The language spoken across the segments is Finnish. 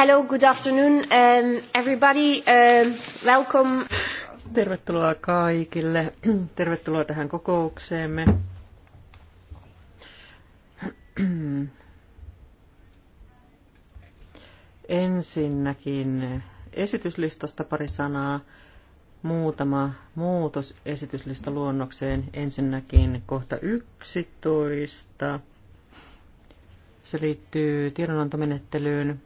Hello, good afternoon um, everybody. Um, welcome. Tervetuloa kaikille. Tervetuloa tähän kokoukseemme. Ensinnäkin esityslistasta pari sanaa. Muutama muutos esityslista luonnokseen. Ensinnäkin kohta 11. Se liittyy tiedonantomenettelyyn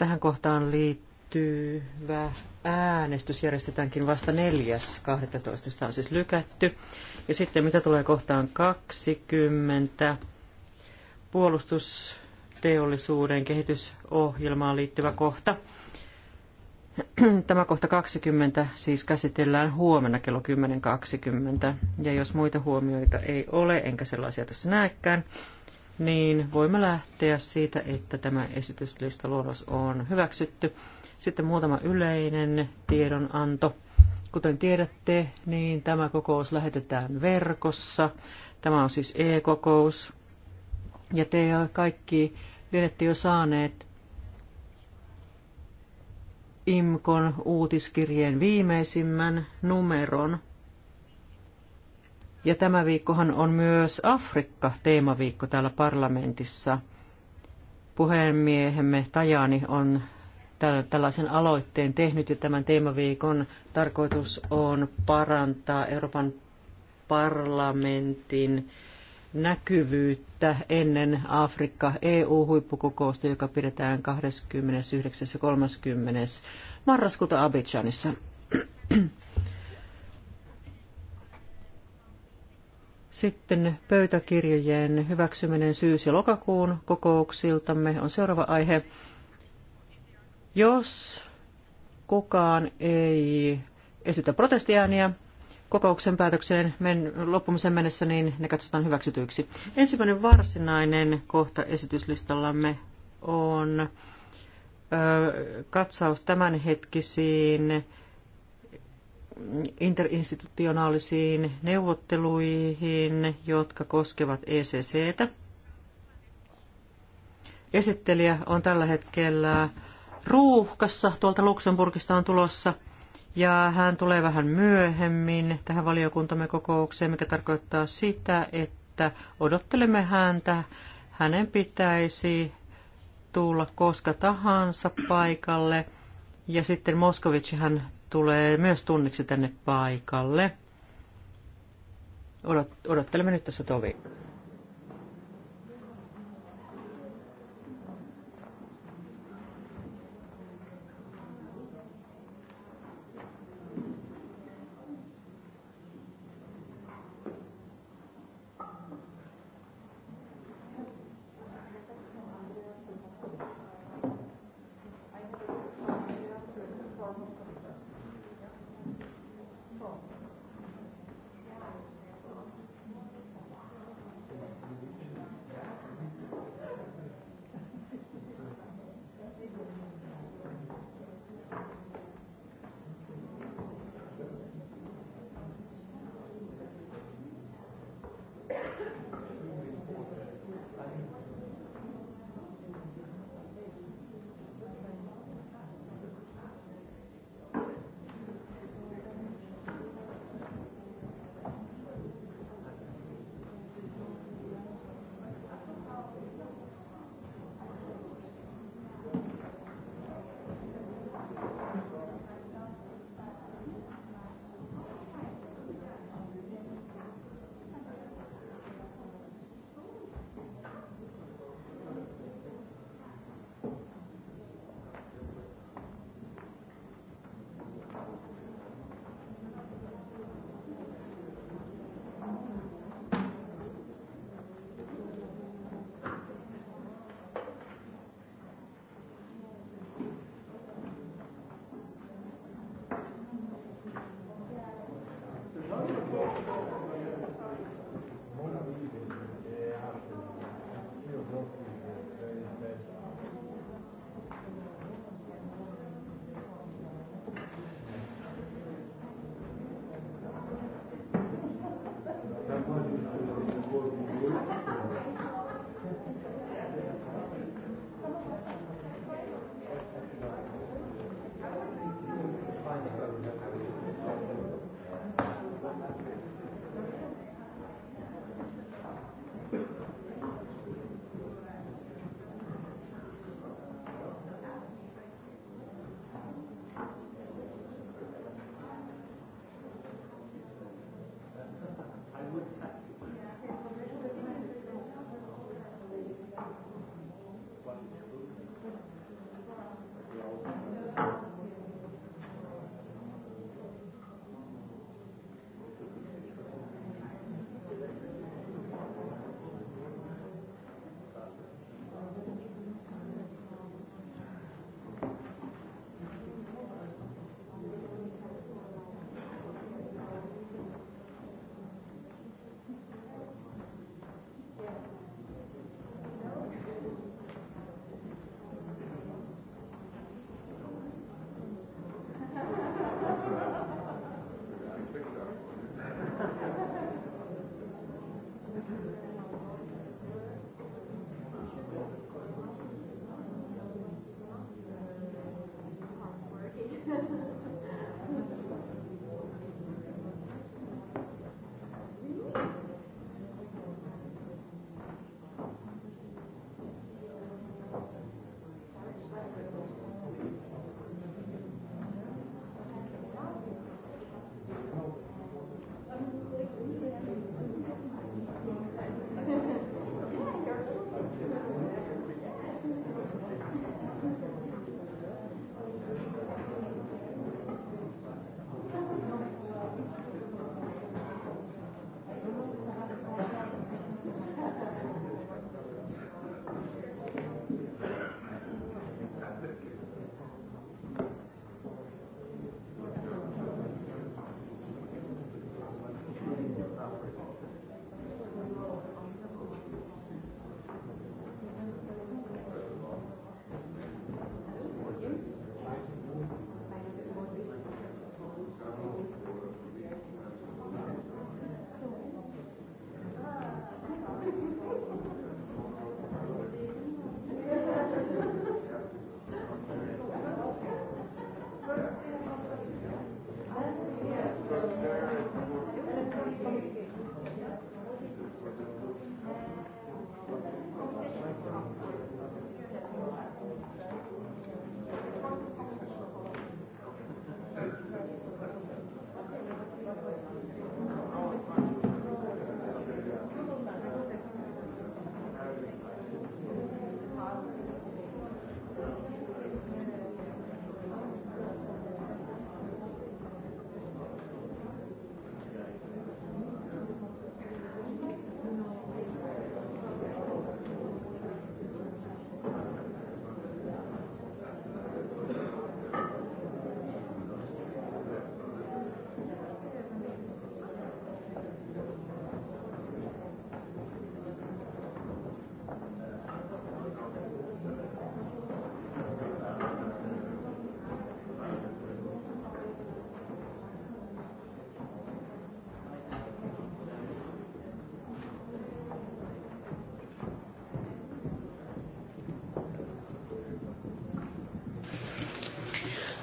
Tähän kohtaan liittyvä äänestys järjestetäänkin vasta 4.12. Sitä on siis lykätty. Ja sitten mitä tulee kohtaan 20, puolustusteollisuuden kehitysohjelmaan liittyvä kohta. Tämä kohta 20 siis käsitellään huomenna kello 10.20. Ja jos muita huomioita ei ole, enkä sellaisia tässä näekään, niin voimme lähteä siitä, että tämä esityslistaluonnos on hyväksytty. Sitten muutama yleinen tiedonanto. Kuten tiedätte, niin tämä kokous lähetetään verkossa. Tämä on siis e-kokous. Ja te kaikki lienette jo saaneet IMKON uutiskirjeen viimeisimmän numeron – ja tämä viikkohan on myös Afrikka-teemaviikko täällä parlamentissa. Puhemiehemme Tajani on tällaisen aloitteen tehnyt ja tämän teemaviikon tarkoitus on parantaa Euroopan parlamentin näkyvyyttä ennen Afrikka-EU-huippukokousta, joka pidetään 29. ja 30. marraskuuta Abidjanissa. Sitten pöytäkirjojen hyväksyminen syys- ja lokakuun kokouksiltamme on seuraava aihe. Jos kukaan ei esitä protestiääniä kokouksen päätökseen men, loppumisen mennessä, niin ne katsotaan hyväksytyiksi. Ensimmäinen varsinainen kohta esityslistallamme on ö, katsaus tämänhetkisiin interinstitutionaalisiin neuvotteluihin, jotka koskevat ECCtä. Esittelijä on tällä hetkellä ruuhkassa, tuolta Luxemburgista on tulossa, ja hän tulee vähän myöhemmin tähän valiokuntamme kokoukseen, mikä tarkoittaa sitä, että odottelemme häntä. Hänen pitäisi tulla koska tahansa paikalle. Ja sitten Moskovitsi hän tulee myös tunniksi tänne paikalle. Odot, odottelemme nyt tässä tovi.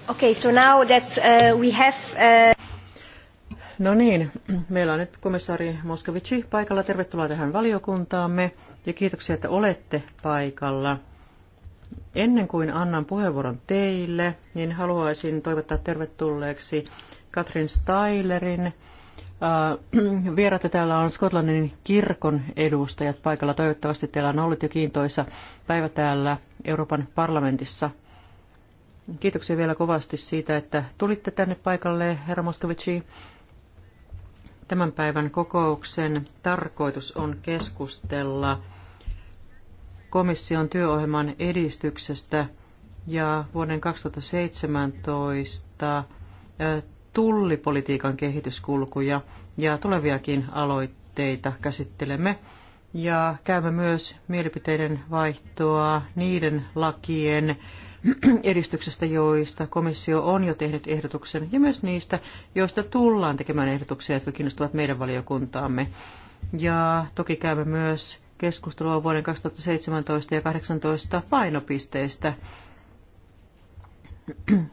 Okay, so now that uh, we have... Uh... No niin, meillä on nyt komissaari Moskovici paikalla. Tervetuloa tähän valiokuntaamme ja kiitoksia, että olette paikalla. Ennen kuin annan puheenvuoron teille, niin haluaisin toivottaa tervetulleeksi Katrin Stylerin. Äh, vieraita täällä on Skotlannin kirkon edustajat paikalla. Toivottavasti teillä on ollut jo kiintoisa päivä täällä Euroopan parlamentissa – Kiitoksia vielä kovasti siitä, että tulitte tänne paikalle, herra Moskovici. Tämän päivän kokouksen tarkoitus on keskustella komission työohjelman edistyksestä ja vuoden 2017 tullipolitiikan kehityskulkuja ja tuleviakin aloitteita käsittelemme. Ja käymme myös mielipiteiden vaihtoa niiden lakien edistyksestä, joista komissio on jo tehnyt ehdotuksen, ja myös niistä, joista tullaan tekemään ehdotuksia, jotka kiinnostavat meidän valiokuntaamme. Ja toki käymme myös keskustelua vuoden 2017 ja 2018 painopisteistä.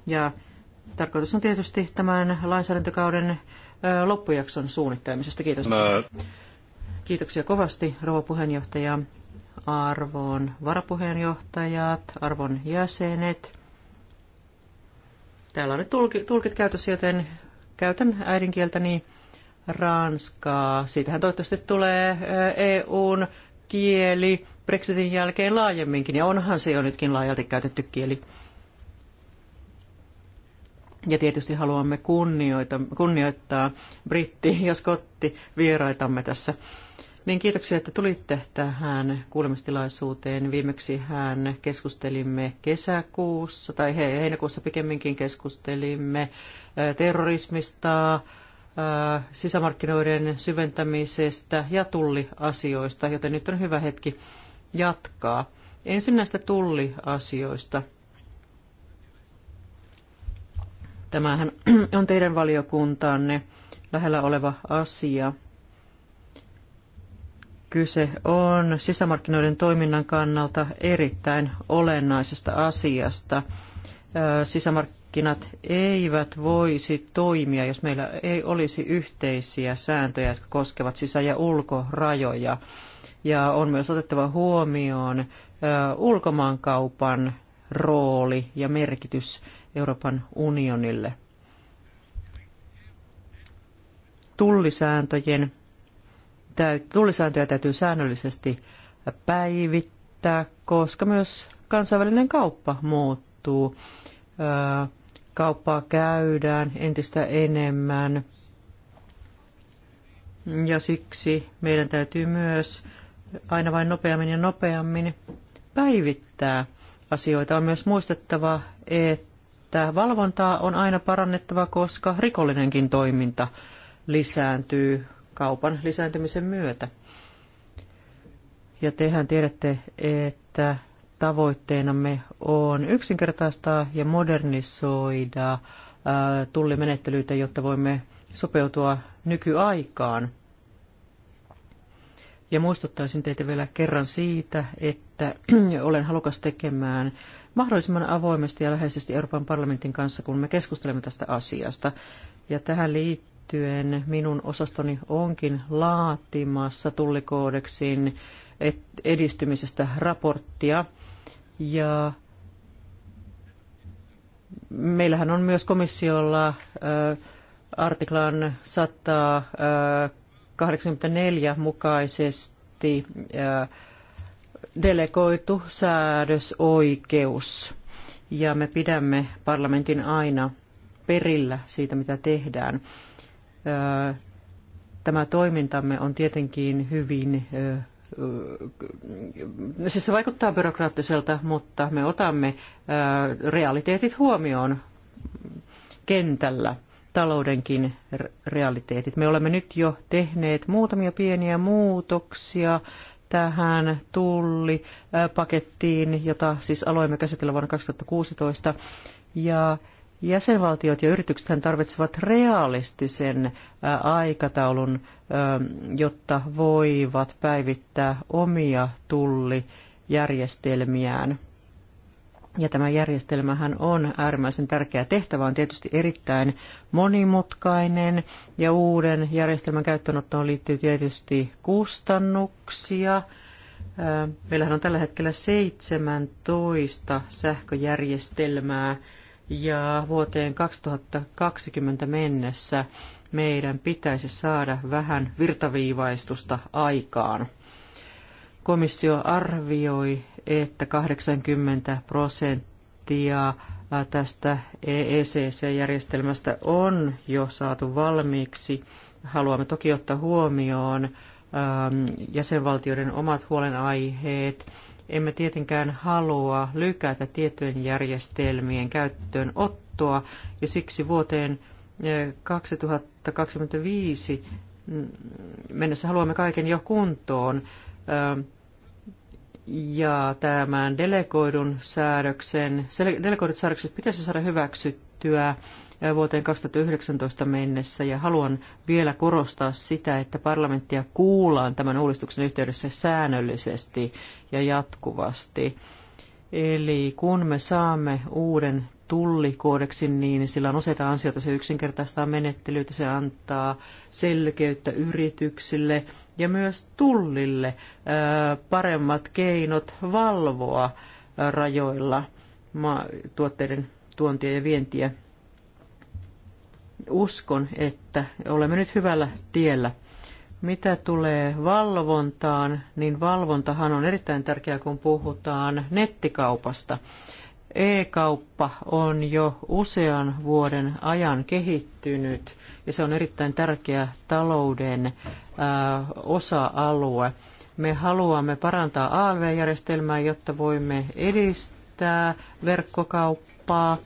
Ja tarkoitus on tietysti tämän lainsäädäntökauden loppujakson suunnittelemisesta. Kiitos. Mä... Kiitoksia kovasti, rouva puheenjohtaja arvon varapuheenjohtajat, arvon jäsenet. Täällä on nyt tulkit, tulkit käytössä, joten käytän äidinkieltäni ranskaa. Siitähän toivottavasti tulee EUn kieli Brexitin jälkeen laajemminkin, ja onhan se jo nytkin laajalti käytetty kieli. Ja tietysti haluamme kunnioita, kunnioittaa britti- ja vieraitamme tässä niin kiitoksia, että tulitte tähän kuulemistilaisuuteen. Viimeksi hän keskustelimme kesäkuussa, tai he, heinäkuussa pikemminkin keskustelimme terrorismista, sisämarkkinoiden syventämisestä ja tulliasioista, joten nyt on hyvä hetki jatkaa. Ensin näistä tulliasioista. Tämähän on teidän valiokuntaanne lähellä oleva asia – kyse on sisämarkkinoiden toiminnan kannalta erittäin olennaisesta asiasta. Sisämarkkinat eivät voisi toimia, jos meillä ei olisi yhteisiä sääntöjä, jotka koskevat sisä- ja ulkorajoja. Ja on myös otettava huomioon ulkomaankaupan rooli ja merkitys Euroopan unionille. Tullisääntöjen tullisääntöjä täytyy säännöllisesti päivittää, koska myös kansainvälinen kauppa muuttuu. Kauppaa käydään entistä enemmän ja siksi meidän täytyy myös aina vain nopeammin ja nopeammin päivittää asioita. On myös muistettava, että valvontaa on aina parannettava, koska rikollinenkin toiminta lisääntyy kaupan lisääntymisen myötä. Ja tehän tiedätte, että tavoitteenamme on yksinkertaistaa ja modernisoida äh, tullimenettelyitä, jotta voimme sopeutua nykyaikaan. Ja muistuttaisin teitä vielä kerran siitä, että olen halukas tekemään mahdollisimman avoimesti ja läheisesti Euroopan parlamentin kanssa, kun me keskustelemme tästä asiasta. Ja tähän liittyy liittyen minun osastoni onkin laatimassa tullikoodeksin edistymisestä raporttia. Ja meillähän on myös komissiolla artiklan 184 mukaisesti delegoitu säädösoikeus. Ja me pidämme parlamentin aina perillä siitä, mitä tehdään tämä toimintamme on tietenkin hyvin, siis se vaikuttaa byrokraattiselta, mutta me otamme realiteetit huomioon kentällä taloudenkin realiteetit. Me olemme nyt jo tehneet muutamia pieniä muutoksia tähän tullipakettiin, jota siis aloimme käsitellä vuonna 2016. Ja Jäsenvaltiot ja yritykset tarvitsevat realistisen aikataulun, jotta voivat päivittää omia tullijärjestelmiään. Ja tämä järjestelmähän on äärimmäisen tärkeä tehtävä, on tietysti erittäin monimutkainen ja uuden järjestelmän käyttöönottoon liittyy tietysti kustannuksia. Meillähän on tällä hetkellä 17 sähköjärjestelmää ja vuoteen 2020 mennessä meidän pitäisi saada vähän virtaviivaistusta aikaan. Komissio arvioi, että 80 prosenttia tästä ECC-järjestelmästä e on jo saatu valmiiksi. Haluamme toki ottaa huomioon jäsenvaltioiden omat huolenaiheet emme tietenkään halua lykätä tiettyjen järjestelmien käyttöön ottoa ja siksi vuoteen 2025 eh, mennessä haluamme kaiken jo kuntoon. Ähm, ja tämän delegoidun säädöksen, delegoidut säädökset pitäisi saada hyväksyttyä vuoteen 2019 mennessä ja haluan vielä korostaa sitä, että parlamenttia kuullaan tämän uudistuksen yhteydessä säännöllisesti ja jatkuvasti. Eli kun me saamme uuden tullikoodeksin, niin sillä on useita ansioita. Se yksinkertaistaa menettelyitä, se antaa selkeyttä yrityksille ja myös tullille paremmat keinot valvoa rajoilla tuotteiden tuontia ja vientiä uskon, että olemme nyt hyvällä tiellä. Mitä tulee valvontaan, niin valvontahan on erittäin tärkeää, kun puhutaan nettikaupasta. E-kauppa on jo usean vuoden ajan kehittynyt ja se on erittäin tärkeä talouden osa-alue. Me haluamme parantaa ALV-järjestelmää, jotta voimme edistää verkkokauppaa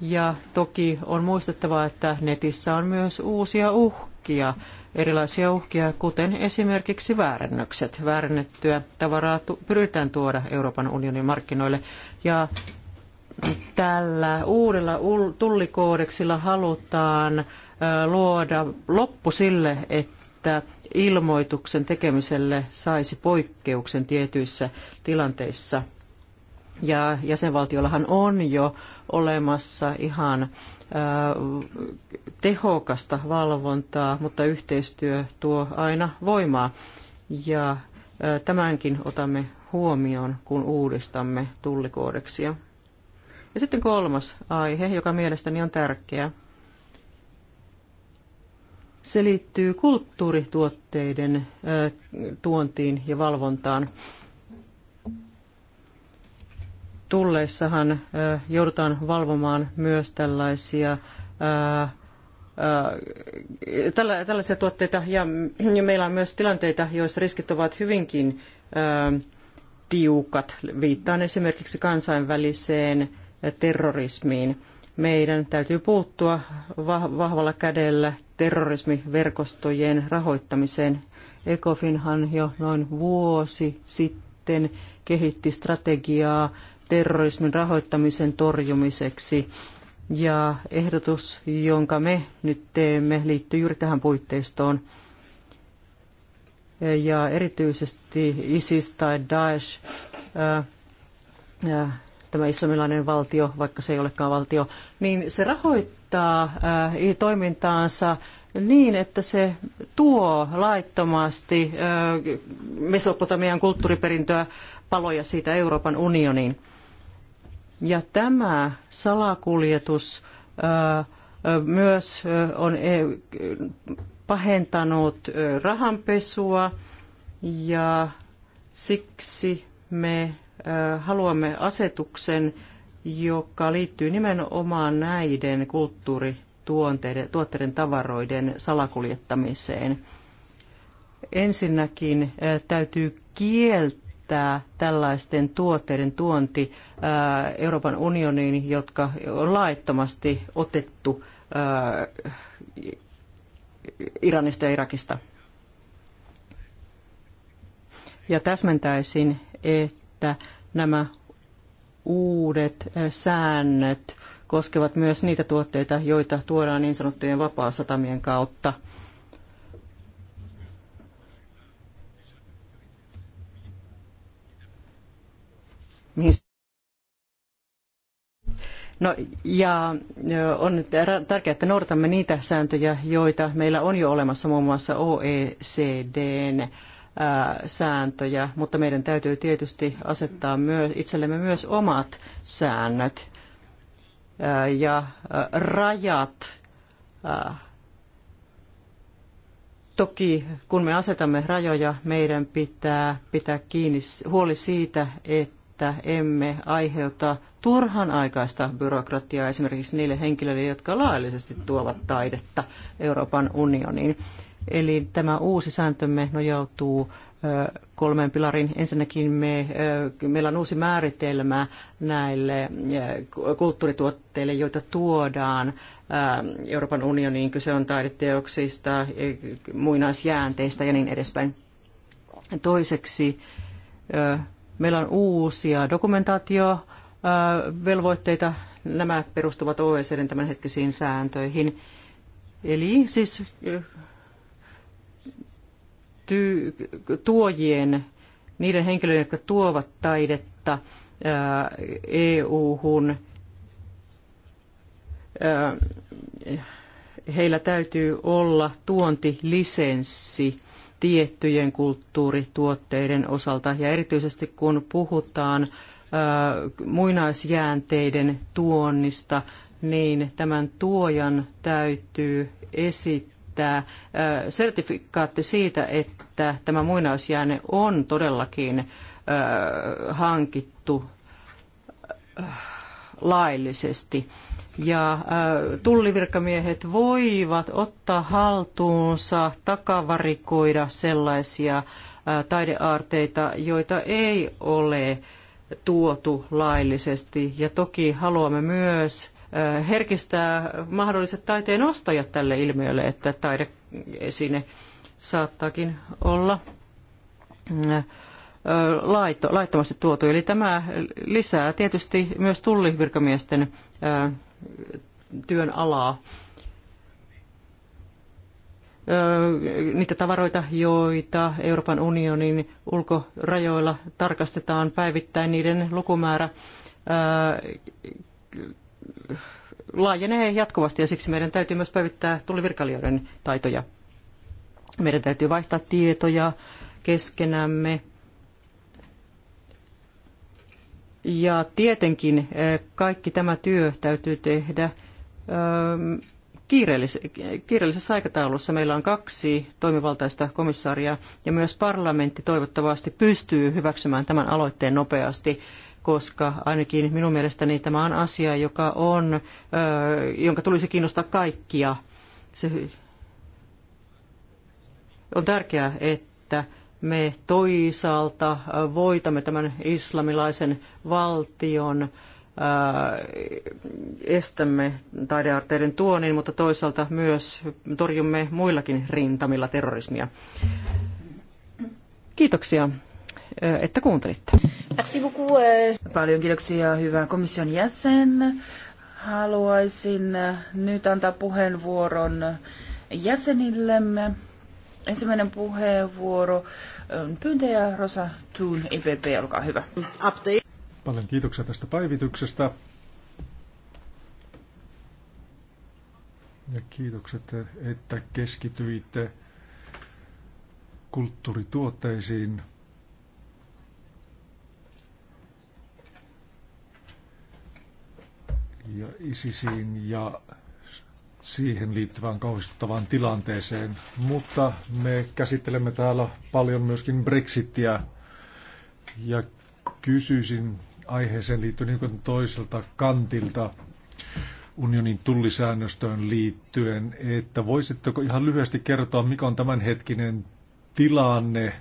ja toki on muistettava, että netissä on myös uusia uhkia, erilaisia uhkia, kuten esimerkiksi väärennökset. Väärennettyä tavaraa pyritään tuoda Euroopan unionin markkinoille. Ja tällä uudella tullikoodeksilla halutaan luoda loppu sille, että ilmoituksen tekemiselle saisi poikkeuksen tietyissä tilanteissa. Ja jäsenvaltiollahan on jo olemassa ihan tehokasta valvontaa, mutta yhteistyö tuo aina voimaa. Ja tämänkin otamme huomioon, kun uudistamme tullikoodeksia. Ja sitten kolmas aihe, joka mielestäni on tärkeä. Se liittyy kulttuurituotteiden tuontiin ja valvontaan tulleissahan joudutaan valvomaan myös tällaisia tällaisia tuotteita ja, meillä on myös tilanteita, joissa riskit ovat hyvinkin tiukat. Viittaan esimerkiksi kansainväliseen terrorismiin. Meidän täytyy puuttua vahvalla kädellä terrorismiverkostojen rahoittamiseen. Ecofinhan jo noin vuosi sitten kehitti strategiaa terrorismin rahoittamisen torjumiseksi. Ja ehdotus, jonka me nyt teemme, liittyy juuri tähän puitteistoon. Ja erityisesti ISIS tai Daesh, ää, ää, tämä islamilainen valtio, vaikka se ei olekaan valtio, niin se rahoittaa ää, toimintaansa niin, että se tuo laittomasti Mesopotamian kulttuuriperintöä paloja siitä Euroopan unioniin. Ja tämä salakuljetus myös on e, pahentanut rahanpesua ja siksi me haluamme asetuksen, joka liittyy nimenomaan näiden kulttuurituotteiden tavaroiden salakuljettamiseen. Ensinnäkin täytyy kieltää estää tällaisten tuotteiden tuonti äh, Euroopan unioniin, jotka on laittomasti otettu äh, Iranista ja Irakista. Ja täsmentäisin, että nämä uudet äh, säännöt koskevat myös niitä tuotteita, joita tuodaan niin sanottujen vapaasatamien kautta – No, ja on tärkeää, että noudatamme niitä sääntöjä, joita meillä on jo olemassa, muun muassa OECDn sääntöjä, mutta meidän täytyy tietysti asettaa myös, itsellemme myös omat säännöt ja rajat. Toki kun me asetamme rajoja, meidän pitää pitää kiinni huoli siitä, että että emme aiheuta turhan aikaista byrokratiaa esimerkiksi niille henkilöille, jotka laillisesti tuovat taidetta Euroopan unioniin. Eli tämä uusi sääntömme nojautuu kolmeen pilariin. Ensinnäkin me, meillä on uusi määritelmä näille kulttuurituotteille, joita tuodaan Euroopan unioniin. Kyse on taideteoksista, e, muinaisjäänteistä ja niin edespäin. Toiseksi Meillä on uusia dokumentaatiovelvoitteita. Nämä perustuvat OECDn tämänhetkisiin sääntöihin. Eli siis ty- tuojien, niiden henkilöiden, jotka tuovat taidetta EU-hun, heillä täytyy olla tuontilisenssi tiettyjen kulttuurituotteiden osalta. Ja erityisesti kun puhutaan muinaisjäänteiden tuonnista, niin tämän tuojan täytyy esittää sertifikaatti siitä, että tämä muinaisjääne on todellakin hankittu laillisesti ja äh, tullivirkamiehet voivat ottaa haltuunsa takavarikoida sellaisia äh, taideaarteita, joita ei ole tuotu laillisesti. Ja toki haluamme myös äh, herkistää mahdolliset taiteen ostajat tälle ilmiölle, että taideesine saattaakin olla mm, laittomasti tuotu. Eli tämä lisää tietysti myös tullivirkamiesten työn alaa. Niitä tavaroita, joita Euroopan unionin ulkorajoilla tarkastetaan päivittäin, niiden lukumäärä laajenee jatkuvasti ja siksi meidän täytyy myös päivittää tullivirkailijoiden taitoja. Meidän täytyy vaihtaa tietoja keskenämme Ja tietenkin eh, kaikki tämä työ täytyy tehdä ehm, kiireellisessä, aikataulussa. Meillä on kaksi toimivaltaista komissaaria ja myös parlamentti toivottavasti pystyy hyväksymään tämän aloitteen nopeasti koska ainakin minun mielestäni tämä on asia, joka on, eh, jonka tulisi kiinnostaa kaikkia. Se on tärkeää, että me toisaalta voitamme tämän islamilaisen valtion, äh, estämme taidearteiden tuonin, mutta toisaalta myös torjumme muillakin rintamilla terrorismia. Kiitoksia, äh, että kuuntelitte. Äh. Paljon kiitoksia, hyvä komission jäsen. Haluaisin nyt antaa puheenvuoron jäsenillemme ensimmäinen puheenvuoro. Ähm, pyyntäjä Rosa Thun, EPP, olkaa hyvä. Update. Paljon kiitoksia tästä päivityksestä. Ja kiitokset, että keskityitte kulttuurituotteisiin. Ja isisiin ja siihen liittyvään kauhistuttavaan tilanteeseen. Mutta me käsittelemme täällä paljon myöskin Brexittiä ja kysyisin aiheeseen liittyen niin toiselta kantilta unionin tullisäännöstöön liittyen, että voisitteko ihan lyhyesti kertoa, mikä on tämänhetkinen tilanne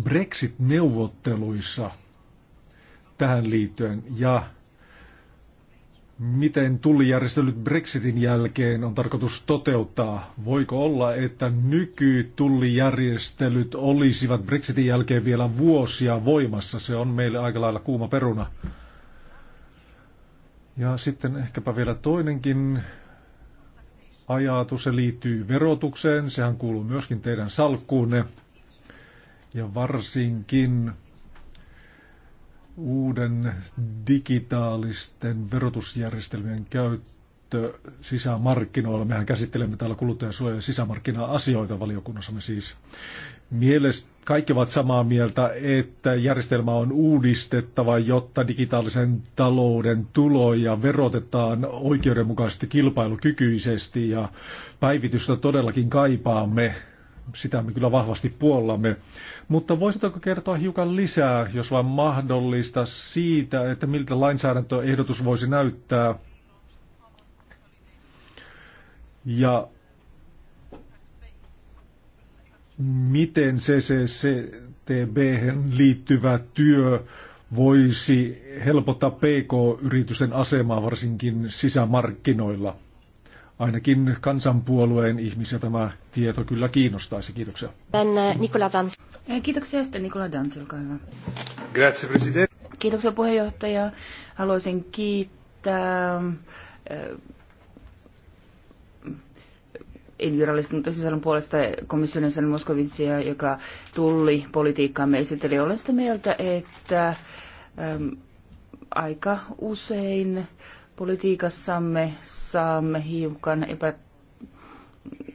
Brexit-neuvotteluissa tähän liittyen ja miten tullijärjestelyt Brexitin jälkeen on tarkoitus toteuttaa? Voiko olla, että nykytullijärjestelyt olisivat Brexitin jälkeen vielä vuosia voimassa? Se on meille aika lailla kuuma peruna. Ja sitten ehkäpä vielä toinenkin ajatus, se liittyy verotukseen. Sehän kuuluu myöskin teidän salkkuunne. Ja varsinkin uuden digitaalisten verotusjärjestelmien käyttö sisämarkkinoilla. Mehän käsittelemme täällä kuluttajansuoja- ja sisämarkkina-asioita valiokunnassamme siis. Mielest, kaikki ovat samaa mieltä, että järjestelmä on uudistettava, jotta digitaalisen talouden tuloja verotetaan oikeudenmukaisesti kilpailukykyisesti ja päivitystä todellakin kaipaamme sitä me kyllä vahvasti puollamme. Mutta voisitko kertoa hiukan lisää, jos vain mahdollista, siitä, että miltä lainsäädäntöehdotus voisi näyttää? Ja miten CCCTB liittyvä työ voisi helpottaa PK-yritysten asemaa varsinkin sisämarkkinoilla? ainakin kansanpuolueen ihmisiä tämä tieto kyllä kiinnostaisi. Kiitoksia. Uh, Nikola Dans. Eh, kiitoksia sitten Nikola Dans, olkaa hyvä. Grazie, president. Kiitoksia puheenjohtaja. Haluaisin kiittää ei-virallisten eh, sisällön puolesta komission jäsen Moskovitsia, joka tuli politiikkaamme esitteli. Olen sitä mieltä, että äm, aika usein äh, politiikassamme saamme hiukan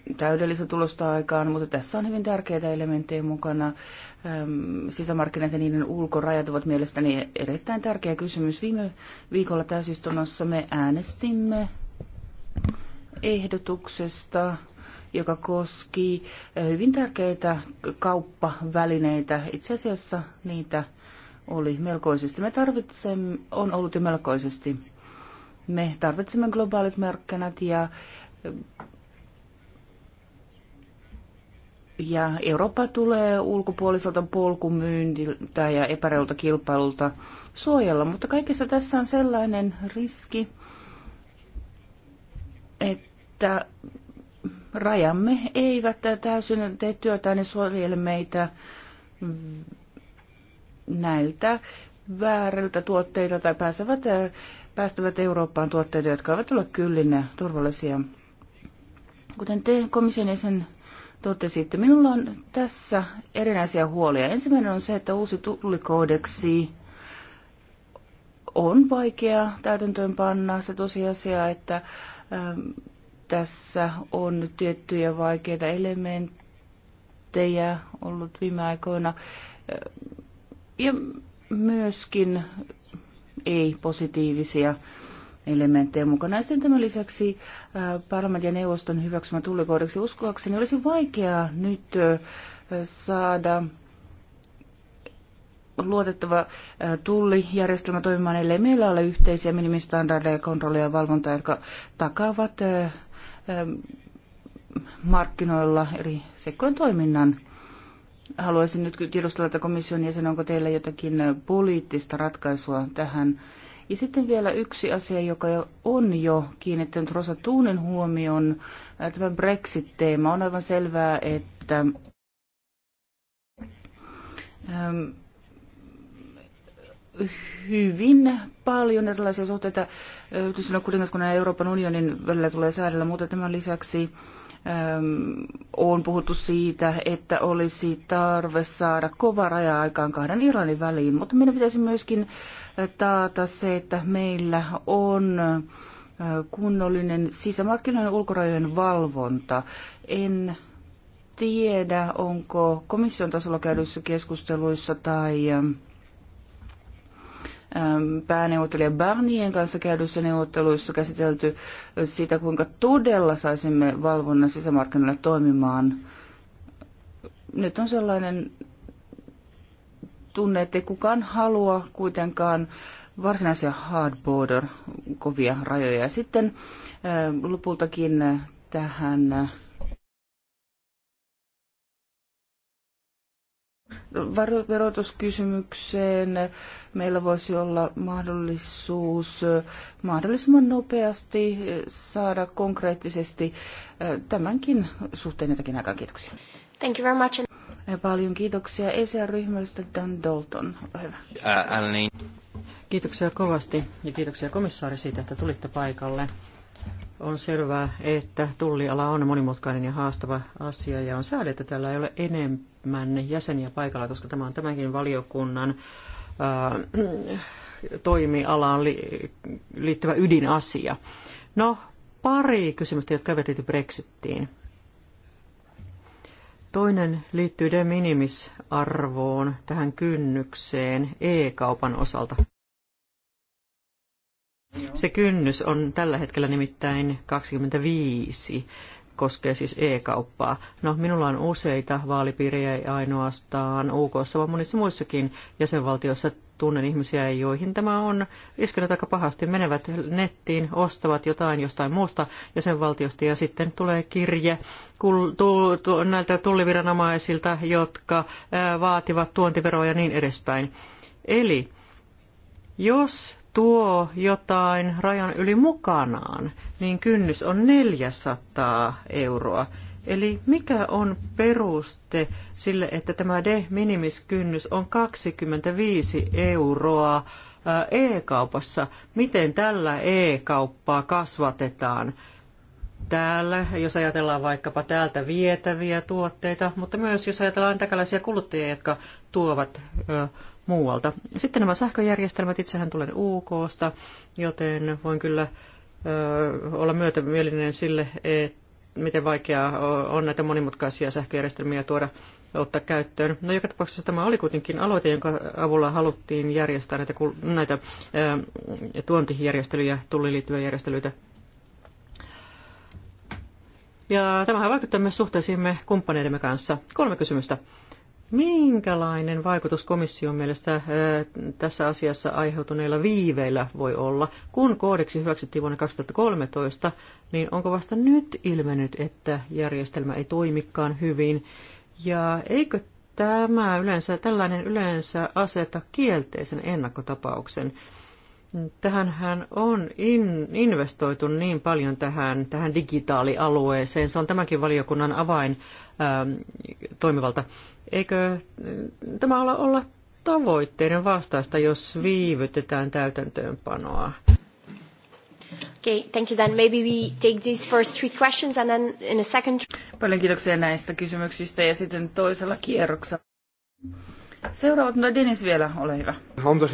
epätäydellistä tulosta aikaan, mutta tässä on hyvin tärkeitä elementtejä mukana. Sisämarkkinat ja niiden ulkorajat ovat mielestäni erittäin tärkeä kysymys. Viime viikolla täysistunnossa me äänestimme ehdotuksesta, joka koski hyvin tärkeitä kauppavälineitä. Itse asiassa niitä oli melkoisesti. Me tarvitsemme, on ollut jo melkoisesti me tarvitsemme globaalit markkinat ja, ja Eurooppa tulee ulkopuoliselta polkumyyntiltä ja epäreilta kilpailulta suojella, mutta kaikessa tässä on sellainen riski, että rajamme eivät täysin tee työtä, ne suojele meitä näiltä vääriltä tuotteilta tai pääsevät päästävät Eurooppaan tuotteita, jotka eivät ole kyllinä turvallisia. Kuten te komission jäsen totesitte, minulla on tässä erinäisiä huolia. Ensimmäinen on se, että uusi tullikoodeksi on vaikea täytäntöönpanna se tosiasia, että ähm, tässä on nyt tiettyjä vaikeita elementtejä ollut viime aikoina. Äh, ja myöskin ei-positiivisia elementtejä mukana. Ja sitten tämän lisäksi äh, parlamentin ja neuvoston hyväksymä tullikoodeksi uskoakseni olisi vaikeaa nyt äh, saada luotettava äh, tullijärjestelmä toimimaan, ellei meillä ole yhteisiä minimistandardeja, kontrollia ja valvontaa, jotka takaavat markkinoilla eri sekkojen toiminnan. Haluaisin nyt tiedustella, että komission jäsen, onko teillä jotakin poliittista ratkaisua tähän. Ja sitten vielä yksi asia, joka on jo kiinnittänyt Rosa Tuunen huomion, tämä Brexit-teema. On aivan selvää, että ähm, hyvin paljon erilaisia suhteita yhdistyneen kuningaskunnan ja Euroopan unionin välillä tulee säädellä, mutta tämän lisäksi on puhuttu siitä, että olisi tarve saada kova raja aikaan kahden Iranin väliin, mutta meidän pitäisi myöskin taata se, että meillä on kunnollinen sisämarkkinoiden ulkorajojen valvonta. En tiedä, onko komission tasolla käydyissä keskusteluissa tai Ähm, pääneuvottelija Barnien kanssa käydyissä neuvotteluissa käsitelty sitä, kuinka todella saisimme valvonnan sisämarkkinoille toimimaan. Nyt on sellainen tunne, ettei kukaan halua kuitenkaan varsinaisia hard border kovia rajoja. Sitten äh, lopultakin tähän verotuskysymykseen meillä voisi olla mahdollisuus mahdollisimman nopeasti saada konkreettisesti tämänkin suhteen jotakin aikaa. Kiitoksia. Thank you very much. Paljon kiitoksia ESEA-ryhmästä Dan Dalton. hyvä. Uh, niin. Kiitoksia kovasti ja kiitoksia komissaari siitä, että tulitte paikalle. On selvää, että tulliala on monimutkainen ja haastava asia ja on sääli, että täällä ei ole enempää enemmän jäseniä paikalla, koska tämä on tämänkin valiokunnan äh, toimialaan liittyvä ydinasia. No, pari kysymystä, jotka eivät liity Brexittiin. Toinen liittyy de minimisarvoon, tähän kynnykseen e-kaupan osalta. Se kynnys on tällä hetkellä nimittäin 25 koskee siis e-kauppaa. No, minulla on useita vaalipiirejä, ei ainoastaan UK, vaan monissa muissakin jäsenvaltioissa tunnen ihmisiä, joihin tämä on iskenyt aika pahasti. Menevät nettiin, ostavat jotain jostain muusta jäsenvaltiosta ja sitten tulee kirje kul, tu, tu, näiltä tulliviranomaisilta, jotka ää, vaativat tuontiveroja ja niin edespäin. Eli jos tuo jotain rajan yli mukanaan, niin kynnys on 400 euroa. Eli mikä on peruste sille, että tämä de minimis kynnys on 25 euroa äh, e-kaupassa? Miten tällä e-kauppaa kasvatetaan? Täällä, jos ajatellaan vaikkapa täältä vietäviä tuotteita, mutta myös jos ajatellaan tällaisia kuluttajia, jotka tuovat ö, muualta. Sitten nämä sähköjärjestelmät, itsehän tulen UKsta, joten voin kyllä olla myötämielinen sille, että miten vaikeaa on näitä monimutkaisia sähköjärjestelmiä tuoda ottaa käyttöön. No joka tapauksessa tämä oli kuitenkin aloite, jonka avulla haluttiin järjestää näitä, näitä ää, tuontijärjestelyjä, tulliliittyviä järjestelyitä. Ja tämähän vaikuttaa myös suhteisiimme kumppaneidemme kanssa. Kolme kysymystä. Minkälainen vaikutus komission mielestä tässä asiassa aiheutuneilla viiveillä voi olla? Kun koodeksi hyväksyttiin vuonna 2013, niin onko vasta nyt ilmennyt, että järjestelmä ei toimikaan hyvin? Ja eikö tämä yleensä, tällainen yleensä aseta kielteisen ennakkotapauksen? Tähän hän on in, investoitu niin paljon tähän, tähän digitaalialueeseen. Se on tämänkin valiokunnan avain ää, ähm, toimivalta. Eikö äh, tämä olla, olla tavoitteiden vastaista, jos viivytetään täytäntöönpanoa? Okay, thank you. Then maybe we take these first three questions and then in a second... Paljon kiitoksia näistä kysymyksistä ja sitten toisella kierroksella Seuraavat, no Dennis vielä, ole hyvä. Haluan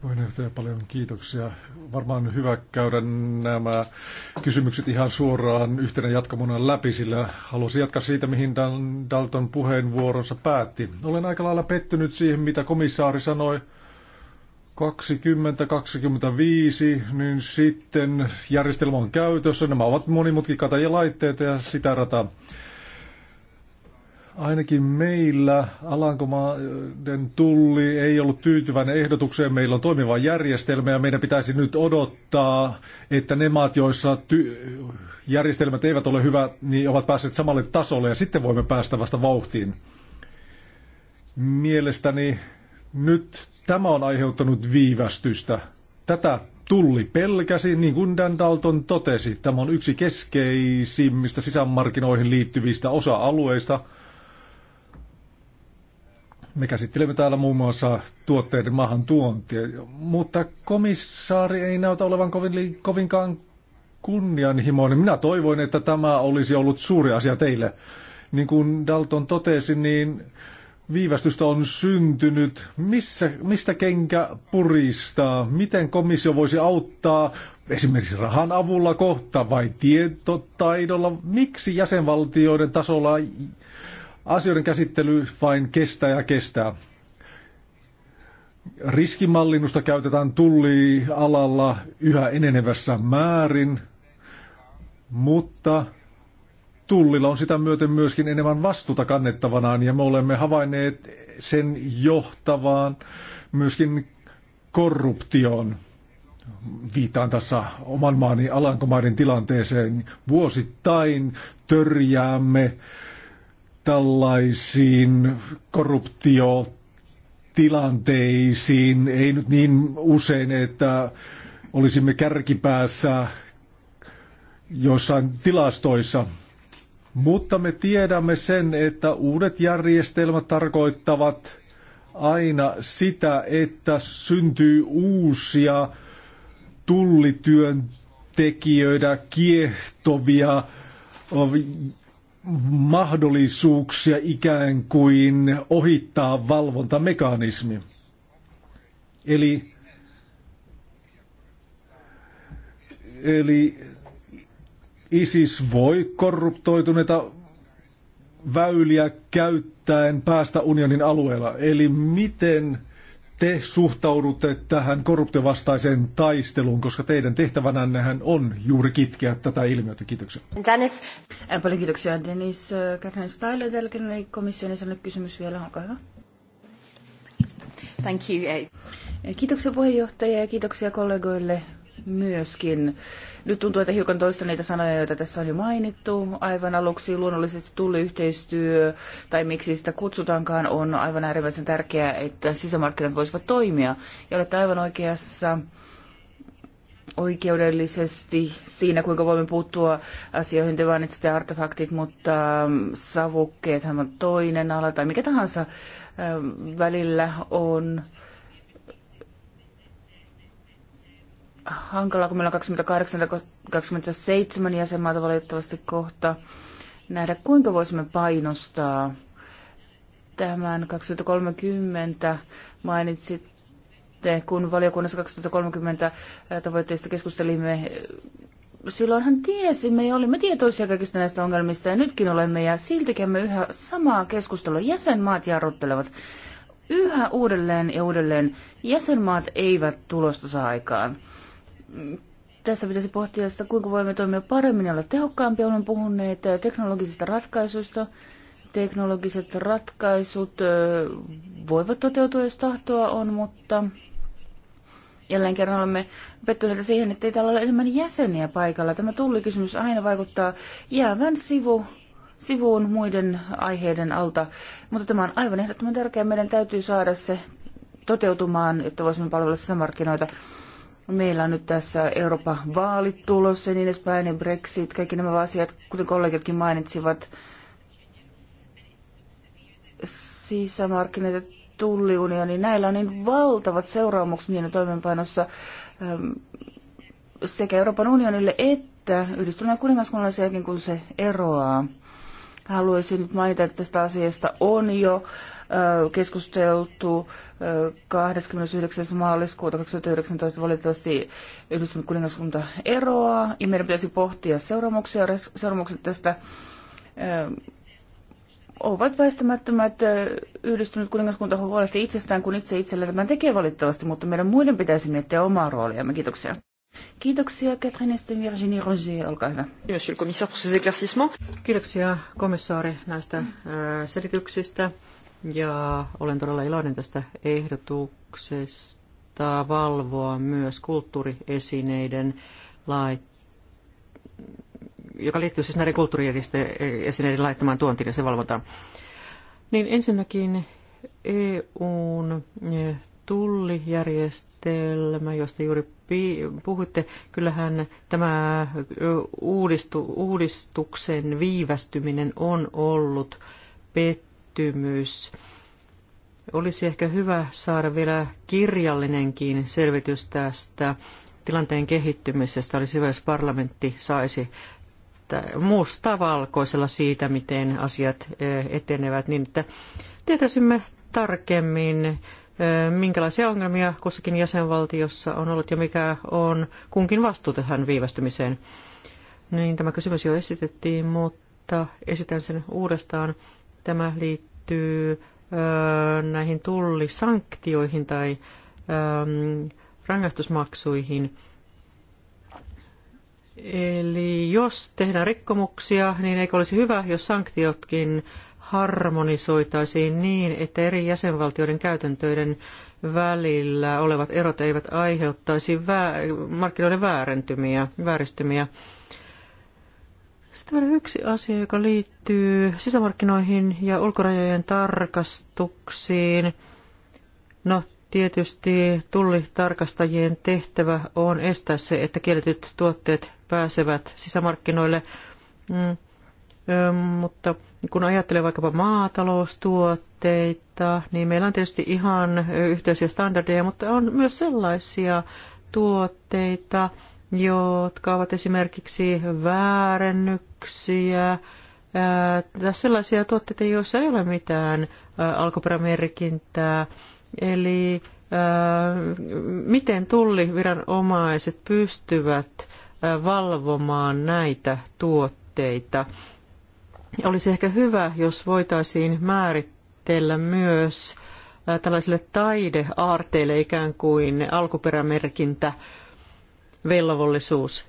puheenjohtaja, paljon kiitoksia. Varmaan hyvä käydä nämä kysymykset ihan suoraan yhtenä jatkamona läpi, sillä halusin jatkaa siitä, mihin Dan Dalton puheenvuoronsa päätti. Olen aika lailla pettynyt siihen, mitä komissaari sanoi 20-25, niin sitten järjestelmä on käytössä. Nämä ovat monimutkikkata ja laitteita ja sitä rataa. Ainakin meillä Alankomaiden tulli ei ollut tyytyväinen ehdotukseen. Meillä on toimiva järjestelmä ja meidän pitäisi nyt odottaa, että ne maat, joissa järjestelmät eivät ole hyvät, niin ovat päässeet samalle tasolle ja sitten voimme päästä vasta vauhtiin. Mielestäni nyt tämä on aiheuttanut viivästystä. Tätä tulli pelkäsi, niin kuin Dan Dalton totesi. Tämä on yksi keskeisimmistä sisämarkkinoihin liittyvistä osa-alueista – me käsittelemme täällä muun muassa tuotteiden maahan tuontia, mutta komissaari ei näytä olevan kovin, kovinkaan kunnianhimoinen. Minä toivoin, että tämä olisi ollut suuri asia teille. Niin kuin Dalton totesi, niin viivästystä on syntynyt. Missä, mistä kenkä puristaa? Miten komissio voisi auttaa esimerkiksi rahan avulla kohta vai tietotaidolla? Miksi jäsenvaltioiden tasolla Asioiden käsittely vain kestää ja kestää. Riskimallinnusta käytetään tullialalla yhä enenevässä määrin, mutta tullilla on sitä myöten myöskin enemmän vastuuta kannettavanaan ja me olemme havainneet sen johtavaan myöskin korruptioon. Viitaan tässä oman maani Alankomaiden tilanteeseen. Vuosittain törjäämme tällaisiin korruptiotilanteisiin. Ei nyt niin usein, että olisimme kärkipäässä jossain tilastoissa. Mutta me tiedämme sen, että uudet järjestelmät tarkoittavat aina sitä, että syntyy uusia tullityöntekijöitä kiehtovia mahdollisuuksia ikään kuin ohittaa valvontamekanismi. Eli, eli ISIS voi korruptoituneita väyliä käyttäen päästä unionin alueella. Eli miten te suhtaudutte tähän korruptiovastaiseen taisteluun, koska teidän tehtävänänne on juuri kitkeä tätä ilmiötä. Kiitoksia. Dennis. Äh, paljon kiitoksia Dennis Kärnän Style. Tälläkin komission nyt kysymys vielä, onko hyvä. Thank you. Eh. Kiitoksia puheenjohtaja ja kiitoksia kollegoille myöskin. Nyt tuntuu, että hiukan toista niitä sanoja, joita tässä on jo mainittu. Aivan aluksi luonnollisesti tulliyhteistyö, tai miksi sitä kutsutaankaan, on aivan äärimmäisen tärkeää, että sisämarkkinat voisivat toimia. Ja olette aivan oikeassa oikeudellisesti siinä, kuinka voimme puuttua asioihin. Te mainitsitte artefaktit, mutta mm, savukkeethan on toinen ala tai mikä tahansa mm, välillä on hankalaa, kun meillä on 28 ja 27 jäsenmaata valitettavasti kohta, nähdä kuinka voisimme painostaa tämän 2030 mainitsitte, kun valiokunnassa 2030 tavoitteista keskustelimme, silloinhan tiesimme ja olimme tietoisia kaikista näistä ongelmista ja nytkin olemme ja silti käymme yhä samaa keskustelua. Jäsenmaat jarruttelevat yhä uudelleen ja uudelleen. Jäsenmaat eivät tulosta saa aikaan tässä pitäisi pohtia sitä, kuinka voimme toimia paremmin ja olla tehokkaampia. Olemme puhuneet eh, teknologisista ratkaisuista. Teknologiset ratkaisut eh, voivat toteutua, jos tahtoa on, mutta jälleen kerran olemme pettyneitä siihen, että ei täällä ole enemmän jäseniä paikalla. Tämä tullikysymys aina vaikuttaa jäävän sivu, sivuun muiden aiheiden alta, mutta tämä on aivan ehdottoman tärkeää. Meidän täytyy saada se toteutumaan, että voisimme palvella sisämarkkinoita. markkinoita. Meillä on nyt tässä Euroopan vaalit tulossa ja niin edespäin, ja Brexit, kaikki nämä asiat, kuten kollegatkin mainitsivat, sisämarkkinat ja tulliunioni, näillä on niin valtavat seuraamukset niiden toimeenpanossa ähm, sekä Euroopan unionille että yhdistyneen kuningaskunnan sen jälkeen, kun se eroaa. Haluaisin nyt mainita, että tästä asiasta on jo äh, keskusteltu 29. maaliskuuta 2019 valitettavasti yhdistynyt kuningaskunta eroaa ja meidän pitäisi pohtia seuraamuksia. Seuraamukset tästä ovat väistämättömät. Yhdistynyt kuningaskunta huolehtii itsestään, kun itse itselleen tämän tekee valitettavasti, mutta meidän muiden pitäisi miettiä omaa rooliamme. Kiitoksia. Kiitoksia Catherine Estin, Virginie Roger, olkaa hyvä. Kiitoksia komissaari näistä selityksistä. Ja olen todella iloinen tästä ehdotuksesta valvoa myös kulttuuriesineiden lait joka liittyy siis näiden kulttuuriesineiden laittamaan tuontiin ja se valvotaan. Niin ensinnäkin EUn e, tullijärjestelmä, josta juuri puhuitte, kyllähän tämä e, uudistu, uudistuksen viivästyminen on ollut pet- työttömyys. Olisi ehkä hyvä saada vielä kirjallinenkin selvitys tästä tilanteen kehittymisestä. Olisi hyvä, jos parlamentti saisi valkoisella siitä, miten asiat etenevät, niin että tietäisimme tarkemmin, minkälaisia ongelmia kussakin jäsenvaltiossa on ollut ja mikä on kunkin vastuu tähän viivästymiseen. Niin, tämä kysymys jo esitettiin, mutta esitän sen uudestaan. Tämä liittyy näihin tullisanktioihin tai rangaistusmaksuihin. Eli jos tehdään rikkomuksia, niin eikö olisi hyvä, jos sanktiotkin harmonisoitaisiin niin, että eri jäsenvaltioiden käytäntöiden välillä olevat erot eivät aiheuttaisi vä- markkinoiden väärentymiä, vääristymiä. Sitten vielä yksi asia, joka liittyy sisämarkkinoihin ja ulkorajojen tarkastuksiin. No, tietysti tullitarkastajien tehtävä on estää se, että kielletyt tuotteet pääsevät sisämarkkinoille. Mm, ö, mutta kun ajattelee vaikkapa maataloustuotteita, niin meillä on tietysti ihan yhteisiä standardeja, mutta on myös sellaisia tuotteita, jotka ovat esimerkiksi väärennyksiä, sellaisia tuotteita, joissa ei ole mitään alkuperämerkintää. Eli miten tulliviranomaiset pystyvät valvomaan näitä tuotteita? Olisi ehkä hyvä, jos voitaisiin määritellä myös tällaisille taideaarteille ikään kuin alkuperämerkintä velvollisuus.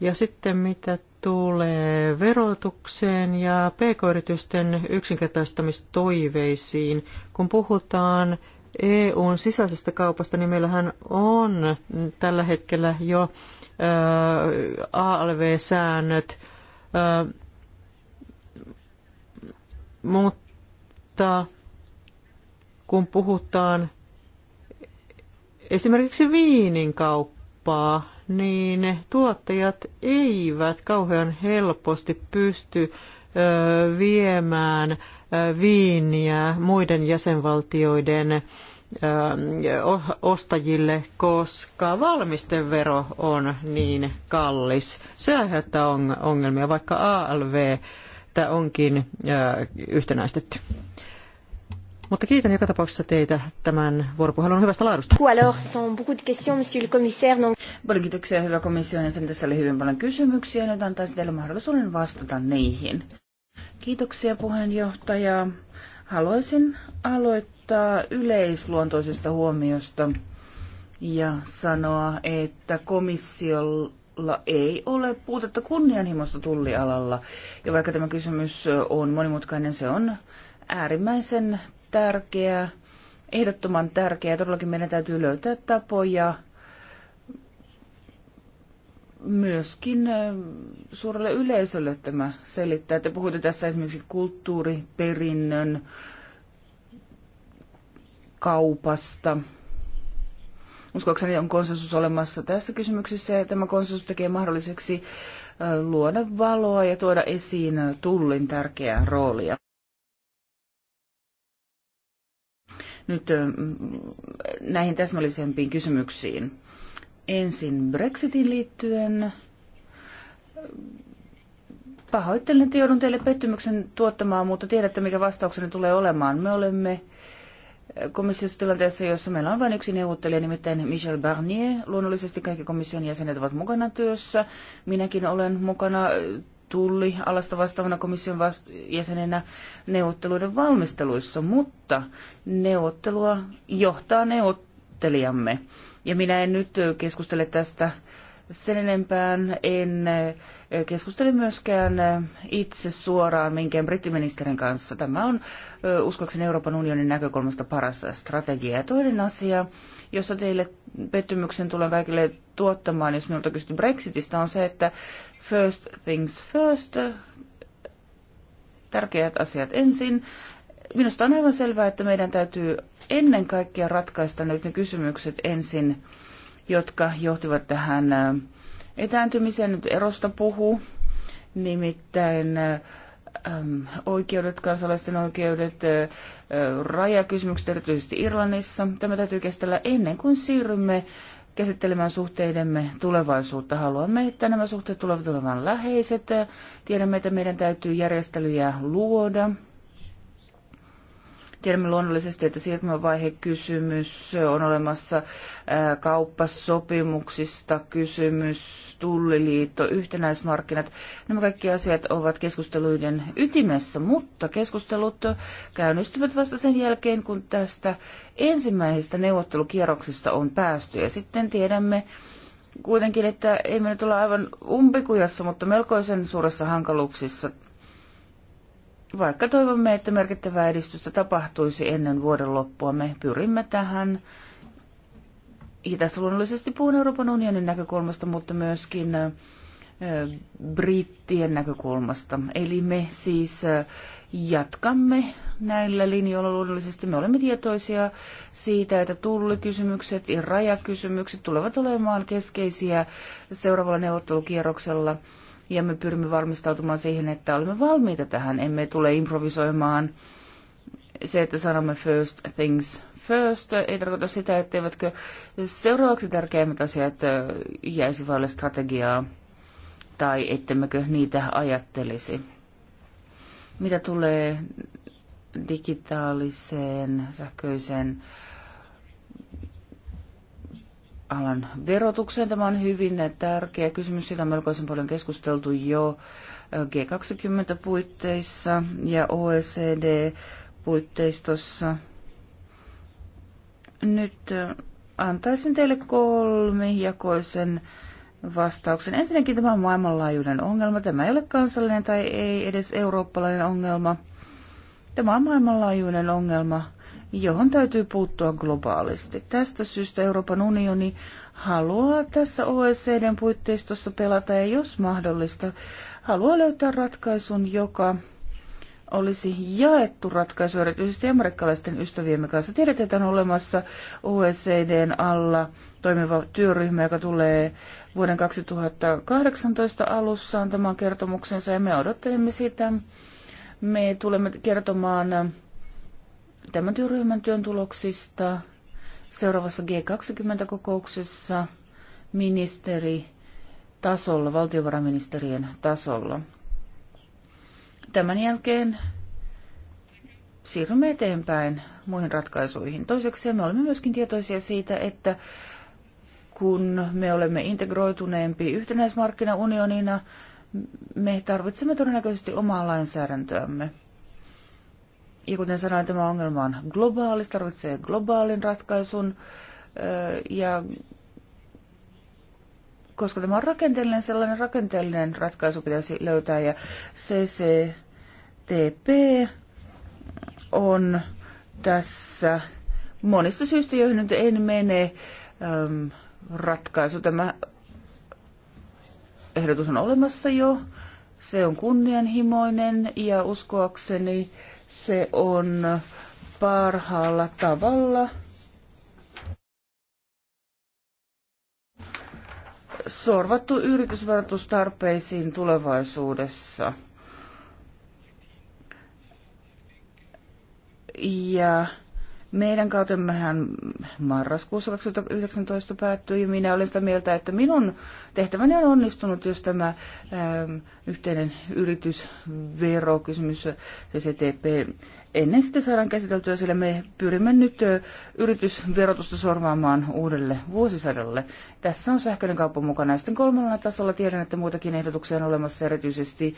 Ja sitten mitä tulee verotukseen ja pk-yritysten yksinkertaistamistoiveisiin, kun puhutaan EUn sisäisestä kaupasta, niin meillähän on tällä hetkellä jo ALV-säännöt, mutta kun puhutaan esimerkiksi viinin kauppaa, kauppaa, niin tuottajat eivät kauhean helposti pysty viemään viiniä muiden jäsenvaltioiden ostajille, koska valmistevero on niin kallis. Se aiheuttaa ongelmia, vaikka ALV onkin yhtenäistetty. Mutta kiitän joka tapauksessa teitä tämän vuoropuhelun hyvästä laadusta. Paljon kiitoksia, hyvä komission Sen Tässä oli hyvin paljon kysymyksiä. Nyt antaisin teille mahdollisuuden vastata niihin. Kiitoksia puheenjohtaja. Haluaisin aloittaa yleisluontoisesta huomiosta ja sanoa, että komissiolla ei ole puutetta kunnianhimosta tullialalla. Ja vaikka tämä kysymys on monimutkainen, se on äärimmäisen tärkeä, ehdottoman tärkeä. Todellakin meidän täytyy löytää tapoja myöskin suurelle yleisölle tämä selittää. Te puhuitte tässä esimerkiksi kulttuuriperinnön kaupasta. Uskoakseni on konsensus olemassa tässä kysymyksessä ja tämä konsensus tekee mahdolliseksi luoda valoa ja tuoda esiin tullin tärkeää roolia. nyt näihin täsmällisempiin kysymyksiin. Ensin Brexitin liittyen. Pahoittelen, että joudun teille pettymyksen tuottamaan, mutta tiedätte, mikä vastaukseni tulee olemaan. Me olemme komissiossa tilanteessa, jossa meillä on vain yksi neuvottelija, nimittäin Michel Barnier. Luonnollisesti kaikki komission jäsenet ovat mukana työssä. Minäkin olen mukana alasta vastaavana komission vast- jäsenenä neuvotteluiden valmisteluissa, mutta neuvottelua johtaa neuvottelijamme. Ja minä en nyt keskustele tästä sen enempään, en keskustele myöskään itse suoraan minkään brittiministerin kanssa. Tämä on uskoakseni Euroopan unionin näkökulmasta paras strategia. Ja toinen asia, jossa teille pettymyksen tulen kaikille tuottamaan, jos minulta kysytään Brexitistä, on se, että first things first, tärkeät asiat ensin. Minusta on aivan selvää, että meidän täytyy ennen kaikkea ratkaista nyt ne kysymykset ensin, jotka johtivat tähän äh, etääntymiseen. Nyt erosta puhuu, nimittäin äh, oikeudet, kansalaisten oikeudet, ä, äh, rajakysymykset erityisesti Irlannissa. Tämä täytyy kestellä ennen kuin siirrymme käsittelemään suhteidemme tulevaisuutta. Haluamme, että nämä suhteet tulevat olemaan läheiset. Tiedämme, että meidän täytyy järjestelyjä luoda Tiedämme luonnollisesti, että siirtymävaihekysymys on olemassa kauppasopimuksista, kysymys, tulliliitto, yhtenäismarkkinat. Nämä kaikki asiat ovat keskusteluiden ytimessä, mutta keskustelut käynnistyvät vasta sen jälkeen, kun tästä ensimmäisestä neuvottelukierroksesta on päästy. Ja sitten tiedämme, kuitenkin, että ei me nyt olla aivan umpikujassa, mutta melkoisen suuressa hankaluuksissa vaikka toivomme, että merkittävää edistystä tapahtuisi ennen vuoden loppua, me pyrimme tähän. Ja tässä luonnollisesti puhun Euroopan unionin näkökulmasta, mutta myöskin brittien näkökulmasta. Eli me siis jatkamme näillä linjoilla luonnollisesti. Me olemme tietoisia siitä, että tullikysymykset ja rajakysymykset tulevat olemaan keskeisiä seuraavalla neuvottelukierroksella – ja me pyrimme varmistautumaan siihen, että olemme valmiita tähän. Emme tule improvisoimaan se, että sanomme first things first, ei tarkoita sitä, etteivätkö seuraavaksi tärkeimmät asiat jäisi vaille strategiaa tai ettemmekö niitä ajattelisi. Mitä tulee digitaaliseen, sähköiseen äh, alan verotukseen. Tämä on hyvin tärkeä kysymys. Sitä on melkoisen paljon keskusteltu jo G20-puitteissa ja OECD-puitteistossa. Nyt antaisin teille kolmijakoisen vastauksen. Ensinnäkin tämä on maailmanlaajuinen ongelma. Tämä ei ole kansallinen tai ei edes eurooppalainen ongelma. Tämä on maailmanlaajuinen ongelma johon täytyy puuttua globaalisti. Tästä syystä Euroopan unioni haluaa tässä OECDn puitteistossa pelata ja jos mahdollista, haluaa löytää ratkaisun, joka olisi jaettu ratkaisu erityisesti amerikkalaisten ystäviemme kanssa. Tiedetään, että on olemassa OECDn alla toimiva työryhmä, joka tulee vuoden 2018 alussa antamaan kertomuksensa ja me odottelemme sitä. Me tulemme kertomaan tämän työryhmän työn tuloksista seuraavassa G20-kokouksessa ministeri tasolla, valtiovarainministerien tasolla. Tämän jälkeen siirrymme eteenpäin muihin ratkaisuihin. Toiseksi me olemme myöskin tietoisia siitä, että kun me olemme integroituneempi yhtenäismarkkinaunionina, me tarvitsemme todennäköisesti omaa lainsäädäntöämme. Ja kuten sanoin, tämä ongelma on globaali, tarvitsee globaalin ratkaisun. Ja koska tämä on rakenteellinen, sellainen rakenteellinen ratkaisu pitäisi löytää. Ja CCTP on tässä monista syistä, joihin nyt en mene, ratkaisu. Tämä ehdotus on olemassa jo. Se on kunnianhimoinen ja uskoakseni äh, se on parhaalla tavalla sorvattu yritysverotustarpeisiin tulevaisuudessa. Ja meidän kautemmehän marraskuussa 2019 päättyi ja minä olen sitä mieltä, että minun tehtäväni on onnistunut, jos tämä ää, ähm, yhteinen yritysverokysymys, CCTP, ennen sitä saadaan käsiteltyä, sillä me pyrimme nyt yritysverotusta sorvaamaan uudelle vuosisadalle. Tässä on sähköinen kauppa mukana. Ja sitten kolmannella tasolla tiedän, että muitakin ehdotuksia on olemassa erityisesti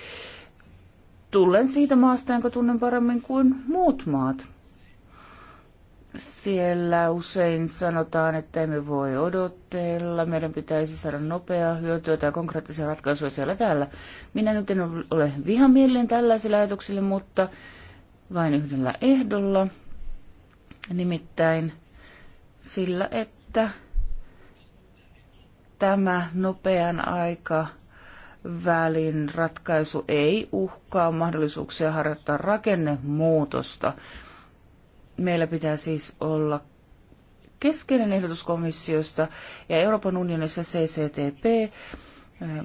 Tulen siitä maasta, jonka tunnen paremmin kuin muut maat. Siellä usein sanotaan, että emme voi odotella, meidän pitäisi saada nopeaa hyötyä tai konkreettisia ratkaisuja siellä täällä. Minä nyt en ole vihamielinen tällaisille ajatuksille, mutta vain yhdellä ehdolla, nimittäin sillä, että tämä nopean aika välin ratkaisu ei uhkaa mahdollisuuksia harjoittaa rakennemuutosta. Meillä pitää siis olla keskeinen ehdotus komissiosta ja Euroopan unionissa CCTP, ähm,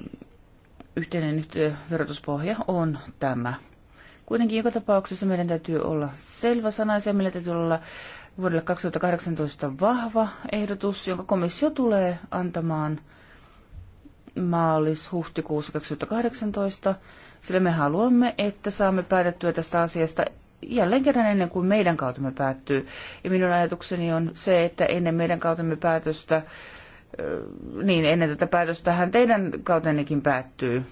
yhteinen verotuspohja on tämä. Kuitenkin joka tapauksessa meidän täytyy olla selvä ja meillä täytyy olla vuodelle 2018 vahva ehdotus, jonka komissio tulee antamaan maalis-huhtikuussa 2018, sillä me haluamme, että saamme päätettyä tästä asiasta jälleen kerran ennen kuin meidän kautemme päättyy. Ja minun ajatukseni on se, että ennen meidän kautemme päätöstä, niin ennen tätä päätöstä hän teidän kautennekin päättyy.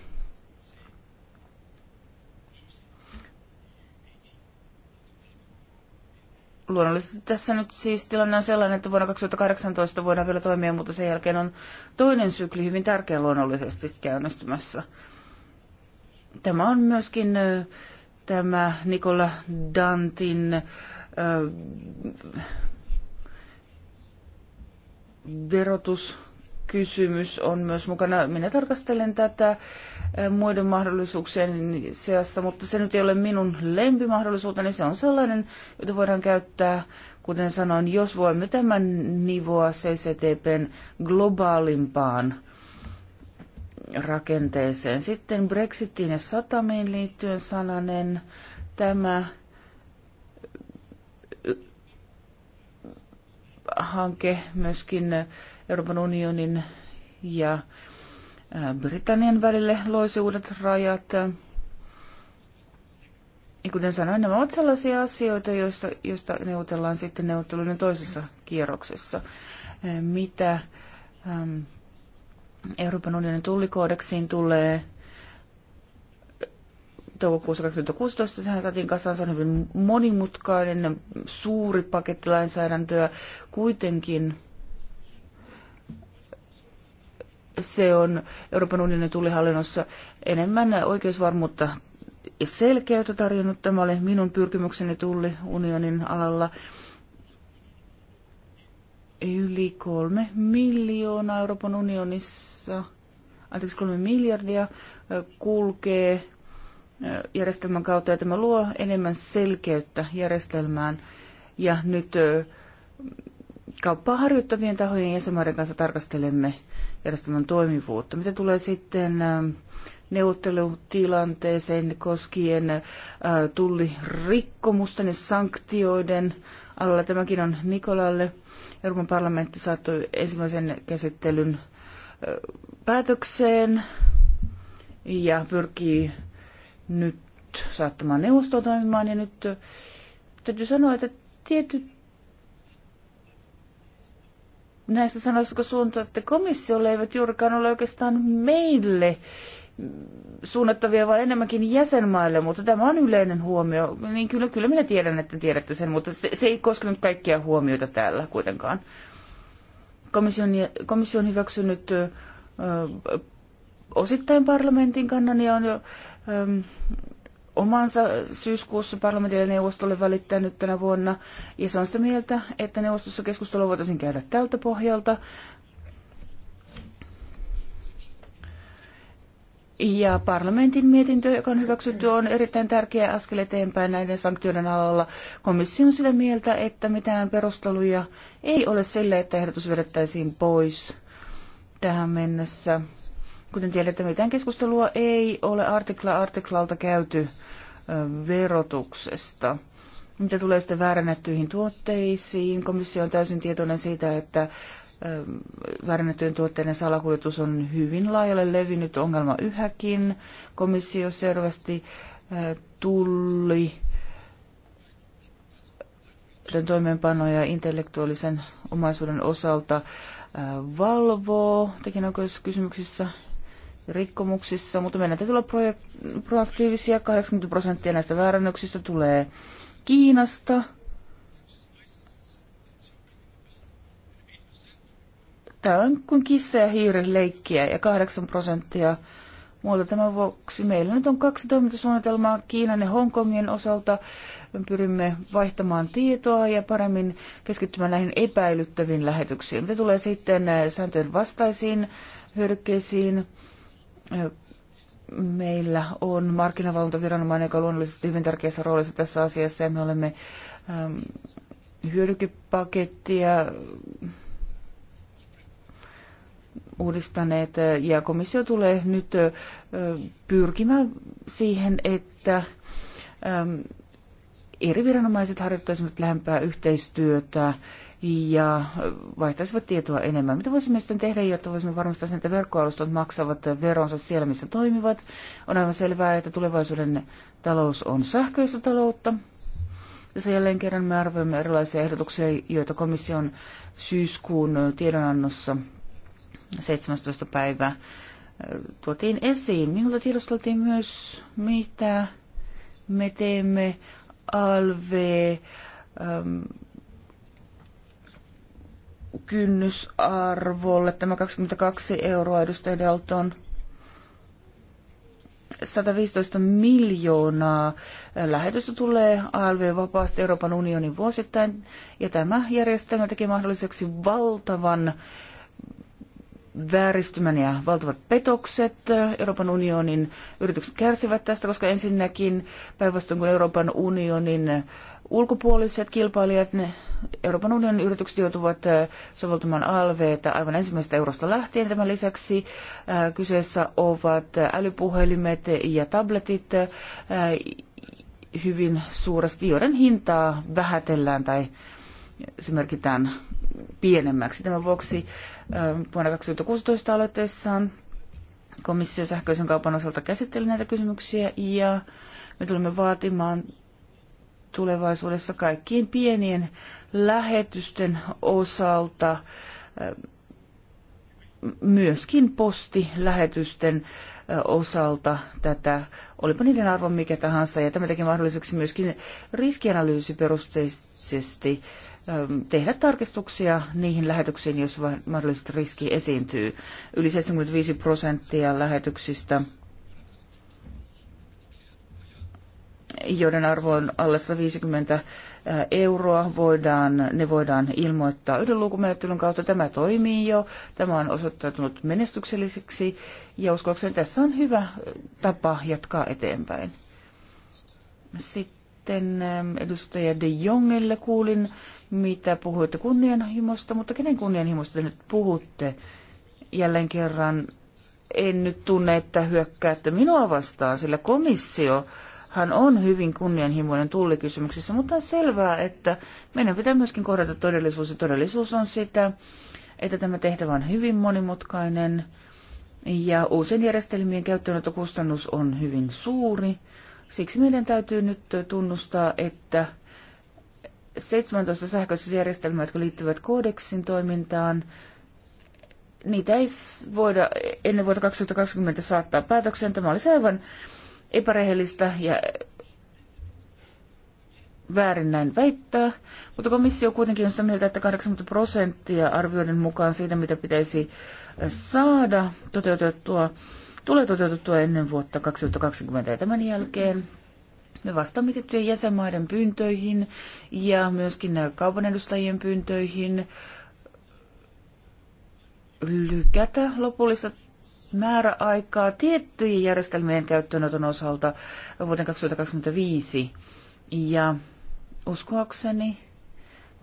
luonnollisesti tässä nyt siis tilanne on sellainen, että vuonna 2018 voidaan vielä toimia, mutta sen jälkeen on toinen sykli hyvin tärkeä luonnollisesti käynnistymässä. Tämä on myöskin tämä Nikola Dantin ö, verotuskysymys on myös mukana. Minä tarkastelen tätä muiden mahdollisuuksien seassa, mutta se nyt ei ole minun lempimahdollisuuteni. Se on sellainen, jota voidaan käyttää, kuten sanoin, jos voimme tämän nivoa CCTPn globaalimpaan rakenteeseen. Sitten Brexitiin ja satamiin liittyen sananen tämä hanke myöskin Euroopan unionin ja Britannian välille loisi uudet rajat. Ja kuten sanoin, nämä ovat sellaisia asioita, joista, joista neuvotellaan sitten neuvotteluiden toisessa kierroksessa. Mitä ähm, Euroopan unionin tullikoodeksiin tulee toukokuussa 2016. Sehän saatiin kasaan, se on hyvin monimutkainen, suuri paketti lainsäädäntöä. Kuitenkin se on Euroopan unionin tullihallinnossa enemmän oikeusvarmuutta ja selkeyttä tarjonnut. Tämä oli minun pyrkimykseni tulliunionin alalla yli kolme miljoonaa Euroopan unionissa, anteeksi kolme miljardia, kulkee järjestelmän kautta ja tämä luo enemmän selkeyttä järjestelmään. Ja nyt kauppaa harjoittavien tahojen jäsenmaiden kanssa tarkastelemme järjestelmän toimivuutta. Mitä tulee sitten neuvottelutilanteeseen koskien äh, tullirikkomusta, ja sanktioiden alalla. Tämäkin on Nikolalle. Euroopan parlamentti saattoi ensimmäisen käsittelyn äh, päätökseen ja pyrkii nyt saattamaan neuvostoa toimimaan. Ja nyt äh, täytyy sanoa, että tietyt näistä sanoisiko kun suuntaatte komissiolle, eivät juurikaan ole oikeastaan meille suunnattavia, vaan enemmänkin jäsenmaille, mutta tämä on yleinen huomio. Niin kyllä, kyllä minä tiedän, että tiedätte sen, mutta se, se ei koskenut kaikkia huomiota täällä kuitenkaan. Komission, komissio on hyväksynyt ö, osittain parlamentin kannan ja on jo ö, omansa syyskuussa parlamentille neuvostolle välittänyt tänä vuonna. Ja se on sitä mieltä, että neuvostossa keskustelua voitaisiin käydä tältä pohjalta. Ja parlamentin mietintö, joka on hyväksytty, on erittäin tärkeä askel eteenpäin näiden sanktioiden alalla. Komissio on sitä mieltä, että mitään perusteluja ei ole sille, että ehdotus vedettäisiin pois tähän mennessä. Kuten tiedätte, mitään keskustelua ei ole artikla artiklalta käyty verotuksesta. Mitä tulee sitten väärennettyihin tuotteisiin, komissio on täysin tietoinen siitä, että väärennettyjen tuotteiden salakuljetus on hyvin laajalle levinnyt ongelma yhäkin. Komissio selvästi tulli ja intellektuaalisen omaisuuden osalta valvoo kysymyksissä rikkomuksissa, mutta meidän täytyy olla proaktiivisia. 80 prosenttia näistä väärännöksistä tulee Kiinasta. Tämä on kuin kissa- ja leikkiä ja 8 prosenttia muuta. Tämän vuoksi meillä nyt on kaksi toimintasuunnitelmaa Kiinan ja Hongkongin osalta. Me pyrimme vaihtamaan tietoa ja paremmin keskittymään näihin epäilyttäviin lähetyksiin. Mitä tulee sitten sääntöjen vastaisiin hyödykkeisiin, meillä on markkinavalvontaviranomainen, joka on luonnollisesti hyvin tärkeässä roolissa tässä asiassa ja me olemme ähm, hyödykepakettia uudistaneet ja komissio tulee nyt pyrkimään siihen, että eri viranomaiset harjoittaisivat lähempää yhteistyötä ja vaihtaisivat tietoa enemmän. Mitä voisimme sitten tehdä, jotta voisimme varmistaa sen, että verkkoalustat maksavat veronsa siellä, missä toimivat? On aivan selvää, että tulevaisuuden talous on sähköistä taloutta. Tässä jälleen kerran me arvioimme erilaisia ehdotuksia, joita komission syyskuun tiedonannossa 17. päivä tuotiin esiin. Minulta tiedosteltiin myös, mitä me teemme alve ähm, kynnysarvolle. Tämä 22 euroa edustaja Dalton 115 miljoonaa lähetystä tulee ALV-vapaasti Euroopan unionin vuosittain, ja tämä järjestelmä teki mahdolliseksi valtavan vääristymän ja valtavat petokset. Euroopan unionin yritykset kärsivät tästä, koska ensinnäkin päinvastoin kuin Euroopan unionin ulkopuoliset kilpailijat, ne Euroopan unionin yritykset joutuvat äh, soveltamaan alveita aivan ensimmäisestä eurosta lähtien. Tämän lisäksi äh, kyseessä ovat älypuhelimet ja tabletit äh, hyvin suuresti, joiden hintaa vähätellään tai se merkitään pienemmäksi. Tämän vuoksi vuonna 2016 aloitteessaan komissio sähköisen kaupan osalta käsitteli näitä kysymyksiä ja me tulemme vaatimaan tulevaisuudessa kaikkien pienien lähetysten osalta myöskin postilähetysten osalta tätä, olipa niiden arvo mikä tahansa, ja tämä teki mahdolliseksi myöskin riskianalyysiperusteisesti tehdä tarkistuksia niihin lähetyksiin, jos mahdollisesti riski esiintyy. Yli 75 prosenttia lähetyksistä, joiden arvo on alle 150 euroa, voidaan, ne voidaan ilmoittaa yhden lukumenettelyn kautta. Tämä toimii jo, tämä on osoittautunut menestykselliseksi ja uskoakseni tässä on hyvä tapa jatkaa eteenpäin. Sitten edustaja De Jongelle kuulin mitä puhuitte kunnianhimosta, mutta kenen kunnianhimosta te nyt puhutte? Jälleen kerran en nyt tunne, että hyökkäätte minua vastaan, sillä komissio hän on hyvin kunnianhimoinen tullikysymyksissä, mutta on selvää, että meidän pitää myöskin kohdata todellisuus, ja todellisuus on sitä, että tämä tehtävä on hyvin monimutkainen, ja uusien järjestelmien käyttöönottokustannus on hyvin suuri. Siksi meidän täytyy nyt tunnustaa, että 17 sähköistä järjestelmää, jotka liittyvät koodeksin toimintaan. Niitä ei voida ennen vuotta 2020 saattaa päätökseen. Tämä oli aivan epärehellistä ja väärin näin väittää, mutta komissio kuitenkin on sitä mieltä, että 80 prosenttia arvioiden mukaan siitä, mitä pitäisi äh, saada toteutettua, tulee toteutettua ennen vuotta 2020 ja tämän jälkeen. Me vastaamme tiettyjen jäsenmaiden pyyntöihin ja myöskin kaupan edustajien pyyntöihin lykätä lopullista määräaikaa tiettyjen järjestelmien käyttöönoton osalta vuoden 2025. Ja uskoakseni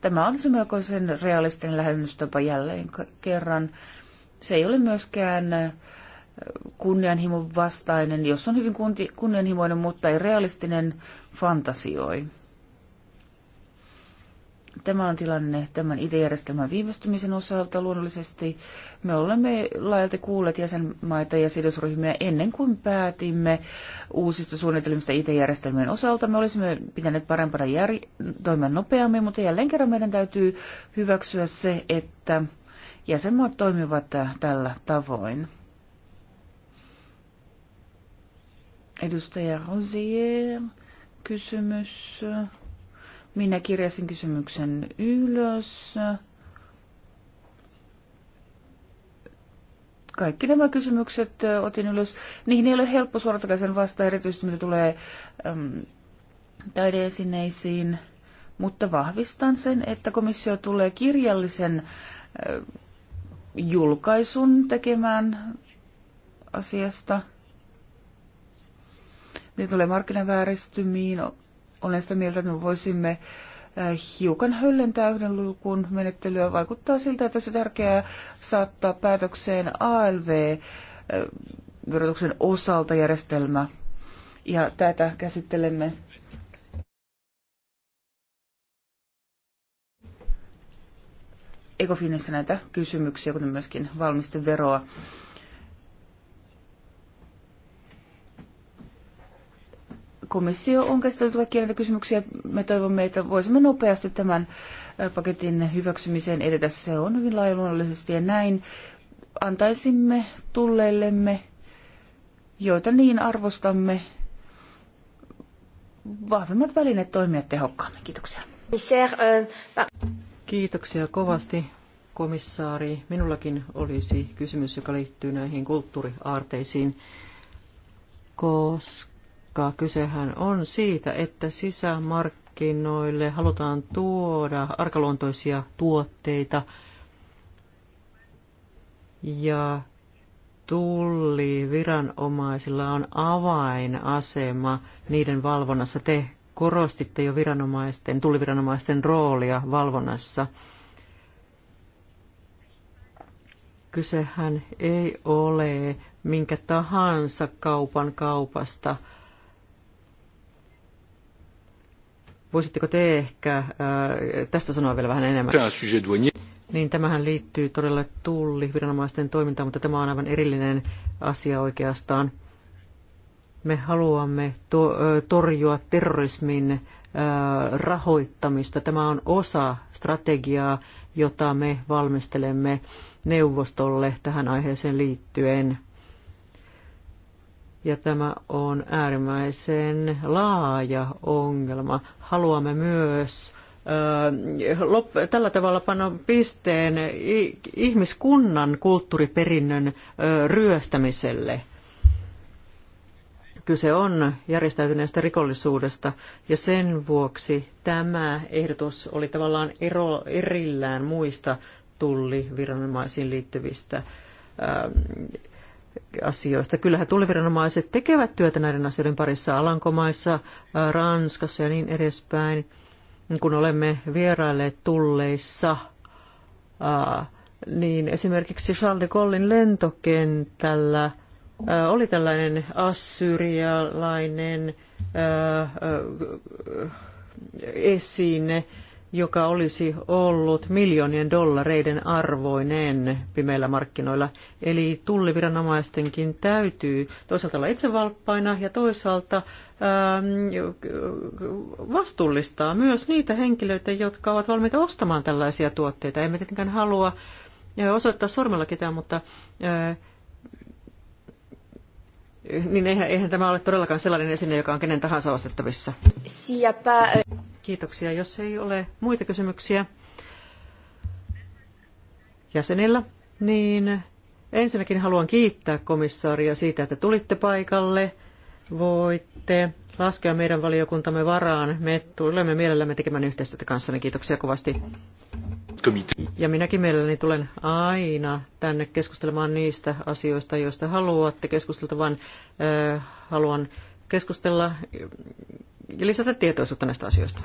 tämä on se melkoisen realistinen lähennystapa jälleen kerran. Se ei ole myöskään kunnianhimon vastainen, jos on hyvin kunnianhimoinen, mutta ei realistinen, fantasioi. Tämä on tilanne tämän IT-järjestelmän viivästymisen osalta luonnollisesti. Me olemme laajalti kuulleet jäsenmaita ja sidosryhmiä ennen kuin päätimme uusista suunnitelmista IT-järjestelmien osalta. Me olisimme pitäneet parempana jär- toimia nopeammin, mutta jälleen kerran meidän täytyy hyväksyä se, että jäsenmaat toimivat tällä tavoin. Edustaja Rosier, kysymys. Minä kirjasin kysymyksen ylös. Kaikki nämä kysymykset otin ylös. Niihin ei ole helppo suoratakaisen vasta, erityisesti mitä tulee äm, taideesineisiin, mutta vahvistan sen, että komissio tulee kirjallisen äh, julkaisun tekemään asiasta – mitä tulee markkinavääristymiin, olen sitä mieltä, että me voisimme äh, hiukan höllentää yhden luukun menettelyä. Vaikuttaa siltä, että olisi tärkeää saattaa päätökseen ALV-verotuksen äh, osalta järjestelmä. Ja tätä käsittelemme Ecofinissa näitä kysymyksiä, kuten myöskin valmisteveroa. veroa. komissio on käsitellyt kaikkia näitä kysymyksiä. Me toivomme, että voisimme nopeasti tämän paketin hyväksymiseen edetä. Se on hyvin laajaluonnollisesti ja näin antaisimme tulleillemme, joita niin arvostamme, vahvemmat välineet toimia tehokkaammin. Kiitoksia. Kiitoksia kovasti, komissaari. Minullakin olisi kysymys, joka liittyy näihin kulttuuriaarteisiin, koska tarkkaa. Kysehän on siitä, että sisämarkkinoille halutaan tuoda arkaluontoisia tuotteita ja tulliviranomaisilla on avainasema niiden valvonnassa. Te korostitte jo viranomaisten, tulliviranomaisten roolia valvonnassa. Kysehän ei ole minkä tahansa kaupan kaupasta – Voisitteko te ehkä äh, tästä sanoa vielä vähän enemmän? Niin tämähän liittyy todella tulliviranomaisten toimintaan, mutta tämä on aivan erillinen asia oikeastaan. Me haluamme to- torjua terrorismin rahoittamista. Tämä on osa strategiaa, jota me valmistelemme neuvostolle tähän aiheeseen liittyen. Ja tämä on äärimmäisen laaja ongelma haluamme myös tällä tavalla panna pisteen ihmiskunnan kulttuuriperinnön ryöstämiselle. Kyse on järjestäytyneestä rikollisuudesta ja sen vuoksi tämä ehdotus oli tavallaan ero, erillään muista tulliviranomaisiin liittyvistä asioista. Kyllähän tulliviranomaiset tekevät työtä näiden asioiden parissa Alankomaissa, äh, Ranskassa ja niin edespäin. Kun olemme vierailleet tulleissa, äh, niin esimerkiksi Charles de Gaullein lentokentällä äh, oli tällainen assyrialainen esine, joka olisi ollut miljoonien dollareiden arvoinen pimeillä markkinoilla. Eli tulliviranomaistenkin täytyy toisaalta olla itsevalppaina ja toisaalta ähm, vastuullistaa myös niitä henkilöitä, jotka ovat valmiita ostamaan tällaisia tuotteita. Emme tietenkään halua äh, osoittaa sormella ketään, mutta äh, niin eihän, eihän tämä ole todellakaan sellainen esine, joka on kenen tahansa ostettavissa. Siäpä. Kiitoksia. Jos ei ole muita kysymyksiä jäsenillä, niin ensinnäkin haluan kiittää komissaaria siitä, että tulitte paikalle. Voitte laskea meidän valiokuntamme varaan. Me tulemme mielellämme tekemään yhteistyötä kanssanne. Kiitoksia kovasti. Ja minäkin mielelläni tulen aina tänne keskustelemaan niistä asioista, joista haluatte keskusteltavan. haluan keskustella lisätä tietoisuutta näistä asioista.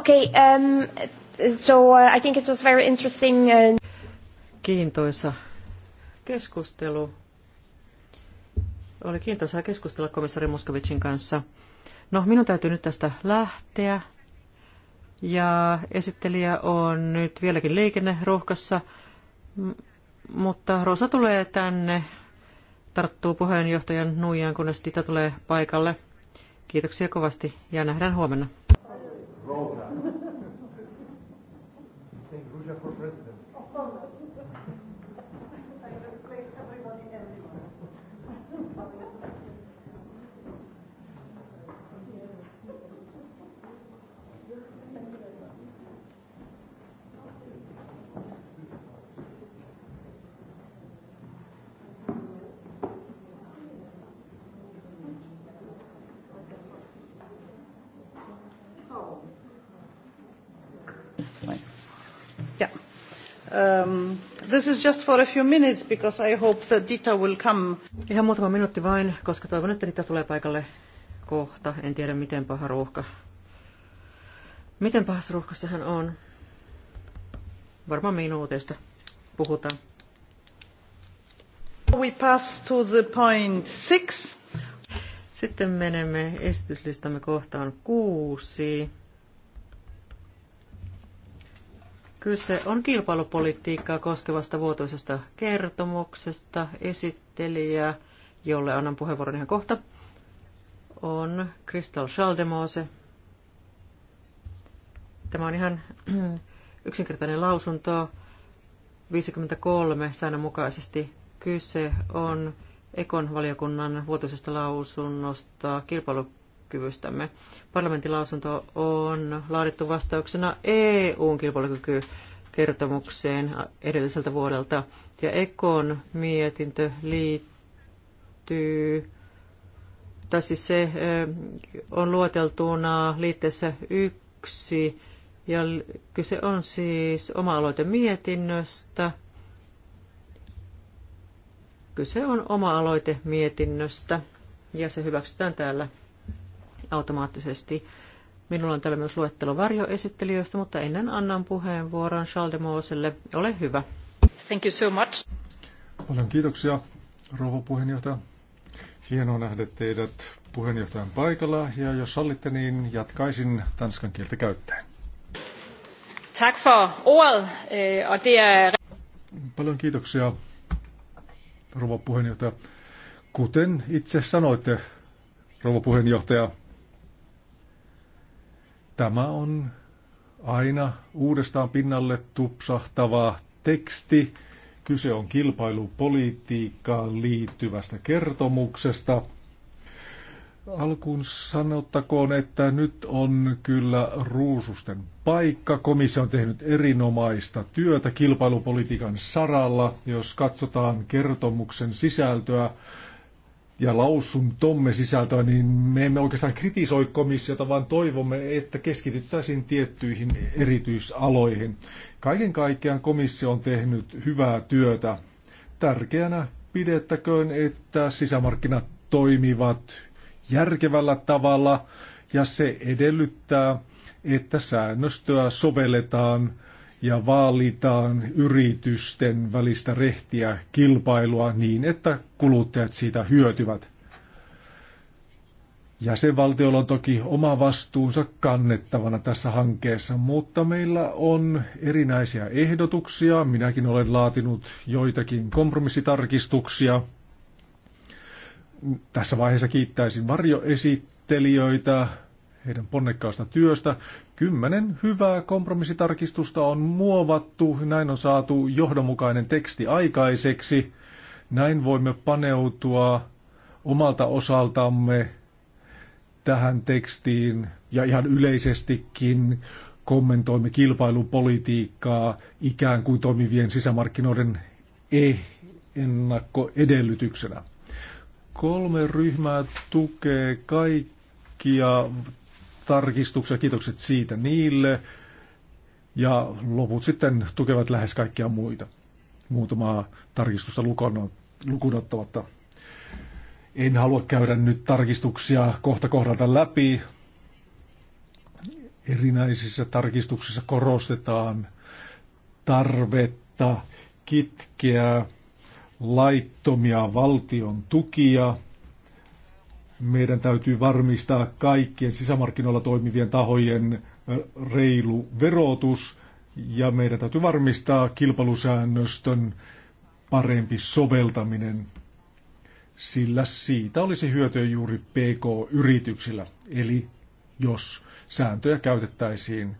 Okay, um, so uh, I think it was very interesting. Uh, Kiintoisa keskustelu. Oli kiintoisaa keskustella komissaari Moskovicin kanssa. No, minun täytyy nyt tästä lähteä. Ja esittelijä on nyt vieläkin liikenneruuhkassa, mutta Rosa tulee tänne, tarttuu puheenjohtajan nuijaan, kunnes Tita tulee paikalle. Kiitoksia kovasti ja nähdään huomenna. Um, this is just for a few minutes because I hope that Dita will come. Ihan muutama minuutti vain, koska toivon, että Dita tulee paikalle kohta. En tiedä, miten paha ruuhka. Miten pahassa ruuhkassa hän on? Varmaan minuuteista puhutaan. We pass to the point six. Sitten menemme esityslistamme kohtaan kuusi. Kyse on kilpailupolitiikkaa koskevasta vuotuisesta kertomuksesta. Esittelijä, jolle annan puheenvuoron ihan kohta, on Kristal Schaldemose. Tämä on ihan yksinkertainen lausunto. 53 säännön mukaisesti kyse on Ekon valiokunnan vuotuisesta lausunnosta kilpailu kilpailukyvystämme. Parlamentin lausunto on laadittu vastauksena EUn kilpailukykykertomukseen edelliseltä vuodelta. Ja Ekon mietintö liittyy, tai siis se on luoteltuna liitteessä yksi, ja kyse on siis oma aloite mietinnöstä Kyse on oma aloite mietinnöstä ja se hyväksytään täällä automaattisesti. Minulla on täällä myös luettelo varjoesittelijöistä, mutta ennen annan puheenvuoron Charles de Moselle. Ole hyvä. Thank you so much. Paljon kiitoksia, rouva puheenjohtaja. Hienoa nähdä teidät puheenjohtajan paikalla, ja jos sallitte, niin jatkaisin tanskan kieltä käyttäen. Tack för ordet, och øh, det är... Er- Paljon kiitoksia, rouva puheenjohtaja. Kuten itse sanoitte, rouva puheenjohtaja, Tämä on aina uudestaan pinnalle tupsahtava teksti. Kyse on kilpailupolitiikkaan liittyvästä kertomuksesta. Alkuun sanottakoon, että nyt on kyllä ruususten paikka. Komissio on tehnyt erinomaista työtä kilpailupolitiikan saralla. Jos katsotaan kertomuksen sisältöä, ja lausuntomme sisältöä, niin me emme oikeastaan kritisoi komissiota, vaan toivomme, että keskityttäisiin tiettyihin erityisaloihin. Kaiken kaikkiaan komissio on tehnyt hyvää työtä. Tärkeänä pidettäköön, että sisämarkkinat toimivat järkevällä tavalla ja se edellyttää, että säännöstöä sovelletaan ja vaalitaan yritysten välistä rehtiä kilpailua niin, että kuluttajat siitä hyötyvät. Jäsenvaltiolla on toki oma vastuunsa kannettavana tässä hankkeessa, mutta meillä on erinäisiä ehdotuksia. Minäkin olen laatinut joitakin kompromissitarkistuksia. Tässä vaiheessa kiittäisin varjoesittelijöitä, heidän ponnekkaasta työstä. Kymmenen hyvää kompromissitarkistusta on muovattu, näin on saatu johdonmukainen teksti aikaiseksi. Näin voimme paneutua omalta osaltamme tähän tekstiin ja ihan yleisestikin kommentoimme kilpailupolitiikkaa ikään kuin toimivien sisämarkkinoiden eh- ennakkoedellytyksenä. Kolme ryhmää tukee kaikkia tarkistuksia. Kiitokset siitä niille. Ja loput sitten tukevat lähes kaikkia muita. Muutamaa tarkistusta lukunottamatta. En halua käydä nyt tarkistuksia kohta kohdalta läpi. Erinäisissä tarkistuksissa korostetaan tarvetta kitkeä laittomia valtion tukia – meidän täytyy varmistaa kaikkien sisämarkkinoilla toimivien tahojen reilu verotus ja meidän täytyy varmistaa kilpailusäännöstön parempi soveltaminen, sillä siitä olisi hyötyä juuri PK-yrityksillä. Eli jos sääntöjä käytettäisiin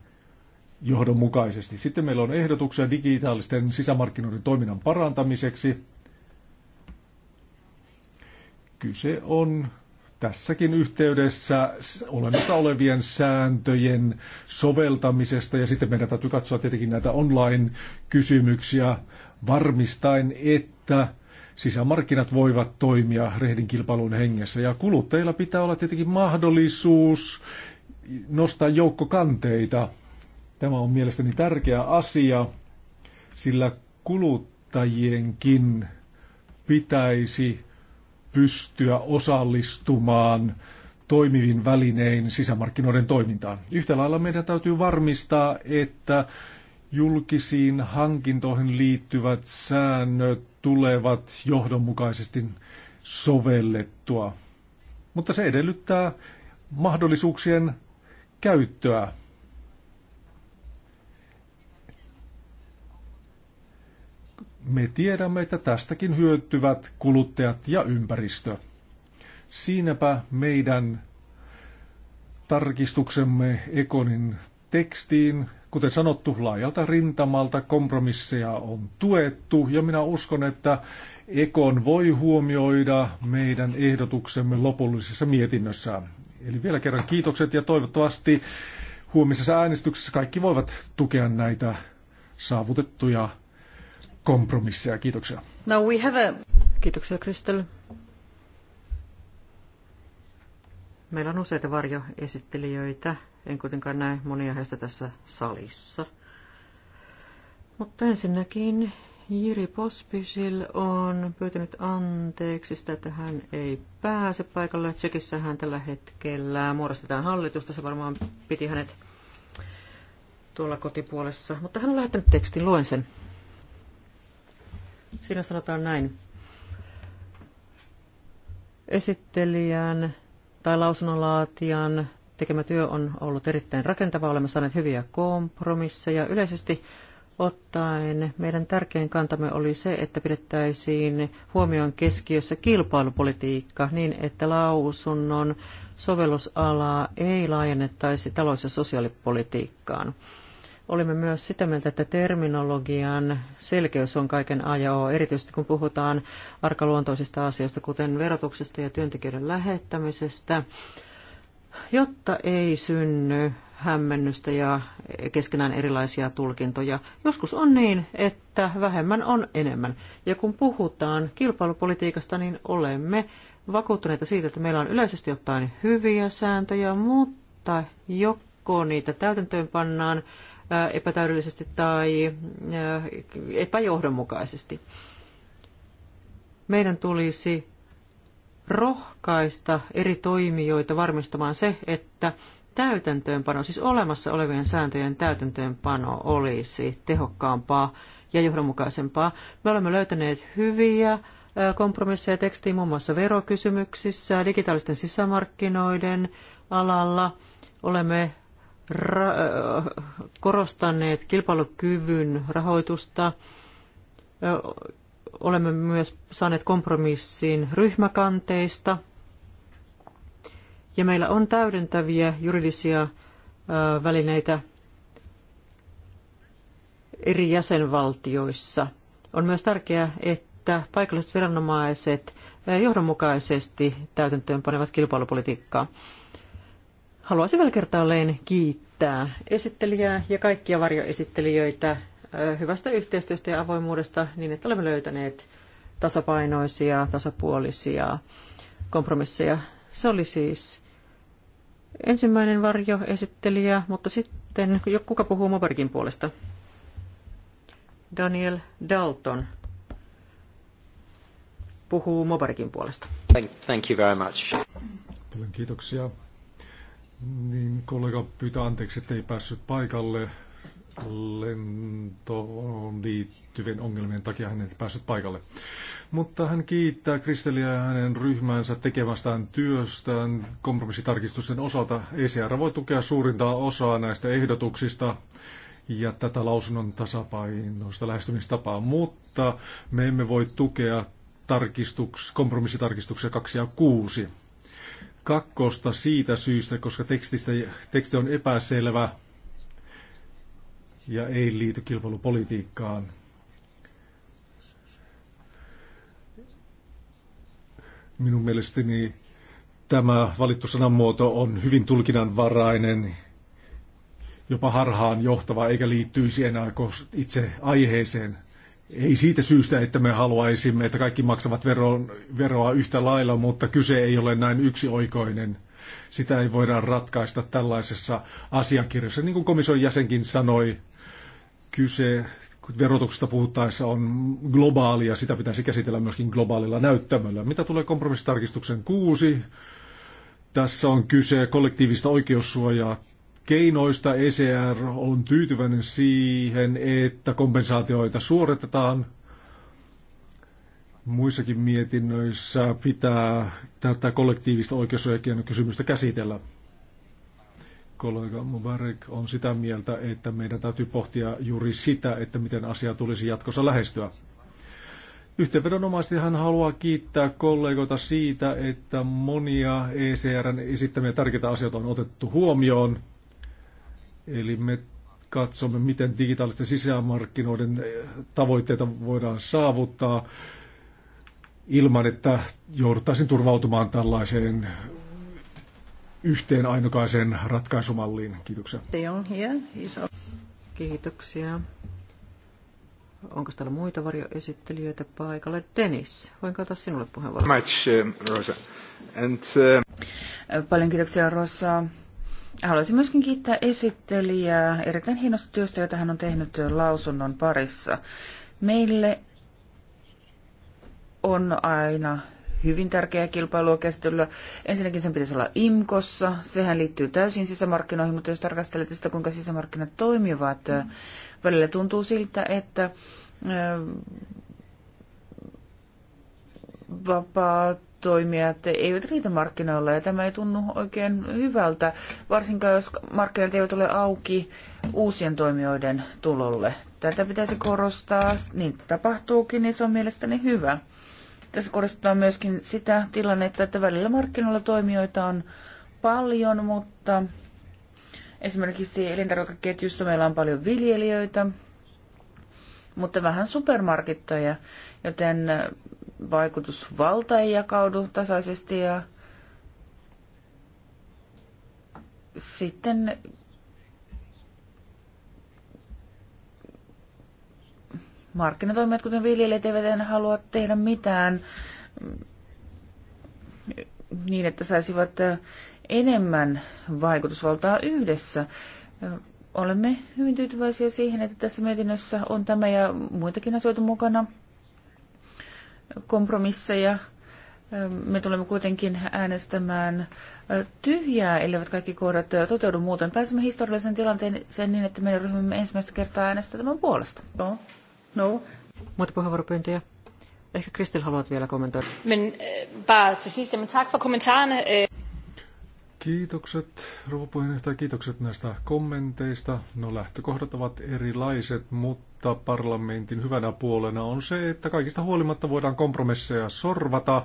johdonmukaisesti. Sitten meillä on ehdotuksia digitaalisten sisämarkkinoiden toiminnan parantamiseksi. Kyse on tässäkin yhteydessä olemassa olevien sääntöjen soveltamisesta ja sitten meidän täytyy katsoa tietenkin näitä online-kysymyksiä varmistaen, että sisämarkkinat voivat toimia rehdin kilpailun hengessä. Ja kuluttajilla pitää olla tietenkin mahdollisuus nostaa joukkokanteita. Tämä on mielestäni tärkeä asia, sillä kuluttajienkin pitäisi pystyä osallistumaan toimivin välinein sisämarkkinoiden toimintaan. Yhtä lailla meidän täytyy varmistaa, että julkisiin hankintoihin liittyvät säännöt tulevat johdonmukaisesti sovellettua. Mutta se edellyttää mahdollisuuksien käyttöä. me tiedämme, että tästäkin hyötyvät kuluttajat ja ympäristö. Siinäpä meidän tarkistuksemme Ekonin tekstiin. Kuten sanottu, laajalta rintamalta kompromisseja on tuettu ja minä uskon, että Ekon voi huomioida meidän ehdotuksemme lopullisessa mietinnössä. Eli vielä kerran kiitokset ja toivottavasti huomisessa äänestyksessä kaikki voivat tukea näitä saavutettuja kompromisseja. Kiitoksia. Now we have a... Kiitoksia Kristel. Meillä on useita varjoesittelijöitä. En kuitenkaan näe monia heistä tässä salissa. Mutta ensinnäkin Jiri Pospisil on pyytänyt anteeksi sitä, että hän ei pääse paikalle. Tsekissä hän tällä hetkellä muodostetaan hallitusta. Se varmaan piti hänet tuolla kotipuolessa. Mutta hän on lähettänyt tekstin, luen sen. Siinä sanotaan näin. Esittelijän tai lausunnonlaatijan tekemä työ on ollut erittäin rakentavaa. Olemme saaneet hyviä kompromisseja. Yleisesti ottaen meidän tärkein kantamme oli se, että pidettäisiin huomioon keskiössä kilpailupolitiikka niin, että lausunnon sovellusalaa ei laajennettaisi talous- ja sosiaalipolitiikkaan. Olimme myös sitä mieltä, että terminologian selkeys on kaiken O, erityisesti kun puhutaan arkaluontoisista asioista, kuten verotuksesta ja työntekijöiden lähettämisestä, jotta ei synny hämmennystä ja keskenään erilaisia tulkintoja. Joskus on niin, että vähemmän on enemmän. Ja kun puhutaan kilpailupolitiikasta, niin olemme vakuuttuneita siitä, että meillä on yleisesti ottaen hyviä sääntöjä, mutta joko niitä täytäntöön pannaan epätäydellisesti tai epäjohdonmukaisesti. Meidän tulisi rohkaista eri toimijoita varmistamaan se, että täytäntöönpano, siis olemassa olevien sääntöjen täytäntöönpano olisi tehokkaampaa ja johdonmukaisempaa. Me olemme löytäneet hyviä kompromisseja tekstiin muun muassa verokysymyksissä, digitaalisten sisämarkkinoiden alalla. Olemme korostaneet kilpailukyvyn rahoitusta. Olemme myös saaneet kompromissiin ryhmäkanteista. Ja meillä on täydentäviä juridisia välineitä eri jäsenvaltioissa. On myös tärkeää, että paikalliset viranomaiset johdonmukaisesti täytäntöön panevat kilpailupolitiikkaa. Haluaisin vielä kertaalleen kiittää esittelijää ja kaikkia varjoesittelijöitä hyvästä yhteistyöstä ja avoimuudesta niin, että olemme löytäneet tasapainoisia, tasapuolisia kompromisseja. Se oli siis ensimmäinen varjoesittelijä, mutta sitten kuka puhuu Mobergin puolesta? Daniel Dalton puhuu Mobergin puolesta. Thank, thank you very much. Paljon kiitoksia niin kollega pyytää anteeksi, että ei päässyt paikalle lentoon liittyvien ongelmien takia hän ei päässyt paikalle. Mutta hän kiittää Kristeliä ja hänen ryhmänsä tekemästään työstään kompromissitarkistusten osalta. ECR voi tukea suurinta osaa näistä ehdotuksista ja tätä lausunnon tasapainoista lähestymistapaa, mutta me emme voi tukea tarkistuks, kompromissitarkistuksia 2 ja 6 kakkosta siitä syystä, koska tekstistä, teksti on epäselvä ja ei liity kilpailupolitiikkaan. Minun mielestäni tämä valittu sanamuoto on hyvin tulkinnanvarainen, jopa harhaan johtava, eikä liittyisi enää itse aiheeseen. Ei siitä syystä, että me haluaisimme, että kaikki maksavat veron, veroa yhtä lailla, mutta kyse ei ole näin yksioikoinen. Sitä ei voida ratkaista tällaisessa asiakirjassa. Niin kuin komission jäsenkin sanoi, kyse verotuksesta puhuttaessa on globaali ja sitä pitäisi käsitellä myöskin globaalilla näyttämöllä. Mitä tulee kompromissitarkistuksen kuusi? Tässä on kyse kollektiivista oikeussuojaa keinoista ECR on tyytyväinen siihen, että kompensaatioita suoritetaan. Muissakin mietinnöissä pitää tätä kollektiivista oikeusoikeuden kysymystä käsitellä. Kollega Mubarak on sitä mieltä, että meidän täytyy pohtia juuri sitä, että miten asia tulisi jatkossa lähestyä. Yhteenvedonomaisesti hän haluaa kiittää kollegoita siitä, että monia ECRn esittämiä tärkeitä asioita on otettu huomioon. Eli me katsomme, miten digitaalisten sisämarkkinoiden eh, tavoitteita voidaan saavuttaa ilman, että jouduttaisiin turvautumaan tällaiseen yhteen ainokaiseen ratkaisumalliin. Kiitoksia. Kiitoksia. Onko täällä muita varjoesittelijöitä paikalle? Dennis, voinko ottaa sinulle puheenvuoron? Eh, Rosa. And, eh, Paljon kiitoksia, Rosa. Haluaisin myöskin kiittää esittelijää erittäin hienosta työstä, jota hän on tehnyt lausunnon parissa. Meille on aina hyvin tärkeää kilpailua käsitellä. Ensinnäkin sen pitäisi olla IMKossa. Sehän liittyy täysin sisämarkkinoihin, mutta jos tarkastelet sitä, kuinka sisämarkkinat toimivat, välillä tuntuu siltä, että vapaa toimijat eivät riitä markkinoilla ja tämä ei tunnu oikein hyvältä, varsinkaan jos markkinat eivät ole auki uusien toimijoiden tulolle. Tätä pitäisi korostaa, niin tapahtuukin, niin se on mielestäni hyvä. Tässä korostetaan myöskin sitä tilannetta, että välillä markkinoilla toimijoita on paljon, mutta esimerkiksi elintarvikeketjussa meillä on paljon viljelijöitä, mutta vähän supermarketteja, joten vaikutusvalta ei jakaudu tasaisesti ja sitten markkinatoimijat, kuten viljelijät, eivät enää halua tehdä mitään niin, että saisivat enemmän vaikutusvaltaa yhdessä. Olemme hyvin tyytyväisiä siihen, että tässä mietinnössä on tämä ja muitakin asioita mukana kompromisseja. Me tulemme kuitenkin äänestämään tyhjää, elleivät kaikki kohdat toteudu muuten. Pääsemme historiallisen tilanteen sen niin, että meidän ryhmämme ensimmäistä kertaa äänestää tämän puolesta. No. no. Muita puheenvuoropyyntöjä? Ehkä Kristil haluat vielä kommentoida. Men, äh, eh, bara til sidst, tack tak for Äh. Kiitokset, rouva puheenjohtaja, kiitokset näistä kommenteista. No lähtökohdat ovat erilaiset, mutta parlamentin hyvänä puolena on se, että kaikista huolimatta voidaan kompromisseja sorvata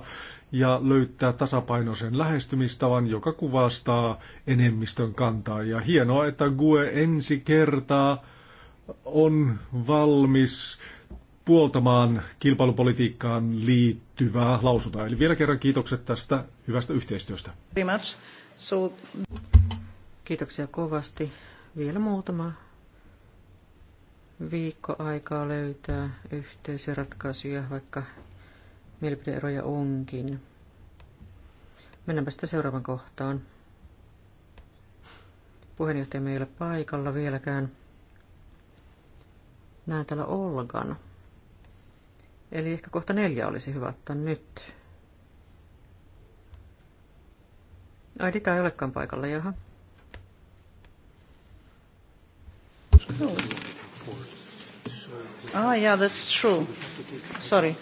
ja löytää tasapainoisen lähestymistavan, joka kuvastaa enemmistön kantaa. Ja hienoa, että GUE ensi kertaa on valmis puoltamaan kilpailupolitiikkaan liittyvää lausuntoa. Eli vielä kerran kiitokset tästä hyvästä yhteistyöstä. Very much. So... Kiitoksia kovasti. Vielä muutama viikko aikaa löytää yhteisiä ratkaisuja, vaikka mielipideeroja onkin. Mennäänpä sitten seuraavan kohtaan. Puheenjohtaja meillä paikalla vieläkään. Näen täällä Olgan. Eli ehkä kohta neljä olisi hyvä ottaa nyt. Ai, Dita ei olekaan paikalla, jaha. Ah, yeah, that's true. Sorry.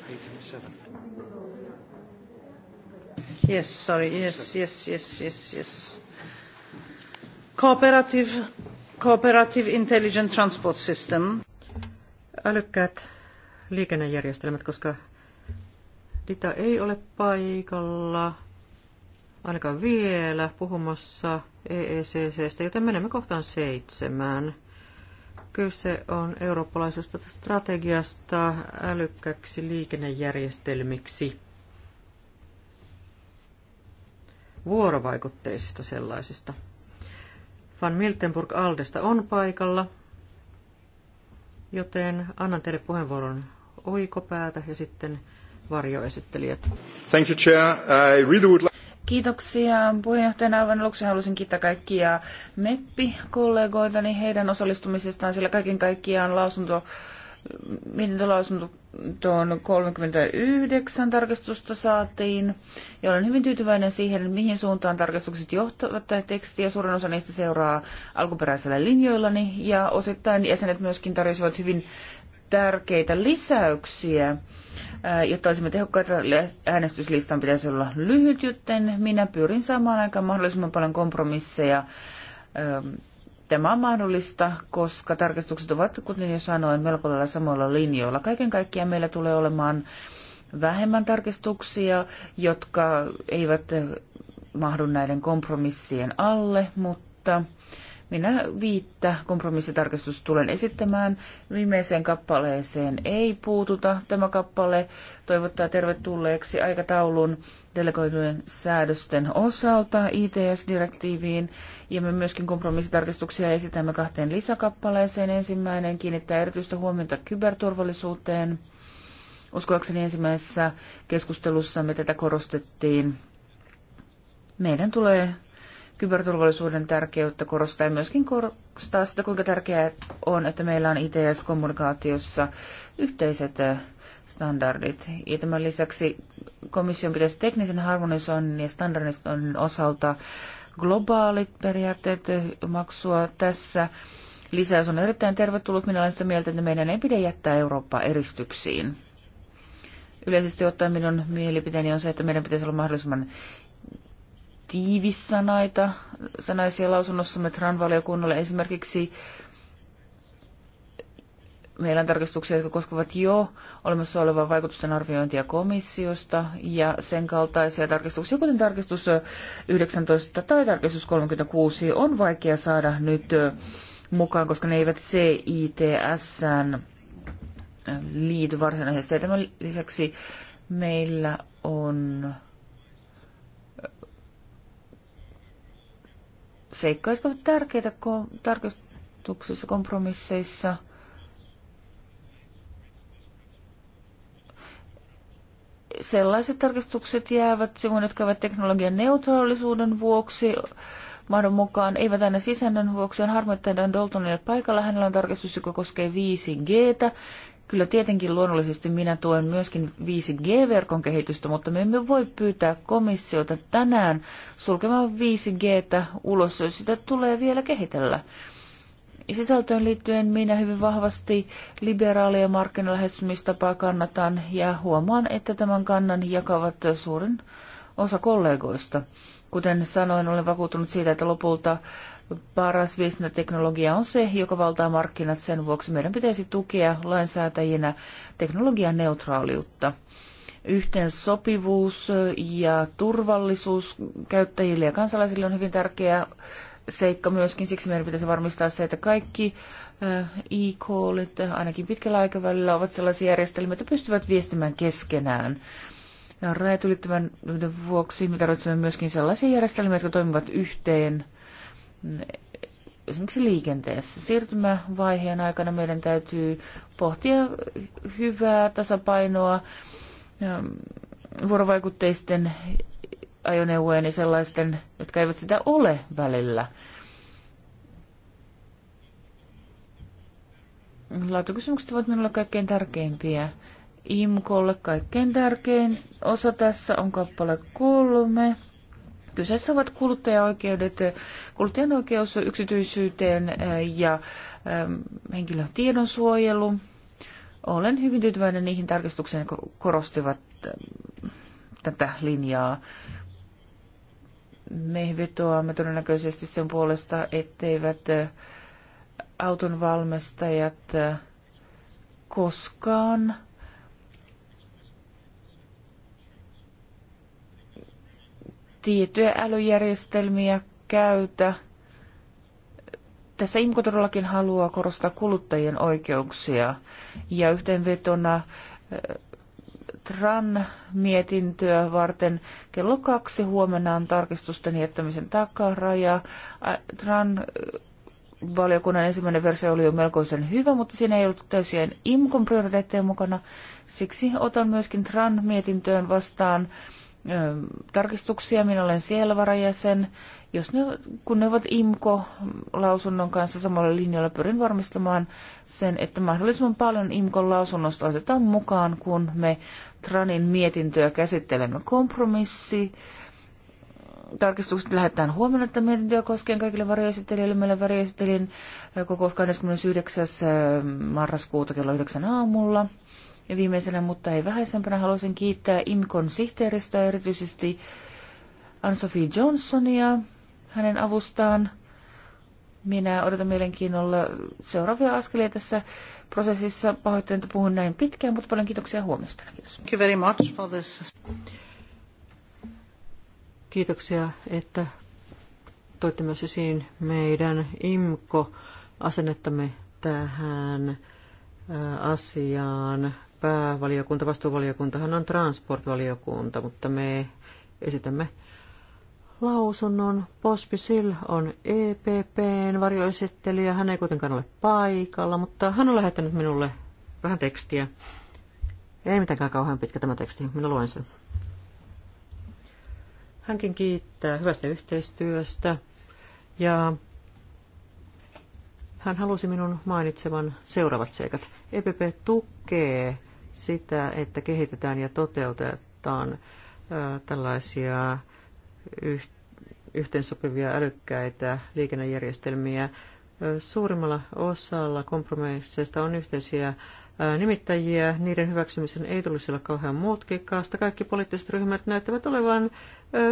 Yes, sorry. Yes, yes, yes, yes, yes. Cooperative, cooperative intelligent transport system. Älykkäät liikennejärjestelmät, koska Dita ei ole paikalla ainakaan vielä puhumassa EECCstä, joten menemme kohtaan seitsemään. Kyse on eurooppalaisesta strategiasta älykkäksi liikennejärjestelmiksi. Vuorovaikutteisista sellaisista. Van Miltenburg Aldesta on paikalla, joten annan teille puheenvuoron oikopäätä ja sitten varjoesittelijät. Thank you, Chair. I really would like... Kiitoksia. Puheenjohtajana aivan aluksi haluaisin kiittää kaikkia MEPPI-kollegoitani heidän osallistumisestaan, sillä kaiken kaikkiaan lausunto, mietintölausunto tuon 39 tarkastusta saatiin, ja olen hyvin tyytyväinen siihen, mihin suuntaan tarkastukset johtavat tai tekstiä. Suurin osa niistä seuraa alkuperäisellä linjoillani, ja osittain jäsenet myöskin tarjosivat hyvin tärkeitä lisäyksiä, äh, jotta olisimme tehokkaita. Äänestyslistan pitäisi olla lyhyt, joten minä pyrin saamaan aikaan mahdollisimman paljon kompromisseja. Ähm, tämä on mahdollista, koska tarkastukset ovat, kuten jo sanoin, melko lailla samoilla linjoilla. Kaiken kaikkiaan meillä tulee olemaan vähemmän tarkistuksia, jotka eivät mahdu näiden kompromissien alle, mutta minä viittä kompromissitarkistus tulen esittämään. Viimeiseen kappaleeseen ei puututa. Tämä kappale toivottaa tervetulleeksi aikataulun delegoitujen säädösten osalta ITS-direktiiviin. Ja me myöskin kompromissitarkistuksia esitämme kahteen lisäkappaleeseen. Ensimmäinen kiinnittää erityistä huomiota kyberturvallisuuteen. Uskoakseni ensimmäisessä keskustelussa me tätä korostettiin. Meidän tulee kyberturvallisuuden tärkeyttä korostaa ja myöskin korostaa sitä, kuinka tärkeää on, että meillä on ITS-kommunikaatiossa yhteiset standardit. Ja tämän lisäksi komission pitäisi teknisen harmonisoinnin ja standardisoinnin osalta globaalit periaatteet maksua tässä. Lisäys on erittäin tervetullut. Minä olen sitä mieltä, että meidän ei pidä jättää Eurooppaa eristyksiin. Yleisesti ottaen minun mielipiteeni on se, että meidän pitäisi olla mahdollisimman tiivissanaita sanaisia lausunnossamme TRAN-valiokunnalle. Esimerkiksi meillä on tarkistuksia, jotka koskevat jo olemassa olevaa vaikutusten arviointia komissiosta ja sen kaltaisia tarkistuksia, kuten tarkistus 19 tai tarkistus 36, on vaikea saada nyt mukaan, koska ne eivät CITSään liity varsinaisesti. Ja tämän lisäksi meillä on seikka jotka ovat tärkeitä ko- kompromisseissa. Sellaiset tarkistukset jäävät sivuun, jotka ovat teknologian neutraalisuuden vuoksi mahdon mukaan, eivät aina sisännön vuoksi. On harmi, että Dan Daltonille paikalla. Hänellä on tarkistus, joka koskee 5Gtä. Kyllä tietenkin luonnollisesti minä tuen myöskin 5G-verkon kehitystä, mutta me emme voi pyytää komissiota tänään sulkemaan 5Gtä ulos, jos sitä tulee vielä kehitellä. Sisältöön liittyen minä hyvin vahvasti liberaalia markkinalähestymistapaa kannatan ja huomaan, että tämän kannan jakavat suurin osa kollegoista. Kuten sanoin, olen vakuuttunut siitä, että lopulta paras viestintäteknologia on se, joka valtaa markkinat. Sen vuoksi meidän pitäisi tukea lainsäätäjinä teknologian neutraaliutta. Yhteen sopivuus ja turvallisuus käyttäjille ja kansalaisille on hyvin tärkeä seikka myöskin. Siksi meidän pitäisi varmistaa se, että kaikki äh, e-callit ainakin pitkällä aikavälillä ovat sellaisia järjestelmiä, että pystyvät viestimään keskenään. Rajat ylittävän vuoksi me tarvitsemme myöskin sellaisia järjestelmiä, jotka toimivat yhteen esimerkiksi liikenteessä. Siirtymävaiheen aikana meidän täytyy pohtia hyvää tasapainoa ähm, vuorovaikutteisten ajoneuvojen ja sellaisten, jotka eivät sitä ole välillä. Laatukysymykset ovat minulle kaikkein tärkeimpiä. IMKOlle kaikkein tärkein osa tässä on kappale kolme. Kyseessä ovat kuluttajaoikeudet, kuluttajan oikeus yksityisyyteen ja tiedon suojelu. Olen hyvin tyytyväinen niihin tarkistuksiin, jotka korostivat tätä linjaa. Me vetoamme todennäköisesti sen puolesta, etteivät auton valmistajat koskaan tiettyjä älyjärjestelmiä käytä. Tässä IMCO todellakin haluaa korostaa kuluttajien oikeuksia ja yhteenvetona eh, TRAN-mietintöä varten kello kaksi huomenna on tarkistusten jättämisen takaraja. TRAN eh, valiokunnan ensimmäinen versio oli jo melkoisen hyvä, mutta siinä ei ollut täysien IMCOn prioriteetteja mukana. Siksi otan myöskin TRAN-mietintöön vastaan tarkistuksia. Minä olen siellä varajäsen. Jos ne, kun ne ovat IMKO-lausunnon kanssa samalla linjalla, pyrin varmistamaan sen, että mahdollisimman paljon IMKO-lausunnosta otetaan mukaan, kun me TRANin mietintöä käsittelemme kompromissi. Tarkistukset lähdetään huomenna, että mietintöä koskien kaikille varjoesittelijöille. Meillä varjoesittelin kokous 29. marraskuuta kello 9 aamulla. Ja viimeisenä, mutta ei vähäisempänä, haluaisin kiittää IMKON sihteeristöä erityisesti Ann-Sophie Johnsonia hänen avustaan. Minä odotan mielenkiinnolla seuraavia askelia tässä prosessissa. Pahoittelen, että puhun näin pitkään, mutta paljon kiitoksia huomiosta. Kiitos. Thank you very much for this. Kiitoksia, että toitte myös esiin meidän IMKO-asennettamme tähän asiaan päävaliokunta, vastuuvaliokuntahan on transportvaliokunta, mutta me esitämme lausunnon. Pospi Sil on EPPn varjoesittelijä. Hän ei kuitenkaan ole paikalla, mutta hän on lähettänyt minulle vähän tekstiä. Ei mitenkään kauhean pitkä tämä teksti, minä luen sen. Hänkin kiittää hyvästä yhteistyöstä ja hän halusi minun mainitsevan seuraavat seikat. EPP tukee sitä, että kehitetään ja toteutetaan tällaisia yhteensopivia älykkäitä liikennejärjestelmiä. Suurimmalla osalla kompromisseista on yhteisiä nimittäjiä. Niiden hyväksymisen ei tulisi olla kauhean mutkikkaasta. Kaikki poliittiset ryhmät näyttävät olevan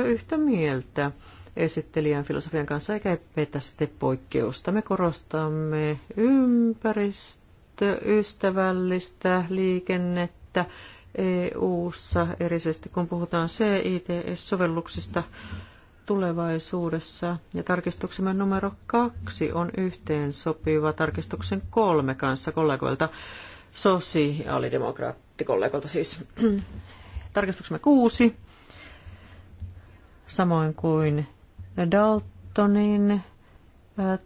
yhtä mieltä esittelijän filosofian kanssa, eikä me tässä tee poikkeusta. Me korostamme ympäristöä ympäristöystävällistä liikennettä EU-ssa, erisesti kun puhutaan CITS-sovelluksista tulevaisuudessa. Ja tarkistuksemme numero kaksi on yhteen sopiva tarkistuksen kolme kanssa kollegoilta, sosiaalidemokraattikollegoilta siis. Tarkistuksemme kuusi, samoin kuin Daltonin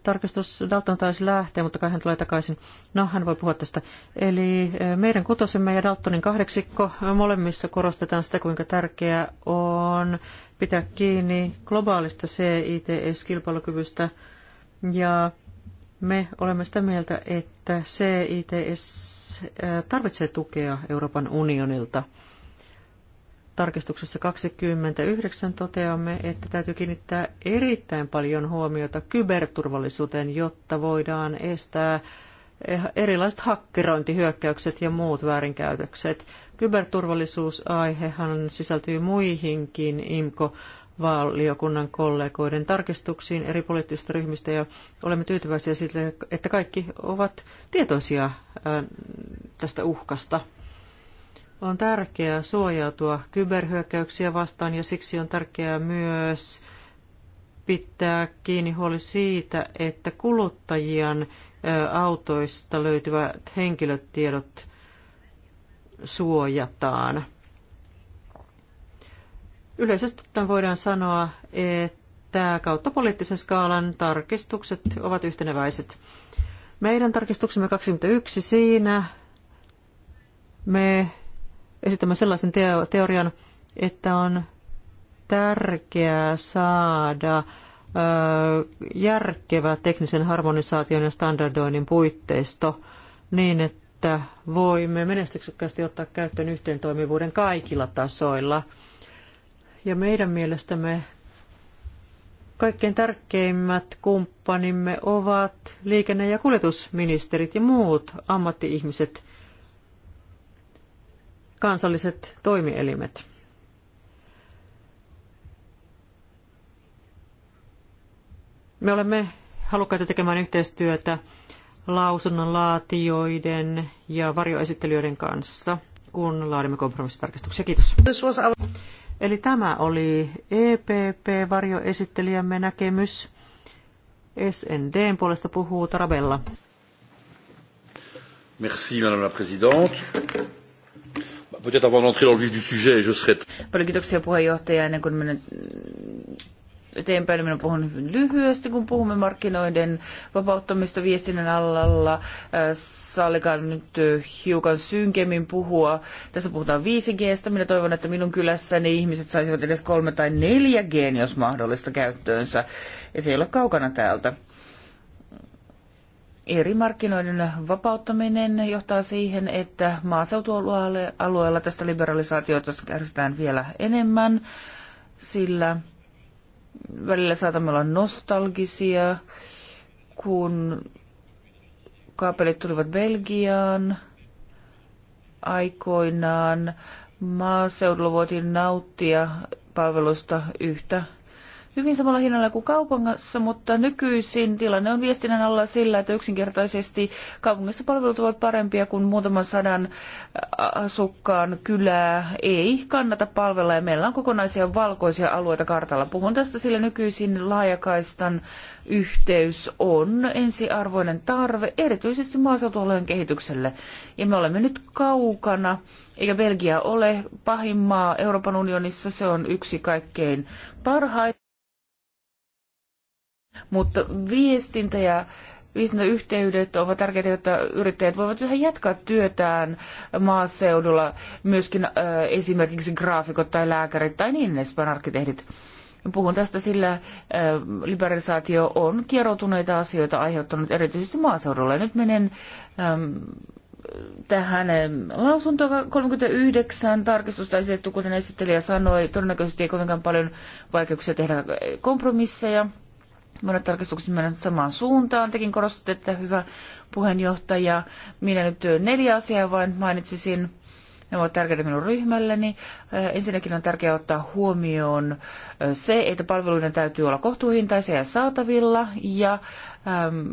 Tarkistus Dalton taisi lähteä, mutta kai hän tulee takaisin. No, hän voi puhua tästä. Eli meidän kutosemme ja Daltonin kahdeksikko molemmissa korostetaan sitä, kuinka tärkeää on pitää kiinni globaalista CITS-kilpailukyvystä. Ja me olemme sitä mieltä, että CITS tarvitsee tukea Euroopan unionilta – tarkistuksessa 29 toteamme, että täytyy kiinnittää erittäin paljon huomiota kyberturvallisuuteen, jotta voidaan estää erilaiset hakkerointihyökkäykset ja muut väärinkäytökset. Kyberturvallisuusaihehan sisältyy muihinkin IMKO valiokunnan kollegoiden tarkistuksiin eri poliittisista ryhmistä ja olemme tyytyväisiä sille, että kaikki ovat tietoisia tästä uhkasta. On tärkeää suojautua kyberhyökkäyksiä vastaan ja siksi on tärkeää myös pitää kiinni huoli siitä, että kuluttajien autoista löytyvät henkilötiedot suojataan. Yleisesti ottaen voidaan sanoa, että kautta poliittisen skaalan tarkistukset ovat yhteneväiset. Meidän tarkistuksemme 21 siinä me esittämään sellaisen teo, teorian, että on tärkeää saada järkevä teknisen harmonisaation ja standardoinnin puitteisto niin, että voimme menestyksekkäästi ottaa käyttöön toimivuuden kaikilla tasoilla. Ja meidän mielestämme kaikkein tärkeimmät kumppanimme ovat liikenne- ja kuljetusministerit ja muut ammattiihmiset, kansalliset toimielimet. Me olemme halukkaita tekemään yhteistyötä lausunnon laatijoiden ja varjoesittelijöiden kanssa, kun laadimme kompromissitarkistuksia. Kiitos. Eli tämä oli EPP-varjoesittelijämme näkemys. SNDn puolesta puhuu Tarabella. Merci, madame la présidente. Peut-être avant d'entrer dans le vif du sujet, je serai... Paljon kiitoksia puheenjohtaja ennen kuin menen eteenpäin. Niin minä puhun hyvin lyhyesti, kun puhumme markkinoiden vapauttamista viestinnän alalla. Äh, sallikaa nyt äh, hiukan synkemmin puhua. Tässä puhutaan 5Gstä. Minä toivon, että minun kylässäni ihmiset saisivat edes 3 tai 4G, jos mahdollista, käyttöönsä. Ja se ei ole kaukana täältä. Eri markkinoiden vapauttaminen johtaa siihen, että maaseutualueella tästä liberalisaatiota kärsitään vielä enemmän, sillä välillä saatamme olla nostalgisia, kun kaapelit tulivat Belgiaan aikoinaan. Maaseudulla voitiin nauttia palvelusta yhtä hyvin samalla hinnalla kuin kaupungissa, mutta nykyisin tilanne on viestinnän alla sillä, että yksinkertaisesti kaupungissa palvelut ovat parempia kuin muutaman sadan asukkaan kylää ei kannata palvella ja meillä on kokonaisia valkoisia alueita kartalla. Puhun tästä, sillä nykyisin laajakaistan yhteys on ensiarvoinen tarve, erityisesti maaseutualueen kehitykselle. Ja me olemme nyt kaukana, eikä Belgia ole pahin maa Euroopan unionissa, se on yksi kaikkein parhaita. Mutta viestintä ja viestintäyhteydet ovat tärkeitä, jotta yrittäjät voivat yhä jatkaa työtään maaseudulla, myöskin äh, esimerkiksi graafikot tai lääkärit tai niin edespäin arkkitehdit. Puhun tästä, sillä äh, liberalisaatio on kieroutuneita asioita aiheuttanut erityisesti maaseudulla. Nyt menen ähm, tähän lausunto 39 tarkistusta esitetty, kuten esittelijä sanoi, todennäköisesti ei kovinkaan paljon vaikeuksia tehdä kompromisseja. Monet tarkistukset menevät samaan suuntaan. Tekin korostatte, että hyvä puheenjohtaja. Minä nyt neljä asiaa vain mainitsisin. Ne ovat tärkeitä minun ryhmälleni. Äh, ensinnäkin on tärkeää ottaa huomioon äh, se, että palveluiden täytyy olla kohtuuhintaisia ja saatavilla. Ja ähm,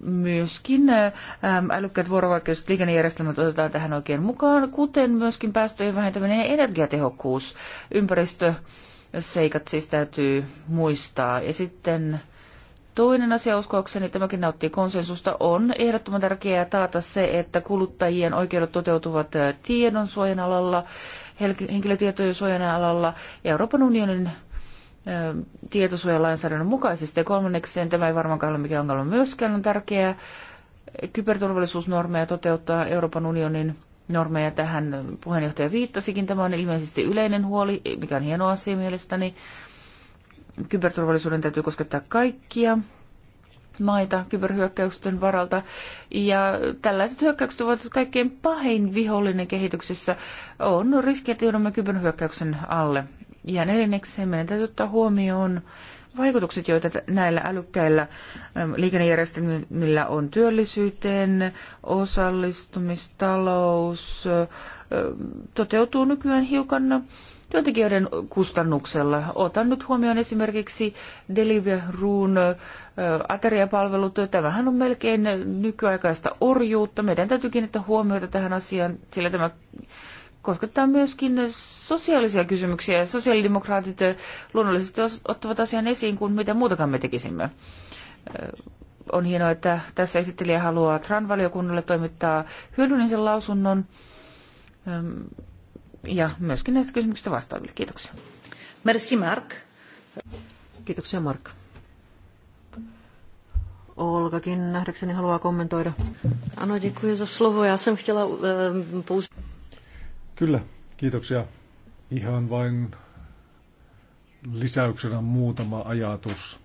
myöskin ähm, älykkäät vuorovaikutukset liikennejärjestelmät otetaan tähän oikein mukaan, kuten myöskin päästöjen vähentäminen ja energiatehokkuus, ympäristö seikat siis täytyy muistaa. Ja sitten Toinen asia, uskoakseni tämäkin nauttii konsensusta, on ehdottoman tärkeää taata se, että kuluttajien oikeudet toteutuvat äh, tiedonsuojan alalla, henkilötietojen suojan alalla ja Euroopan unionin äh, tietosuojalainsäädännön mukaisesti. Ja kolmanneksi, tämä ei varmaankaan ole mikään ongelma myöskään, on tärkeää kyberturvallisuusnormeja toteuttaa Euroopan unionin normeja. Tähän puheenjohtaja viittasikin. Tämä on ilmeisesti yleinen huoli, mikä on hieno asia mielestäni kyberturvallisuuden täytyy koskettaa kaikkia maita kyberhyökkäysten varalta. Ja tällaiset hyökkäykset ovat kaikkein pahin vihollinen kehityksessä. On riski, että joudumme kyberhyökkäyksen alle. Ja neljänneksi meidän täytyy ottaa huomioon vaikutukset, joita näillä älykkäillä liikennejärjestelmillä on työllisyyteen, osallistumistalous, toteutuu nykyään hiukan työntekijöiden kustannuksella. Otan nyt huomioon esimerkiksi Deliveroon ateriapalvelut. Tämähän on melkein nykyaikaista orjuutta. Meidän täytyy kiinnittää huomiota tähän asiaan, sillä tämä koskettaa myöskin sosiaalisia kysymyksiä. Sosiaalidemokraatit luonnollisesti ottavat asian esiin kuin mitä muutakaan me tekisimme on hienoa, että tässä esittelijä haluaa TRAN-valiokunnalle toimittaa hyödyllisen lausunnon ja myöskin näistä kysymyksistä vastaaville. Kiitoksia. Merci Mark. Kiitoksia Mark. Olkakin nähdäkseni haluaa kommentoida. Ano, děkuji za slovo. Já jsem chtěla eh, pouze... Kyllä, kiitoksia. Ihan vain lisäyksenä muutama ajatus.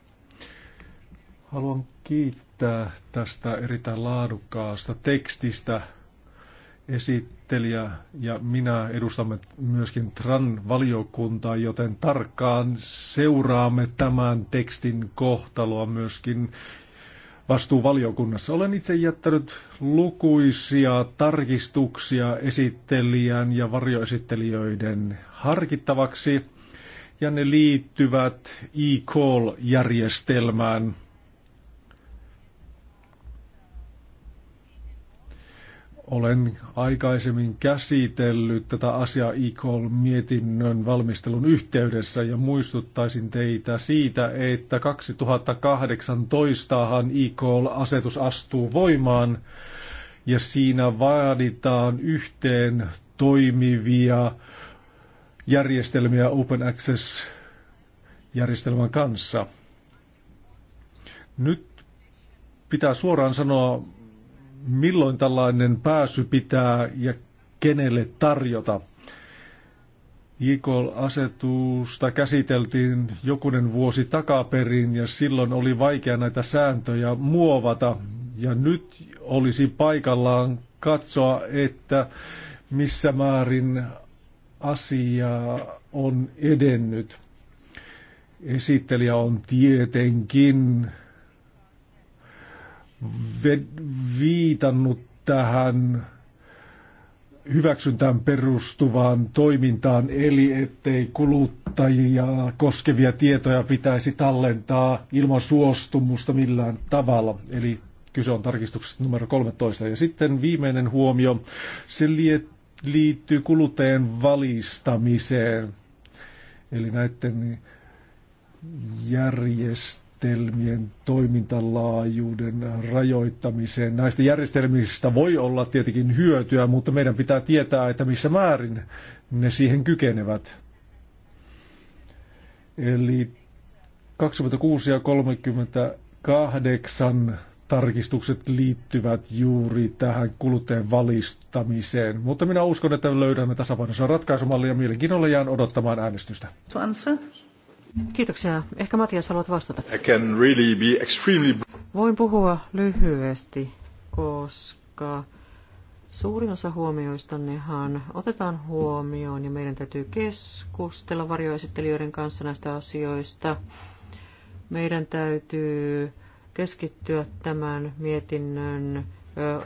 Haluan kiittää tästä erittäin laadukkaasta tekstistä, esittelijä ja minä edustamme myöskin TRAN-valiokuntaa, joten tarkkaan seuraamme tämän tekstin kohtaloa myöskin vastuuvaliokunnassa. Olen itse jättänyt lukuisia tarkistuksia esittelijän ja varjoesittelijöiden harkittavaksi, ja ne liittyvät e-call-järjestelmään – Olen aikaisemmin käsitellyt tätä asiaa icol mietinnön valmistelun yhteydessä ja muistuttaisin teitä siitä, että 2018han asetus astuu voimaan ja siinä vaaditaan yhteen toimivia järjestelmiä Open Access-järjestelmän kanssa. Nyt pitää suoraan sanoa, milloin tällainen pääsy pitää ja kenelle tarjota. JKL-asetusta käsiteltiin jokunen vuosi takaperin ja silloin oli vaikea näitä sääntöjä muovata. Ja nyt olisi paikallaan katsoa, että missä määrin asia on edennyt. Esittelijä on tietenkin viitannut tähän hyväksyntään perustuvaan toimintaan, eli ettei kuluttajia koskevia tietoja pitäisi tallentaa ilman suostumusta millään tavalla. Eli kyse on tarkistuksesta numero 13. Ja sitten viimeinen huomio, se liittyy kuluttajien valistamiseen, eli näiden järjestelmien järjestelmien toimintalaajuuden rajoittamiseen. Näistä järjestelmistä voi olla tietenkin hyötyä, mutta meidän pitää tietää, että missä määrin ne siihen kykenevät. Eli 26 ja 38 tarkistukset liittyvät juuri tähän kuluttajan valistamiseen. Mutta minä uskon, että löydämme tasapainoisen ratkaisumallia ja mielenkiinnolla jään odottamaan äänestystä. To answer. Kiitoksia. Ehkä Matias haluat vastata. I can really be extremely... Voin puhua lyhyesti, koska suurin osa huomioistannehan otetaan huomioon ja meidän täytyy keskustella varjoesittelijöiden kanssa näistä asioista. Meidän täytyy keskittyä tämän mietinnön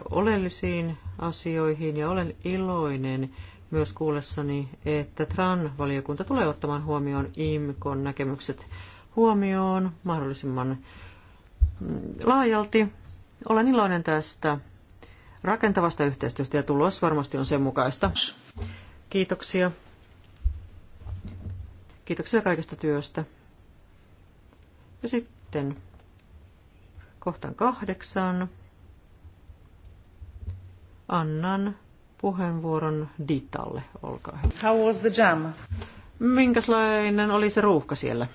oleellisiin asioihin ja olen iloinen myös kuullessani, että TRAN-valiokunta tulee ottamaan huomioon IMKon näkemykset huomioon mahdollisimman mm, laajalti. Olen iloinen tästä rakentavasta yhteistyöstä ja tulos varmasti on sen mukaista. Kiitoksia. Kiitoksia kaikesta työstä. Ja sitten kohtaan kahdeksan. Annan puheenvuoron Ditalle, olkaa hyvä. How was the jam? Minkälainen oli se ruuhka siellä?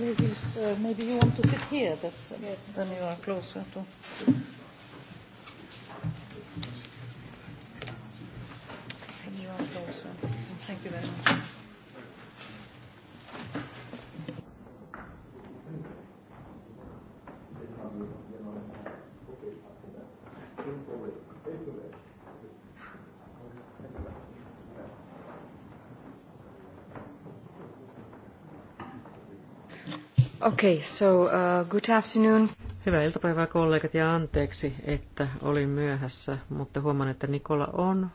Maybe, uh, maybe you want to sit here, that's, yes. then you are closer to... Okay, so, uh, good afternoon. Hyvää iltapäivää kollegat ja anteeksi, että olin myöhässä, mutta huomaan, että Nikola on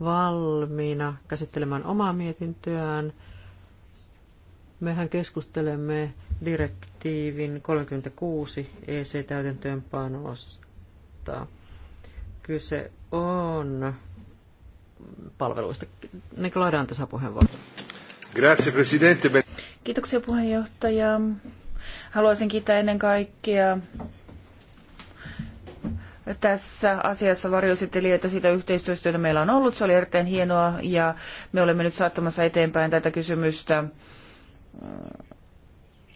valmiina käsittelemään omaa mietintöään. Mehän keskustelemme direktiivin 36 EC-täytäntöönpanosta. Kyse on palveluista. Nikola Danta saa puheenvuoron. Kiitoksia puheenjohtaja. Haluaisin kiittää ennen kaikkea tässä asiassa varjoesittelijöitä siitä yhteistyöstä, jota meillä on ollut. Se oli erittäin hienoa ja me olemme nyt saattamassa eteenpäin tätä kysymystä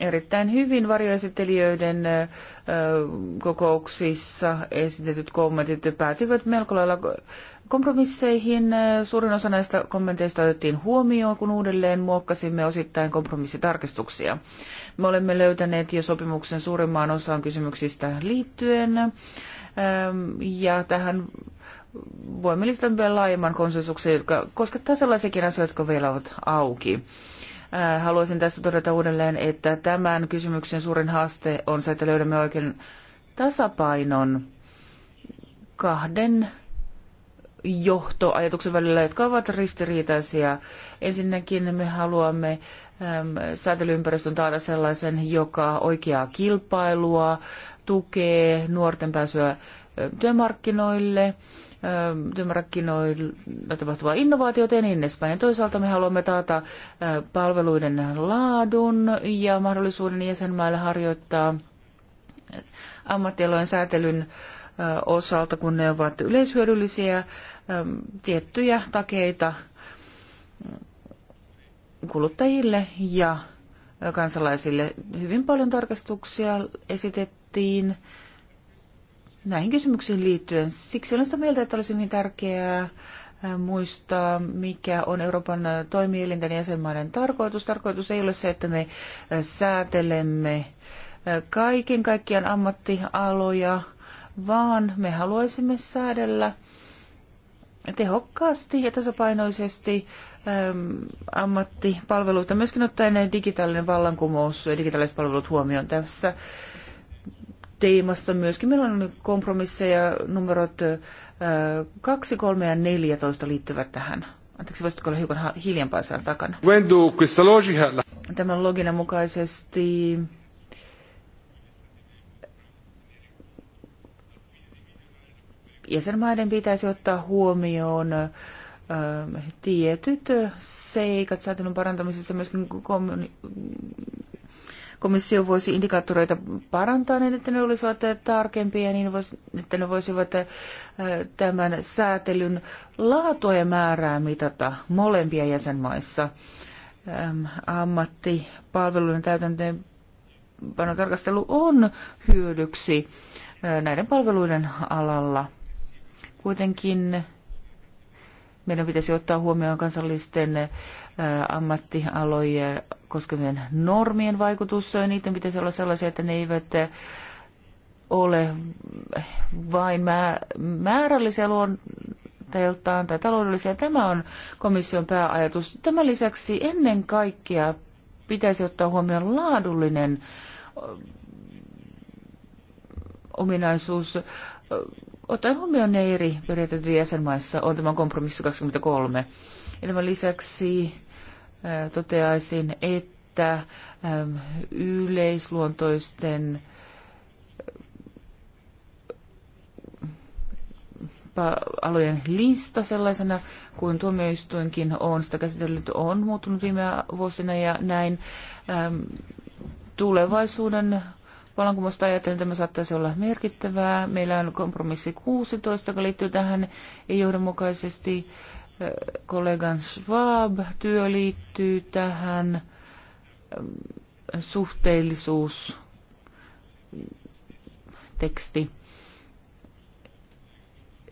erittäin hyvin varjoesittelijöiden kokouksissa esitetyt kommentit päätyivät melko lailla kompromisseihin. Suurin osa näistä kommenteista otettiin huomioon, kun uudelleen muokkasimme osittain kompromissitarkistuksia. Me olemme löytäneet jo sopimuksen suurimman osan kysymyksistä liittyen, ja tähän voimme lisätä vielä laajemman konsensuksen, joka koskettaa sellaisiakin asioita, jotka vielä ovat auki. Äh, haluaisin tässä todeta uudelleen, että tämän kysymyksen suurin haaste on se, että löydämme oikein tasapainon kahden johtoajatuksen välillä, jotka ovat ristiriitaisia. Ensinnäkin me haluamme äm, säätelyympäristön taata sellaisen, joka oikeaa kilpailua, tukee nuorten pääsyä työmarkkinoille, työmarkkinoilla tapahtuvaa innovaatiota ja niin edespäin. Ja toisaalta me haluamme taata palveluiden laadun ja mahdollisuuden jäsenmaille harjoittaa ammattialojen säätelyn osalta, kun ne ovat yleishyödyllisiä, tiettyjä takeita kuluttajille ja kansalaisille. Hyvin paljon tarkastuksia esitettiin debattiin näihin kysymyksiin liittyen. Siksi olen sitä mieltä, että olisi hyvin tärkeää muistaa, mikä on Euroopan toimielinten jäsenmaiden tarkoitus. Tarkoitus ei ole se, että me säätelemme kaiken kaikkiaan ammattialoja, vaan me haluaisimme säädellä tehokkaasti ja tasapainoisesti ammattipalveluita, myöskin ottaen digitaalinen vallankumous ja digitaaliset palvelut huomioon tässä teemassa myöskin. Meillä on kompromisseja numerot 2, 3 ja 14 liittyvät tähän. Anteeksi, voisitko olla hiukan hiljempaa siellä takana? Tämän loginan mukaisesti jäsenmaiden pitäisi ottaa huomioon tietyt seikat säätelyn parantamisessa myöskin komissio voisi indikaattoreita parantaa niin, että ne olisivat tarkempia ja niin, että ne voisivat tämän säätelyn laatua ja määrää mitata molempia jäsenmaissa. Ammattipalveluiden täytäntöön panotarkastelu on hyödyksi näiden palveluiden alalla. Kuitenkin meidän pitäisi ottaa huomioon kansallisten ammattialojen koskevien normien vaikutus. Niiden pitäisi olla sellaisia, että ne eivät ole vain määrällisiä luonteeltaan tai taloudellisia. Tämä on komission pääajatus. Tämän lisäksi ennen kaikkea pitäisi ottaa huomioon laadullinen ominaisuus Ottaen huomioon ne eri periaatteet jäsenmaissa on tämä kompromissi 23. Ja tämän lisäksi äh, toteaisin, että ähm, yleisluontoisten äh, alojen lista sellaisena kuin tuomioistuinkin on sitä käsitellyt, on muuttunut viime vuosina ja näin ähm, tulevaisuuden vallankumousta ajatellen tämä saattaisi olla merkittävää. Meillä on kompromissi 16, joka liittyy tähän ja johdonmukaisesti äh, kollegan Schwab työ liittyy tähän ähm, suhteellisuus teksti.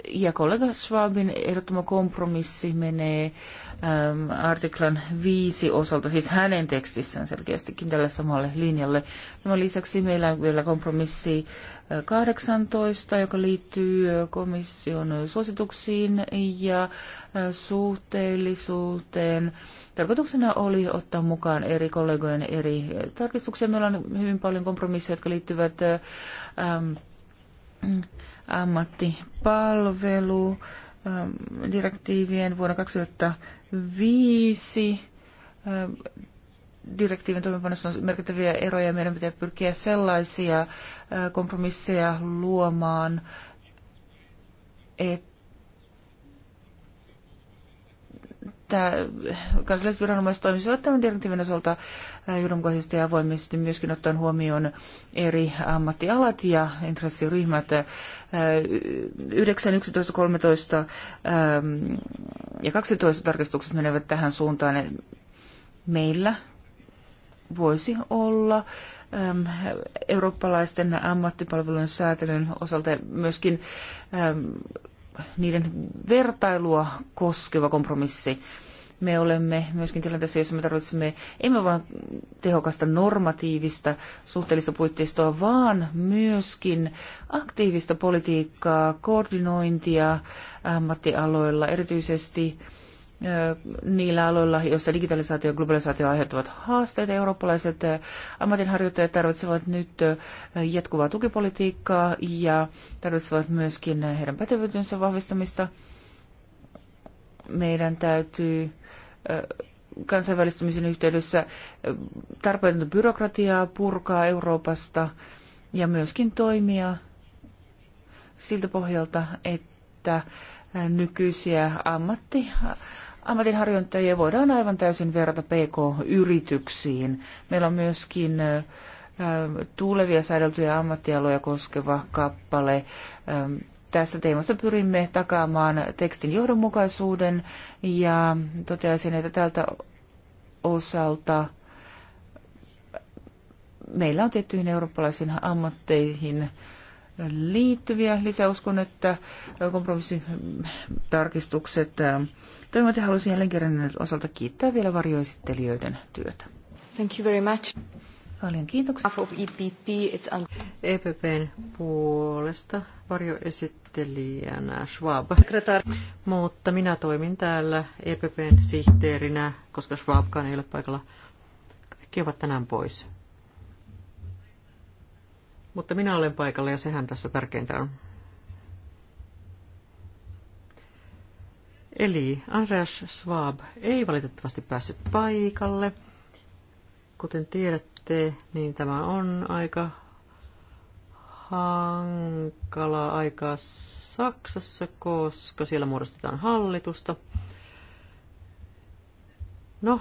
Ja kollega Schwabin ehdottoma kompromissi menee Ähm, artiklan viisi osalta, siis hänen tekstissään selkeästikin tälle samalle linjalle. Tämän lisäksi meillä on vielä kompromissi 18, äh, joka liittyy äh, komission äh, suosituksiin ja suhteellisuuteen. Tarkoituksena oli ottaa mukaan eri kollegojen eri tarkistuksia. Meillä on hyvin paljon kompromisseja, jotka liittyvät ähm, ammattipalvelu, direktiivien vuonna 2000 viisi direktiivin toimeenpanossa on merkittäviä eroja. Meidän pitää pyrkiä sellaisia kompromisseja luomaan, että kansalliset viranomaiset toimisivat tämän direktiivin osalta johdonmukaisesti ja avoimesti myöskin ottaen huomioon eri ammattialat ja intressiryhmät. 9, 11, 13 ja toista tarkistukset menevät tähän suuntaan, että meillä voisi olla äm, eurooppalaisten ammattipalvelujen säätelyn osalta myöskin äm, niiden vertailua koskeva kompromissi me olemme myöskin tilanteessa, jossa me tarvitsemme emme vain tehokasta normatiivista suhteellista puitteistoa, vaan myöskin aktiivista politiikkaa, koordinointia ammattialoilla, erityisesti niillä aloilla, joissa digitalisaatio ja globalisaatio aiheuttavat haasteita. Eurooppalaiset ammatinharjoittajat tarvitsevat nyt jatkuvaa tukipolitiikkaa ja tarvitsevat myöskin heidän pätevyytensä vahvistamista. Meidän täytyy kansainvälistymisen yhteydessä tarpeetonta byrokratiaa purkaa Euroopasta ja myöskin toimia siltä pohjalta, että nykyisiä ammatti, ammatinharjoittajia voidaan aivan täysin verrata PK-yrityksiin. Meillä on myöskin tulevia säädeltyjä ammattialoja koskeva kappale, tässä teemassa pyrimme takaamaan tekstin johdonmukaisuuden ja toteaisin, että tältä osalta meillä on tiettyihin eurooppalaisiin ammatteihin liittyviä. Lisäuskon, että kompromissitarkistukset toimivat ja haluaisin jälleen kerran osalta kiittää vielä varjoesittelijöiden työtä. Thank you very much. Paljon kiitoksia. EPP, EPPn puolesta varjoesittelijöiden esittelijänä Schwab. Mutta minä toimin täällä EPPn sihteerinä, koska Schwabkaan ei ole paikalla. Kaikki ovat tänään pois. Mutta minä olen paikalla ja sehän tässä tärkeintä on. Eli Andreas Schwab ei valitettavasti päässyt paikalle. Kuten tiedätte, niin tämä on aika hankalaa aikaa Saksassa, koska siellä muodostetaan hallitusta. No,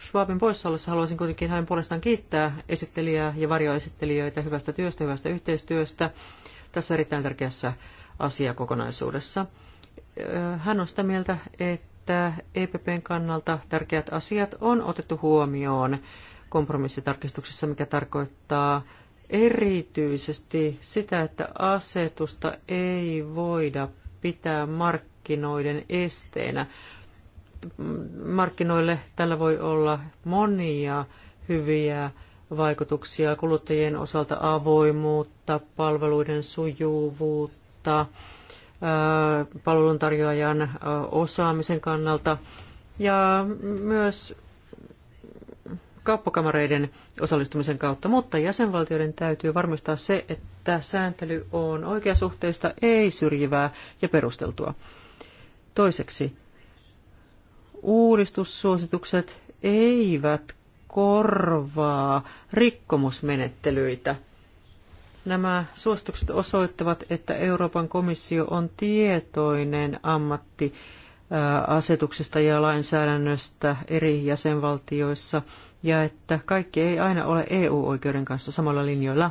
Schwabin poissaolossa haluaisin kuitenkin hänen puolestaan kiittää esittelijää ja varjoesittelijöitä hyvästä työstä, hyvästä yhteistyöstä tässä erittäin tärkeässä asiakokonaisuudessa. Hän on sitä mieltä, että EPPn kannalta tärkeät asiat on otettu huomioon kompromissitarkistuksessa, mikä tarkoittaa erityisesti sitä, että asetusta ei voida pitää markkinoiden esteenä. Markkinoille tällä voi olla monia hyviä vaikutuksia kuluttajien osalta avoimuutta, palveluiden sujuvuutta, palveluntarjoajan osaamisen kannalta ja myös kauppakamareiden osallistumisen kautta, mutta jäsenvaltioiden täytyy varmistaa se, että sääntely on oikeasuhteista, ei syrjivää ja perusteltua. Toiseksi, uudistussuositukset eivät korvaa rikkomusmenettelyitä. Nämä suositukset osoittavat, että Euroopan komissio on tietoinen ammattiasetuksista ja lainsäädännöstä eri jäsenvaltioissa ja että kaikki ei aina ole EU-oikeuden kanssa samalla linjoilla.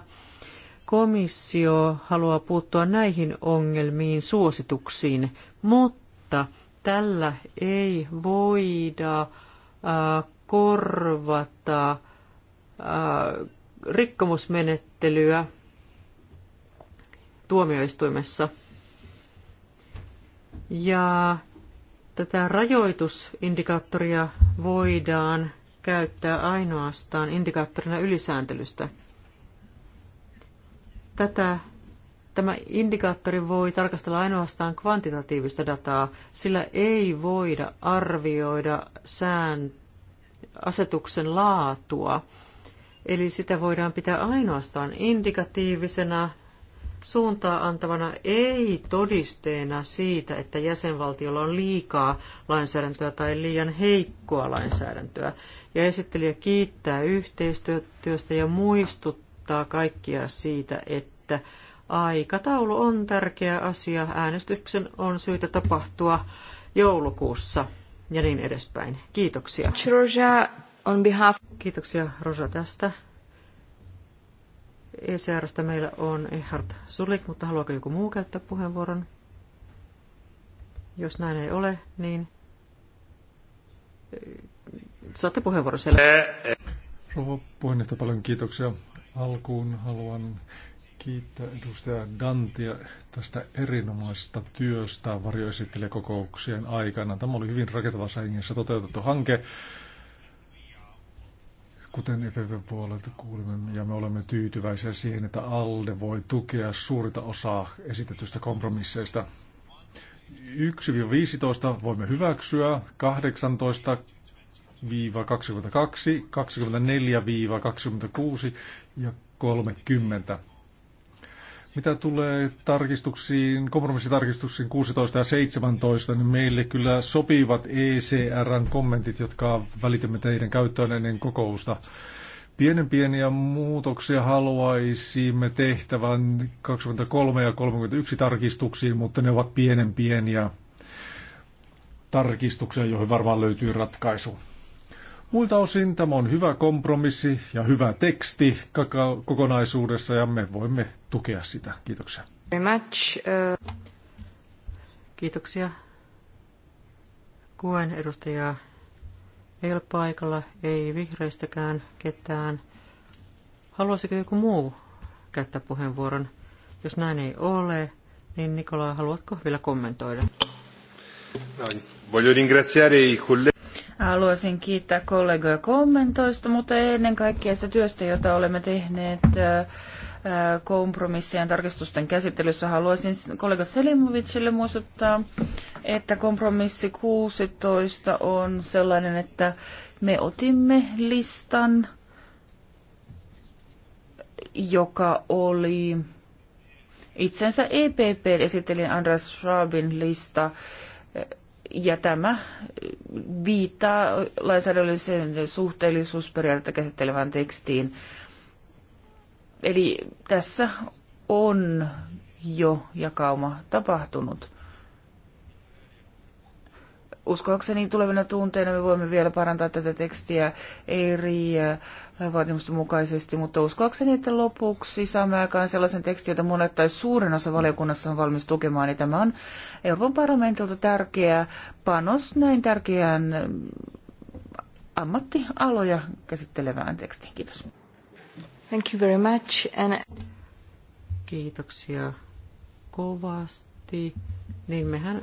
Komissio haluaa puuttua näihin ongelmiin suosituksiin, mutta tällä ei voida äh, korvata äh, rikkomusmenettelyä tuomioistuimessa. Ja tätä rajoitusindikaattoria voidaan käyttää ainoastaan indikaattorina ylisääntelystä. Tätä, tämä indikaattori voi tarkastella ainoastaan kvantitatiivista dataa, sillä ei voida arvioida sään, asetuksen laatua. Eli sitä voidaan pitää ainoastaan indikatiivisena suuntaa antavana, ei todisteena siitä, että jäsenvaltiolla on liikaa lainsäädäntöä tai liian heikkoa lainsäädäntöä. Ja esittelijä kiittää yhteistyöstä ja muistuttaa kaikkia siitä, että aikataulu on tärkeä asia. Äänestyksen on syytä tapahtua joulukuussa ja niin edespäin. Kiitoksia. Kiitoksia Rosa tästä. ECRstä meillä on Ehart Sulik, mutta haluaako joku muu käyttää puheenvuoron? Jos näin ei ole, niin eh, saatte puheenvuoron siellä. Rouva puheenjohtaja, paljon kiitoksia. Alkuun haluan kiittää edustaja Dantia tästä erinomaisesta työstä varjoesittelijäkokouksien aikana. Tämä oli hyvin rakentavassa hengessä toteutettu hanke kuten EPV-puolelta kuulimme, ja me olemme tyytyväisiä siihen, että ALDE voi tukea suurta osaa esitetystä kompromisseista. 1-15 voimme hyväksyä, 18 22, 24-26 ja 30. Mitä tulee tarkistuksiin, kompromissitarkistuksiin 16 ja 17, niin meille kyllä sopivat ECRn kommentit, jotka välitämme teidän käyttöön ennen kokousta. Pienen pieniä muutoksia haluaisimme tehtävän 23 ja 31 tarkistuksiin, mutta ne ovat pienen pieniä tarkistuksia, joihin varmaan löytyy ratkaisu. Muilta osin tämä on hyvä kompromissi ja hyvä teksti kokonaisuudessa ja me voimme tukea sitä. Kiitoksia. Very much. Uh, kiitoksia. Kuen edustaja ei ole paikalla, ei vihreistäkään ketään. Haluaisiko joku muu käyttää puheenvuoron? Jos näin ei ole, niin Nikola, haluatko vielä kommentoida? No, voglio ringraziare i colleghi. Haluaisin kiittää kollegoja kommentoista, mutta ennen kaikkea sitä työstä, jota olemme tehneet äh, äh, kompromissien tarkistusten käsittelyssä. Haluaisin kollega Selimovicille muistuttaa, että kompromissi 16 on sellainen, että me otimme listan, joka oli itsensä EPP-esittelijän Andras Schwabin lista, ja tämä viittaa lainsäädännöllisen suhteellisuusperiaatetta käsittelevään tekstiin. Eli tässä on jo jakauma tapahtunut uskoakseni tulevina tunteina me voimme vielä parantaa tätä tekstiä eri vaatimusten mukaisesti, mutta uskoakseni, että lopuksi saamme aikaan sellaisen tekstin, jota monet tai suurin osa valiokunnassa on valmis tukemaan, niin tämä on Euroopan parlamentilta tärkeä panos näin tärkeään ammattialoja käsittelevään tekstiin. Kiitos. Thank you very much. And... Kiitoksia kovasti. Niin mehän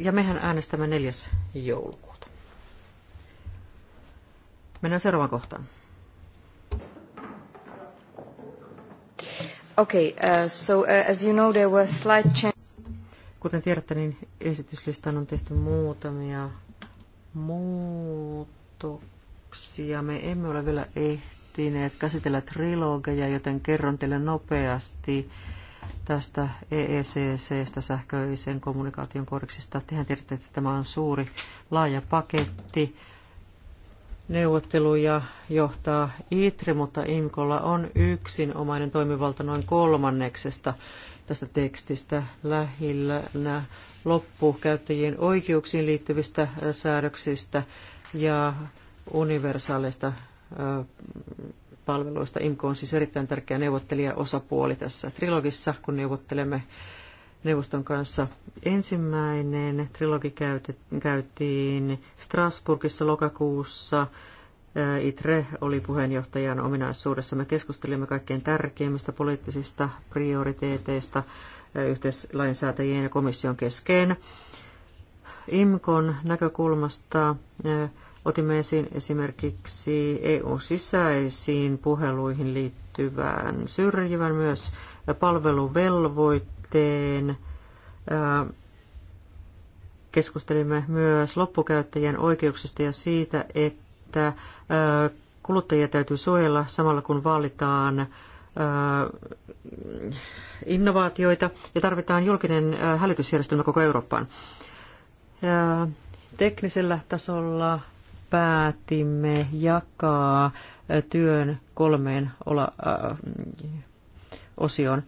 ja mehän äänestämme 4. joulukuuta. Mennään seuraavaan kohtaan. Okay, uh, so uh, as you know, there was slight change. Kuten tiedätte, niin esityslistaan on tehty muutamia muutoksia. Me emme ole vielä ehtineet käsitellä trilogeja, joten kerron teille nopeasti tästä EECCstä, sähköisen kommunikaation koriksista. Tehän tiedätte, että tämä on suuri, laaja paketti. Neuvotteluja johtaa ITRI, mutta IMKOlla on yksin omainen toimivalta noin kolmanneksesta tästä tekstistä lähillä loppukäyttäjien oikeuksiin liittyvistä äh, säädöksistä ja universaaleista äh, palveluista. IMCO on siis erittäin tärkeä neuvottelijaosapuoli tässä trilogissa, kun neuvottelemme neuvoston kanssa. Ensimmäinen trilogi käytiin Strasbourgissa lokakuussa. ITRE oli puheenjohtajan ominaisuudessa. Me keskustelimme kaikkein tärkeimmistä poliittisista prioriteeteista yhteislainsäätäjien ja komission kesken. IMKON näkökulmasta Otimme esiin esimerkiksi EU-sisäisiin puheluihin liittyvän syrjivän myös palveluvelvoitteen. Keskustelimme myös loppukäyttäjien oikeuksista ja siitä, että kuluttajia täytyy suojella samalla kun vaalitaan innovaatioita ja tarvitaan julkinen hälytysjärjestelmä koko Eurooppaan. Teknisellä tasolla päätimme jakaa työn kolmeen ola, äh, osioon.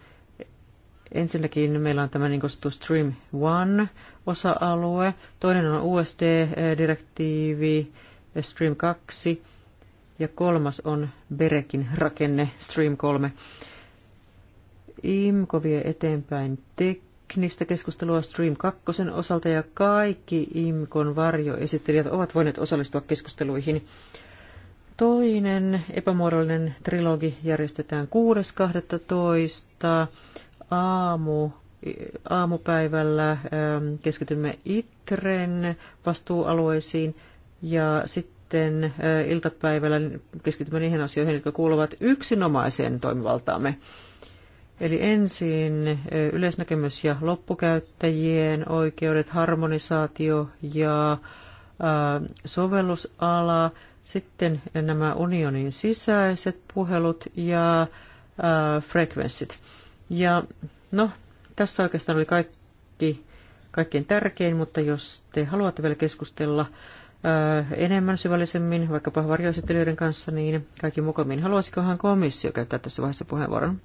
Ensinnäkin meillä on tämä niin kutsuttu Stream 1 osa-alue, toinen on USD-direktiivi, Stream 2 ja kolmas on Berekin rakenne, Stream 3. IMCO vie eteenpäin tek- teknistä keskustelua Stream 2 osalta ja kaikki IMKon varjoesittelijät ovat voineet osallistua keskusteluihin. Toinen epämuodollinen trilogi järjestetään 6.12. aamu aamupäivällä ähm, keskitymme ITREN vastuualueisiin ja sitten äh, iltapäivällä keskitymme niihin asioihin, jotka kuuluvat yksinomaiseen toimivaltaamme. Eli ensin yleisnäkemys ja loppukäyttäjien oikeudet, harmonisaatio ja sovellusala, sitten nämä unionin sisäiset puhelut ja frekvenssit. Ja no, tässä oikeastaan oli kaikki, kaikkein tärkein, mutta jos te haluatte vielä keskustella enemmän syvällisemmin, vaikkapa varjoesittelijöiden kanssa, niin kaikki mukamiin. Haluaisikohan komissio käyttää tässä vaiheessa puheenvuoron?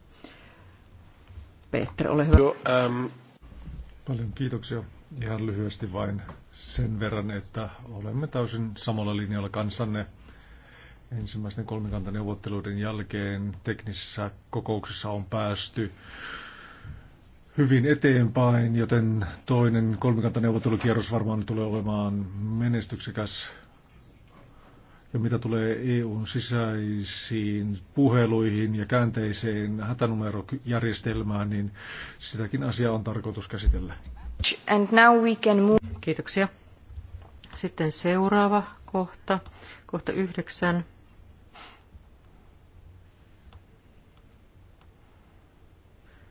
Peter, ole hyvä. Joo, äm... Paljon kiitoksia. Ihan lyhyesti vain sen verran, että olemme täysin samalla linjalla kanssanne. Ensimmäisten kolmikantaneuvotteluiden jälkeen teknisissä kokouksissa on päästy hyvin eteenpäin, joten toinen kolmikantaneuvottelukierros varmaan tulee olemaan menestyksekäs ja mitä tulee EUn sisäisiin puheluihin ja käänteiseen hätänumerojärjestelmään, niin sitäkin asiaa on tarkoitus käsitellä. And now we can move. Kiitoksia. Sitten seuraava kohta, kohta yhdeksän.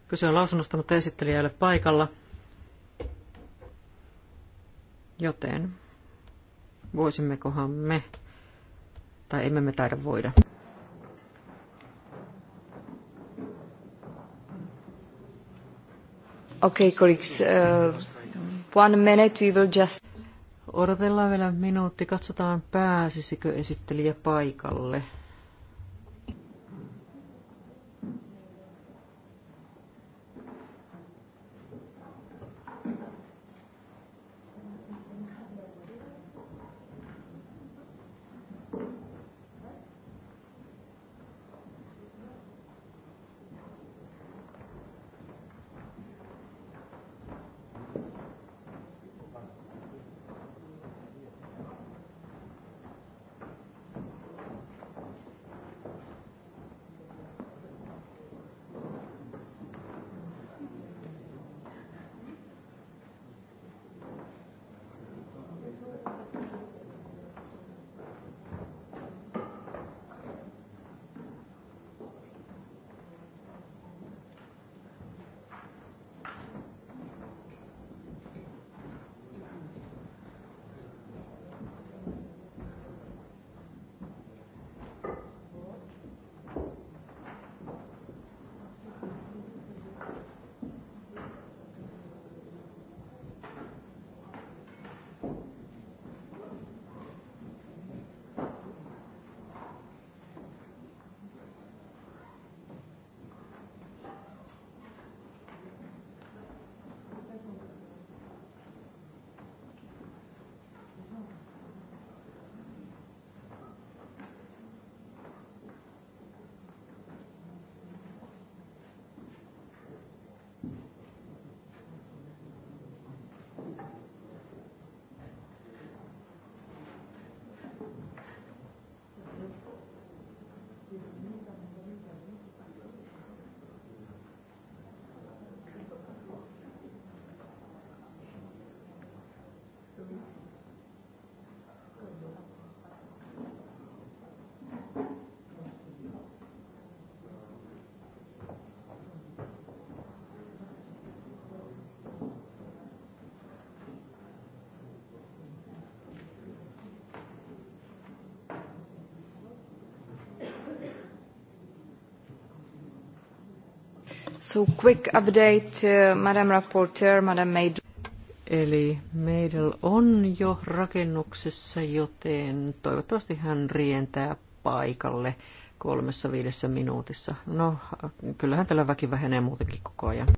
Kyse on lausunnosta, mutta esittelijä ei ole paikalla. Joten voisimmekohan me tai emme me taida voida. Okay, colleagues, uh, one minute, we will just... Odotellaan vielä minuutti, katsotaan pääsisikö esittelijä paikalle. quick update, uh, Madam Rapporteur, Madam Maid. Eli Meidel on jo rakennuksessa, joten toivottavasti hän rientää paikalle kolmessa viidessä minuutissa. No, kyllähän tällä väki vähenee muutenkin koko ajan.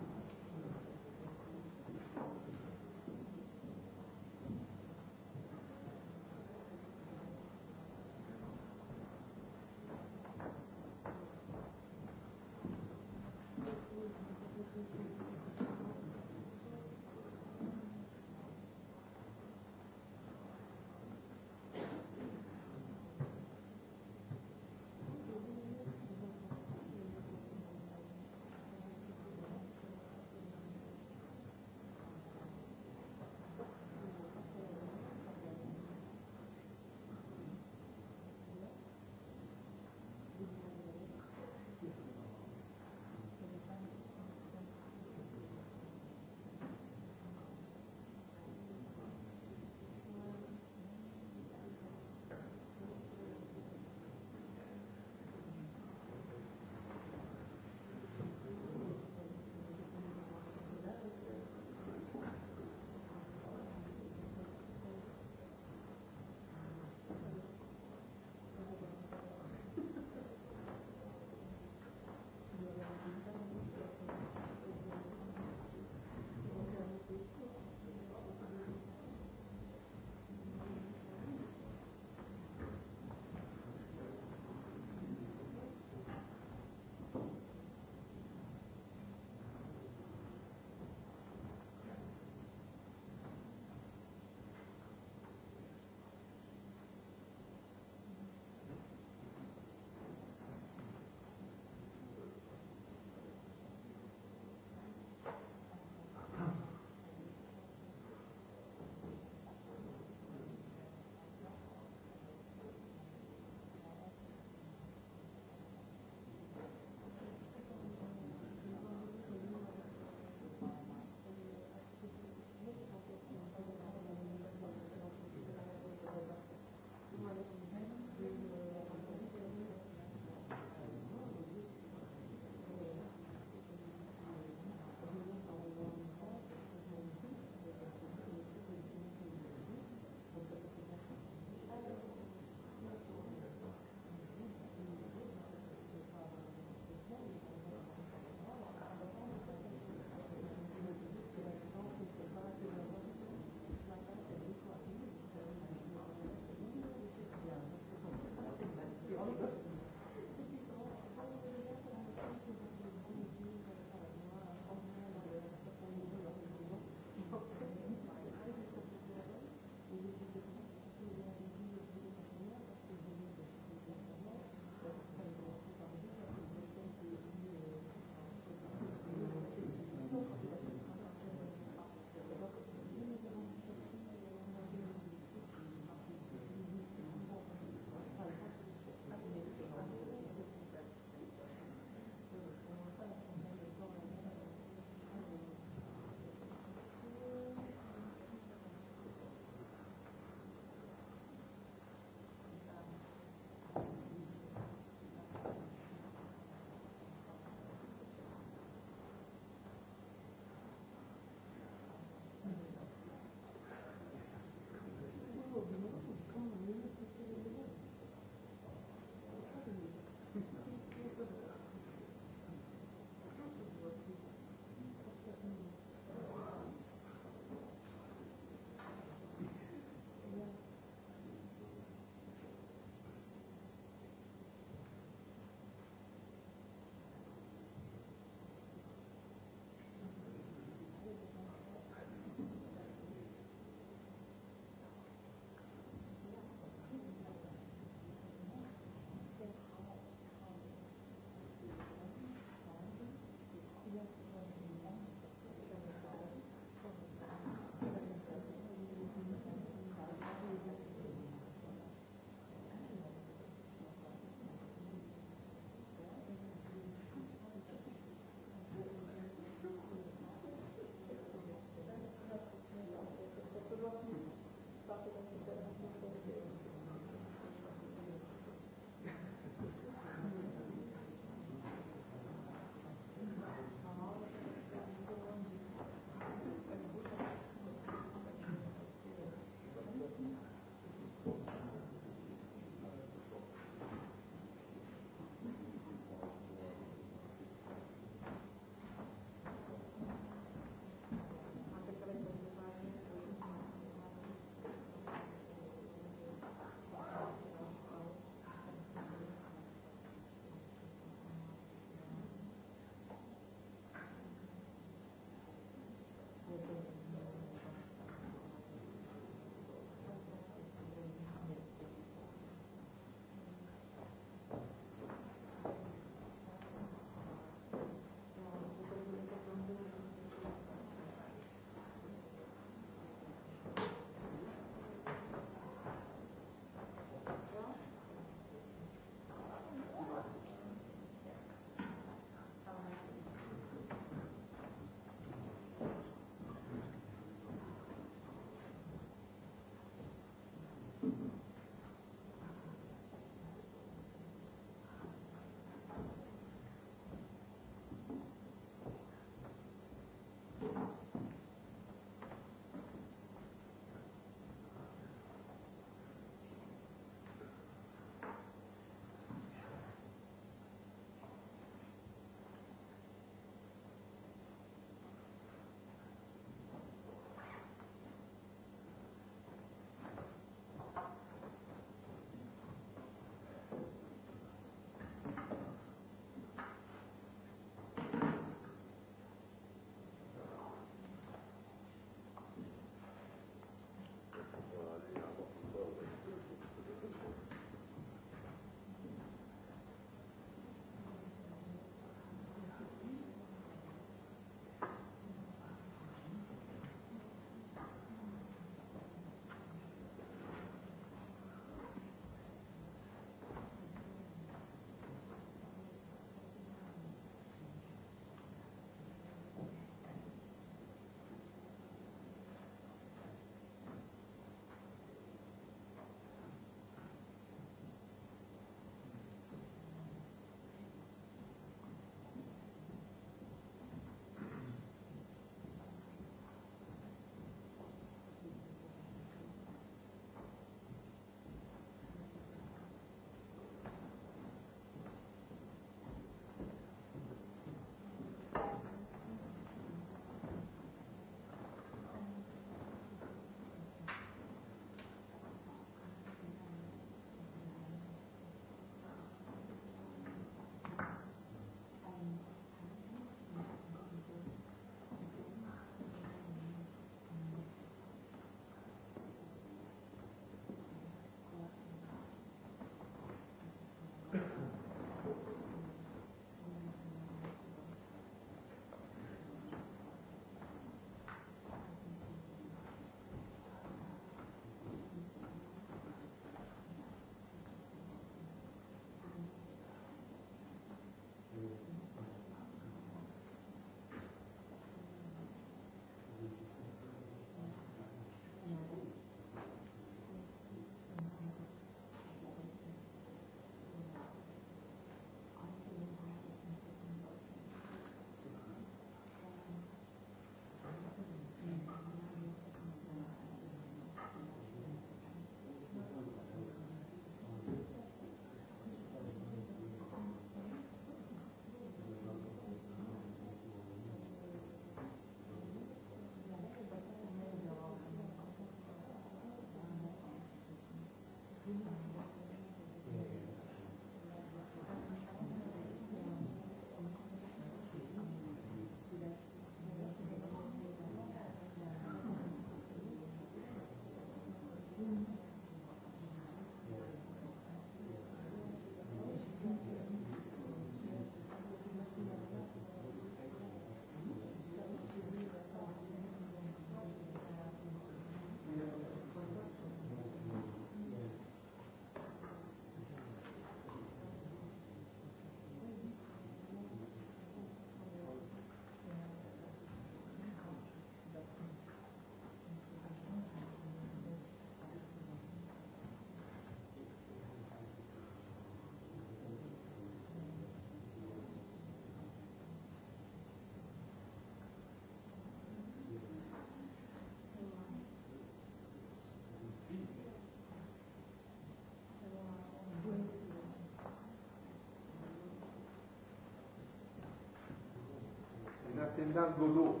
Martin Godot.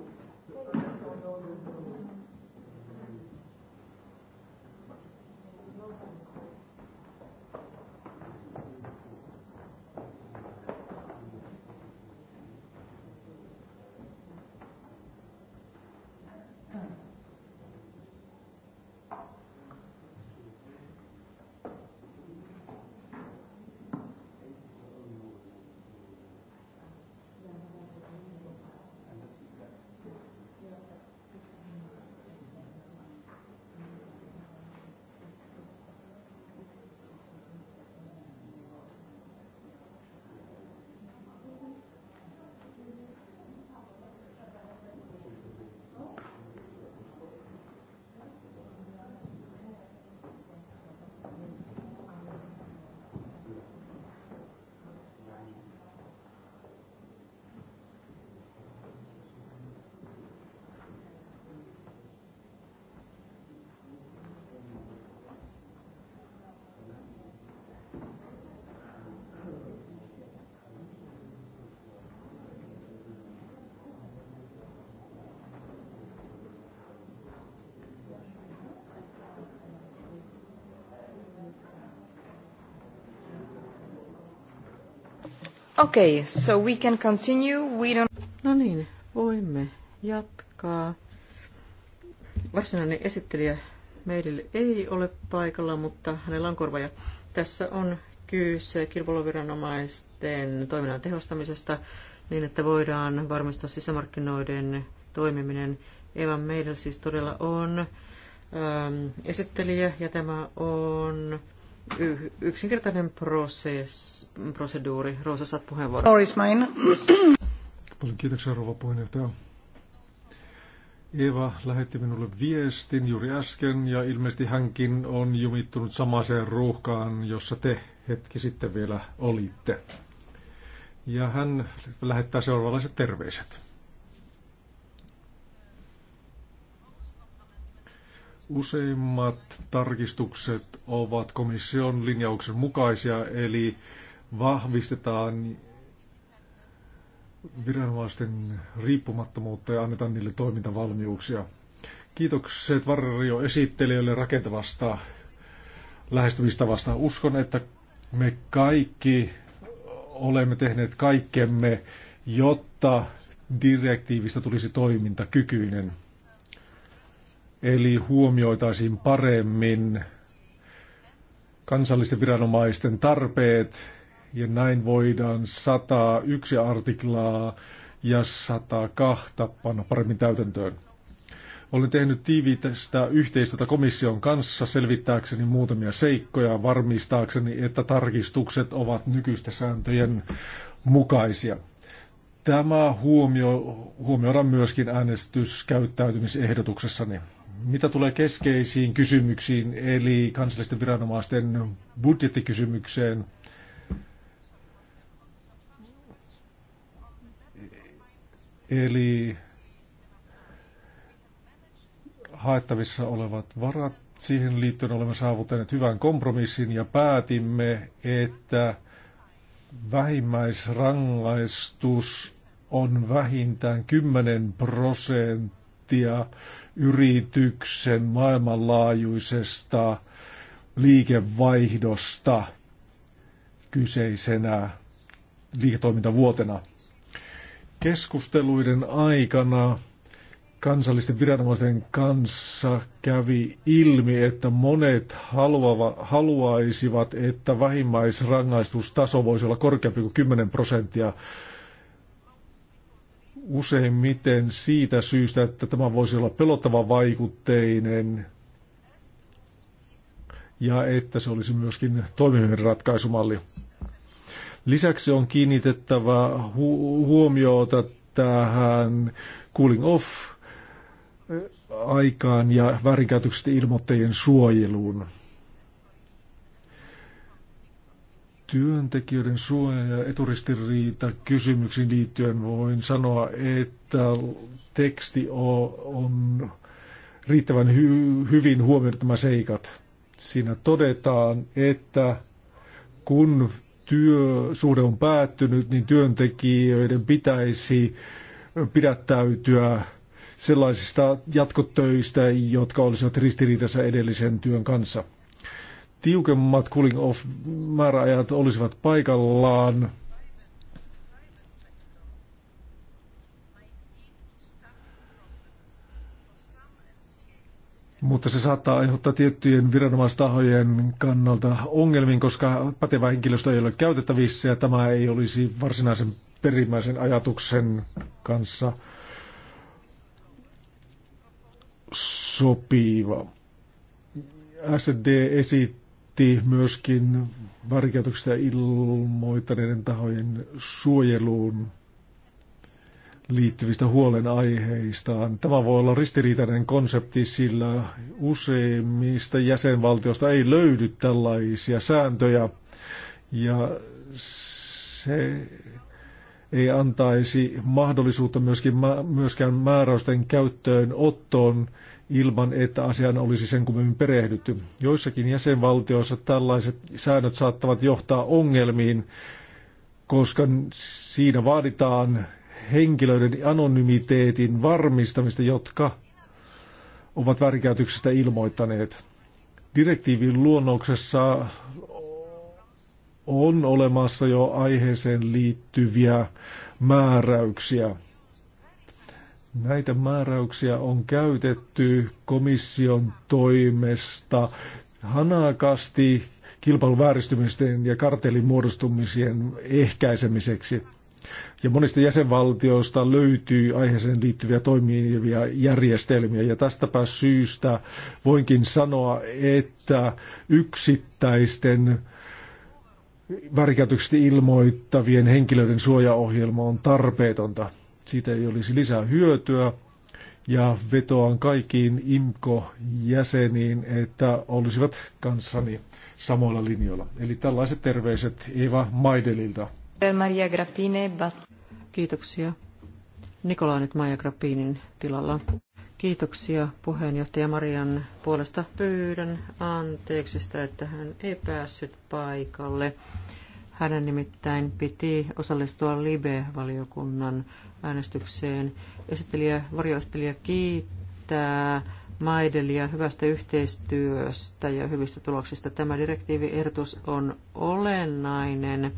Okay, so we can continue. We don't... No niin, voimme jatkaa. Varsinainen esittelijä meille ei ole paikalla, mutta hänellä on korvaja. Tässä on kyse kilpailuviranomaisten toiminnan tehostamisesta niin, että voidaan varmistaa sisämarkkinoiden toimiminen. Evan meillä siis todella on ähm, esittelijä ja tämä on yksinkertainen proses, proseduuri. Roosa, saat puheenvuoron. Doris Main. Paljon kiitoksia, rouva puheenjohtaja. Eva lähetti minulle viestin juuri äsken ja ilmeisesti hänkin on jumittunut samaiseen ruuhkaan, jossa te hetki sitten vielä olitte. Ja hän lähettää seuraavanlaiset terveiset. Useimmat tarkistukset ovat komission linjauksen mukaisia, eli vahvistetaan viranomaisten riippumattomuutta ja annetaan niille toimintavalmiuksia. Kiitokset esittelijöille rakentavasta lähestymistavasta. Uskon, että me kaikki olemme tehneet kaikkemme, jotta direktiivistä tulisi toimintakykyinen. Eli huomioitaisiin paremmin kansallisten viranomaisten tarpeet ja näin voidaan 101 artiklaa ja 102 panna paremmin täytäntöön. Olen tehnyt tiiviitä yhteistyötä komission kanssa selvittääkseni muutamia seikkoja varmistaakseni, että tarkistukset ovat nykyistä sääntöjen mukaisia. Tämä huomio, huomioidaan myöskin äänestyskäyttäytymisehdotuksessani. Mitä tulee keskeisiin kysymyksiin, eli kansallisten viranomaisten budjettikysymykseen, eli haettavissa olevat varat. Siihen liittyen olemme saavuttaneet hyvän kompromissin ja päätimme, että vähimmäisrangaistus on vähintään 10 prosenttia yrityksen maailmanlaajuisesta liikevaihdosta kyseisenä liiketoimintavuotena. Keskusteluiden aikana kansallisten viranomaisten kanssa kävi ilmi, että monet haluava, haluaisivat, että vähimmäisrangaistustaso voisi olla korkeampi kuin 10 prosenttia useimmiten siitä syystä, että tämä voisi olla pelottava vaikutteinen ja että se olisi myöskin toimivin ratkaisumalli. Lisäksi on kiinnitettävä hu- huomiota tähän cooling off eh, aikaan ja väärinkäytöksistä ilmoittajien suojeluun. Työntekijöiden suoja- ja eturistiriita kysymyksiin liittyen voin sanoa, että teksti on riittävän hy- hyvin huomioitu seikat. Siinä todetaan, että kun työsuhde on päättynyt, niin työntekijöiden pitäisi pidättäytyä sellaisista jatkotöistä, jotka olisivat ristiriidassa edellisen työn kanssa tiukemmat cooling off määräajat olisivat paikallaan. Mutta se saattaa aiheuttaa tiettyjen viranomaistahojen kannalta ongelmiin, koska pätevä henkilöstö ei ole käytettävissä ja tämä ei olisi varsinaisen perimmäisen ajatuksen kanssa sopiva. SD esittää miettii myöskin ja ilmoittaneiden tahojen suojeluun liittyvistä huolenaiheistaan. Tämä voi olla ristiriitainen konsepti, sillä useimmista jäsenvaltioista ei löydy tällaisia sääntöjä, ja se ei antaisi mahdollisuutta myöskin, myöskään määräysten käyttöön ottoon ilman, että asiaan olisi sen kummemmin perehdytty. Joissakin jäsenvaltioissa tällaiset säännöt saattavat johtaa ongelmiin, koska siinä vaaditaan henkilöiden anonymiteetin varmistamista, jotka ovat väärinkäytöksestä ilmoittaneet. Direktiivin luonnoksessa on olemassa jo aiheeseen liittyviä määräyksiä. Näitä määräyksiä on käytetty komission toimesta hanakasti kilpailuvääristymisten ja kartellimuodostumisien ehkäisemiseksi. Ja monista jäsenvaltioista löytyy aiheeseen liittyviä toimivia järjestelmiä. Ja tästäpä syystä voinkin sanoa, että yksittäisten värikäytöksistä ilmoittavien henkilöiden suojaohjelma on tarpeetonta siitä ei olisi lisää hyötyä. Ja vetoan kaikkiin IMKO-jäseniin, että olisivat kanssani samoilla linjoilla. Eli tällaiset terveiset Eva Maidelilta. Maria Grappine, but... Kiitoksia. Nikola nyt Maija Grappinin tilalla. Kiitoksia puheenjohtaja Marian puolesta. Pyydän anteeksi sitä, että hän ei päässyt paikalle. Hänen nimittäin piti osallistua Libe-valiokunnan äänestykseen. Esittelijä, varjoesittelijä kiittää Maidelia hyvästä yhteistyöstä ja hyvistä tuloksista. Tämä direktiiviehdotus on olennainen,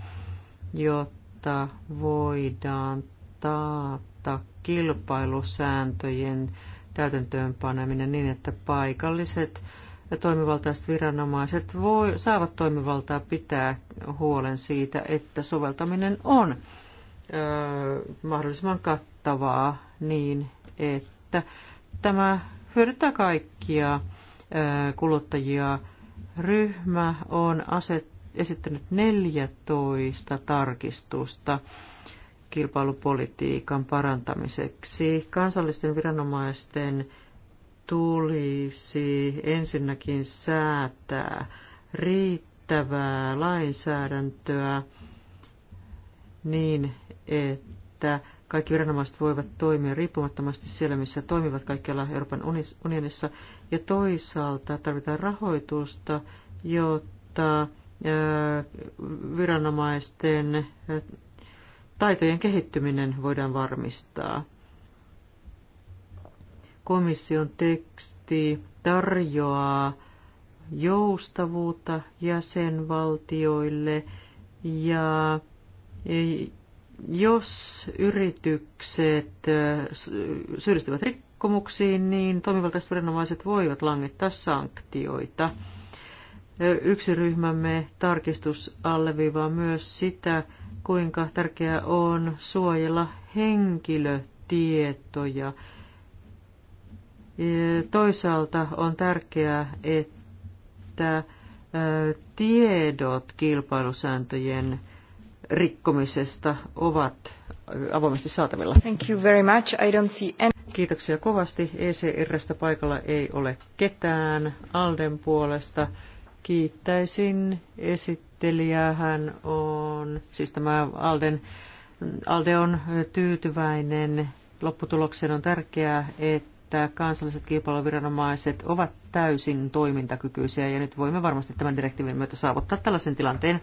jotta voidaan taata kilpailusääntöjen täytäntöönpaneminen niin, että paikalliset ja toimivaltaiset viranomaiset voi, saavat toimivaltaa pitää huolen siitä, että soveltaminen on mahdollisimman kattavaa niin, että tämä hyödyttää kaikkia kuluttajia. Ryhmä on aset, esittänyt 14 tarkistusta kilpailupolitiikan parantamiseksi. Kansallisten viranomaisten tulisi ensinnäkin säätää riittävää lainsäädäntöä niin, että kaikki viranomaiset voivat toimia riippumattomasti siellä, missä toimivat kaikkialla Euroopan unionissa. Ja toisaalta tarvitaan rahoitusta, jotta viranomaisten taitojen kehittyminen voidaan varmistaa. Komission teksti tarjoaa joustavuutta jäsenvaltioille ja jos yritykset syyllistyvät rikkomuksiin, niin toimivaltaiset viranomaiset voivat langittaa sanktioita. Yksi ryhmämme tarkistus alleviivaa myös sitä, kuinka tärkeää on suojella henkilötietoja. Toisaalta on tärkeää, että tiedot kilpailusääntöjen rikkomisesta ovat avoimesti saatavilla. Thank you very much. I don't see any... Kiitoksia kovasti. ECRstä paikalla ei ole ketään. Alden puolesta kiittäisin esittelijää. Hän on, siis tämä Alden, Alde on tyytyväinen. Lopputulokseen on tärkeää, että kansalliset kilpailuviranomaiset ovat täysin toimintakykyisiä ja nyt voimme varmasti tämän direktiivin myötä saavuttaa tällaisen tilanteen.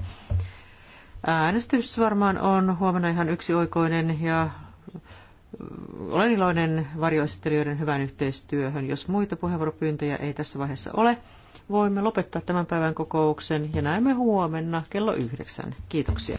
Äänestys varmaan on huomenna ihan yksioikoinen ja olen iloinen varjoesittelijöiden hyvän yhteistyöhön. Jos muita puheenvuoropyyntöjä ei tässä vaiheessa ole, voimme lopettaa tämän päivän kokouksen ja näemme huomenna kello yhdeksän. Kiitoksia.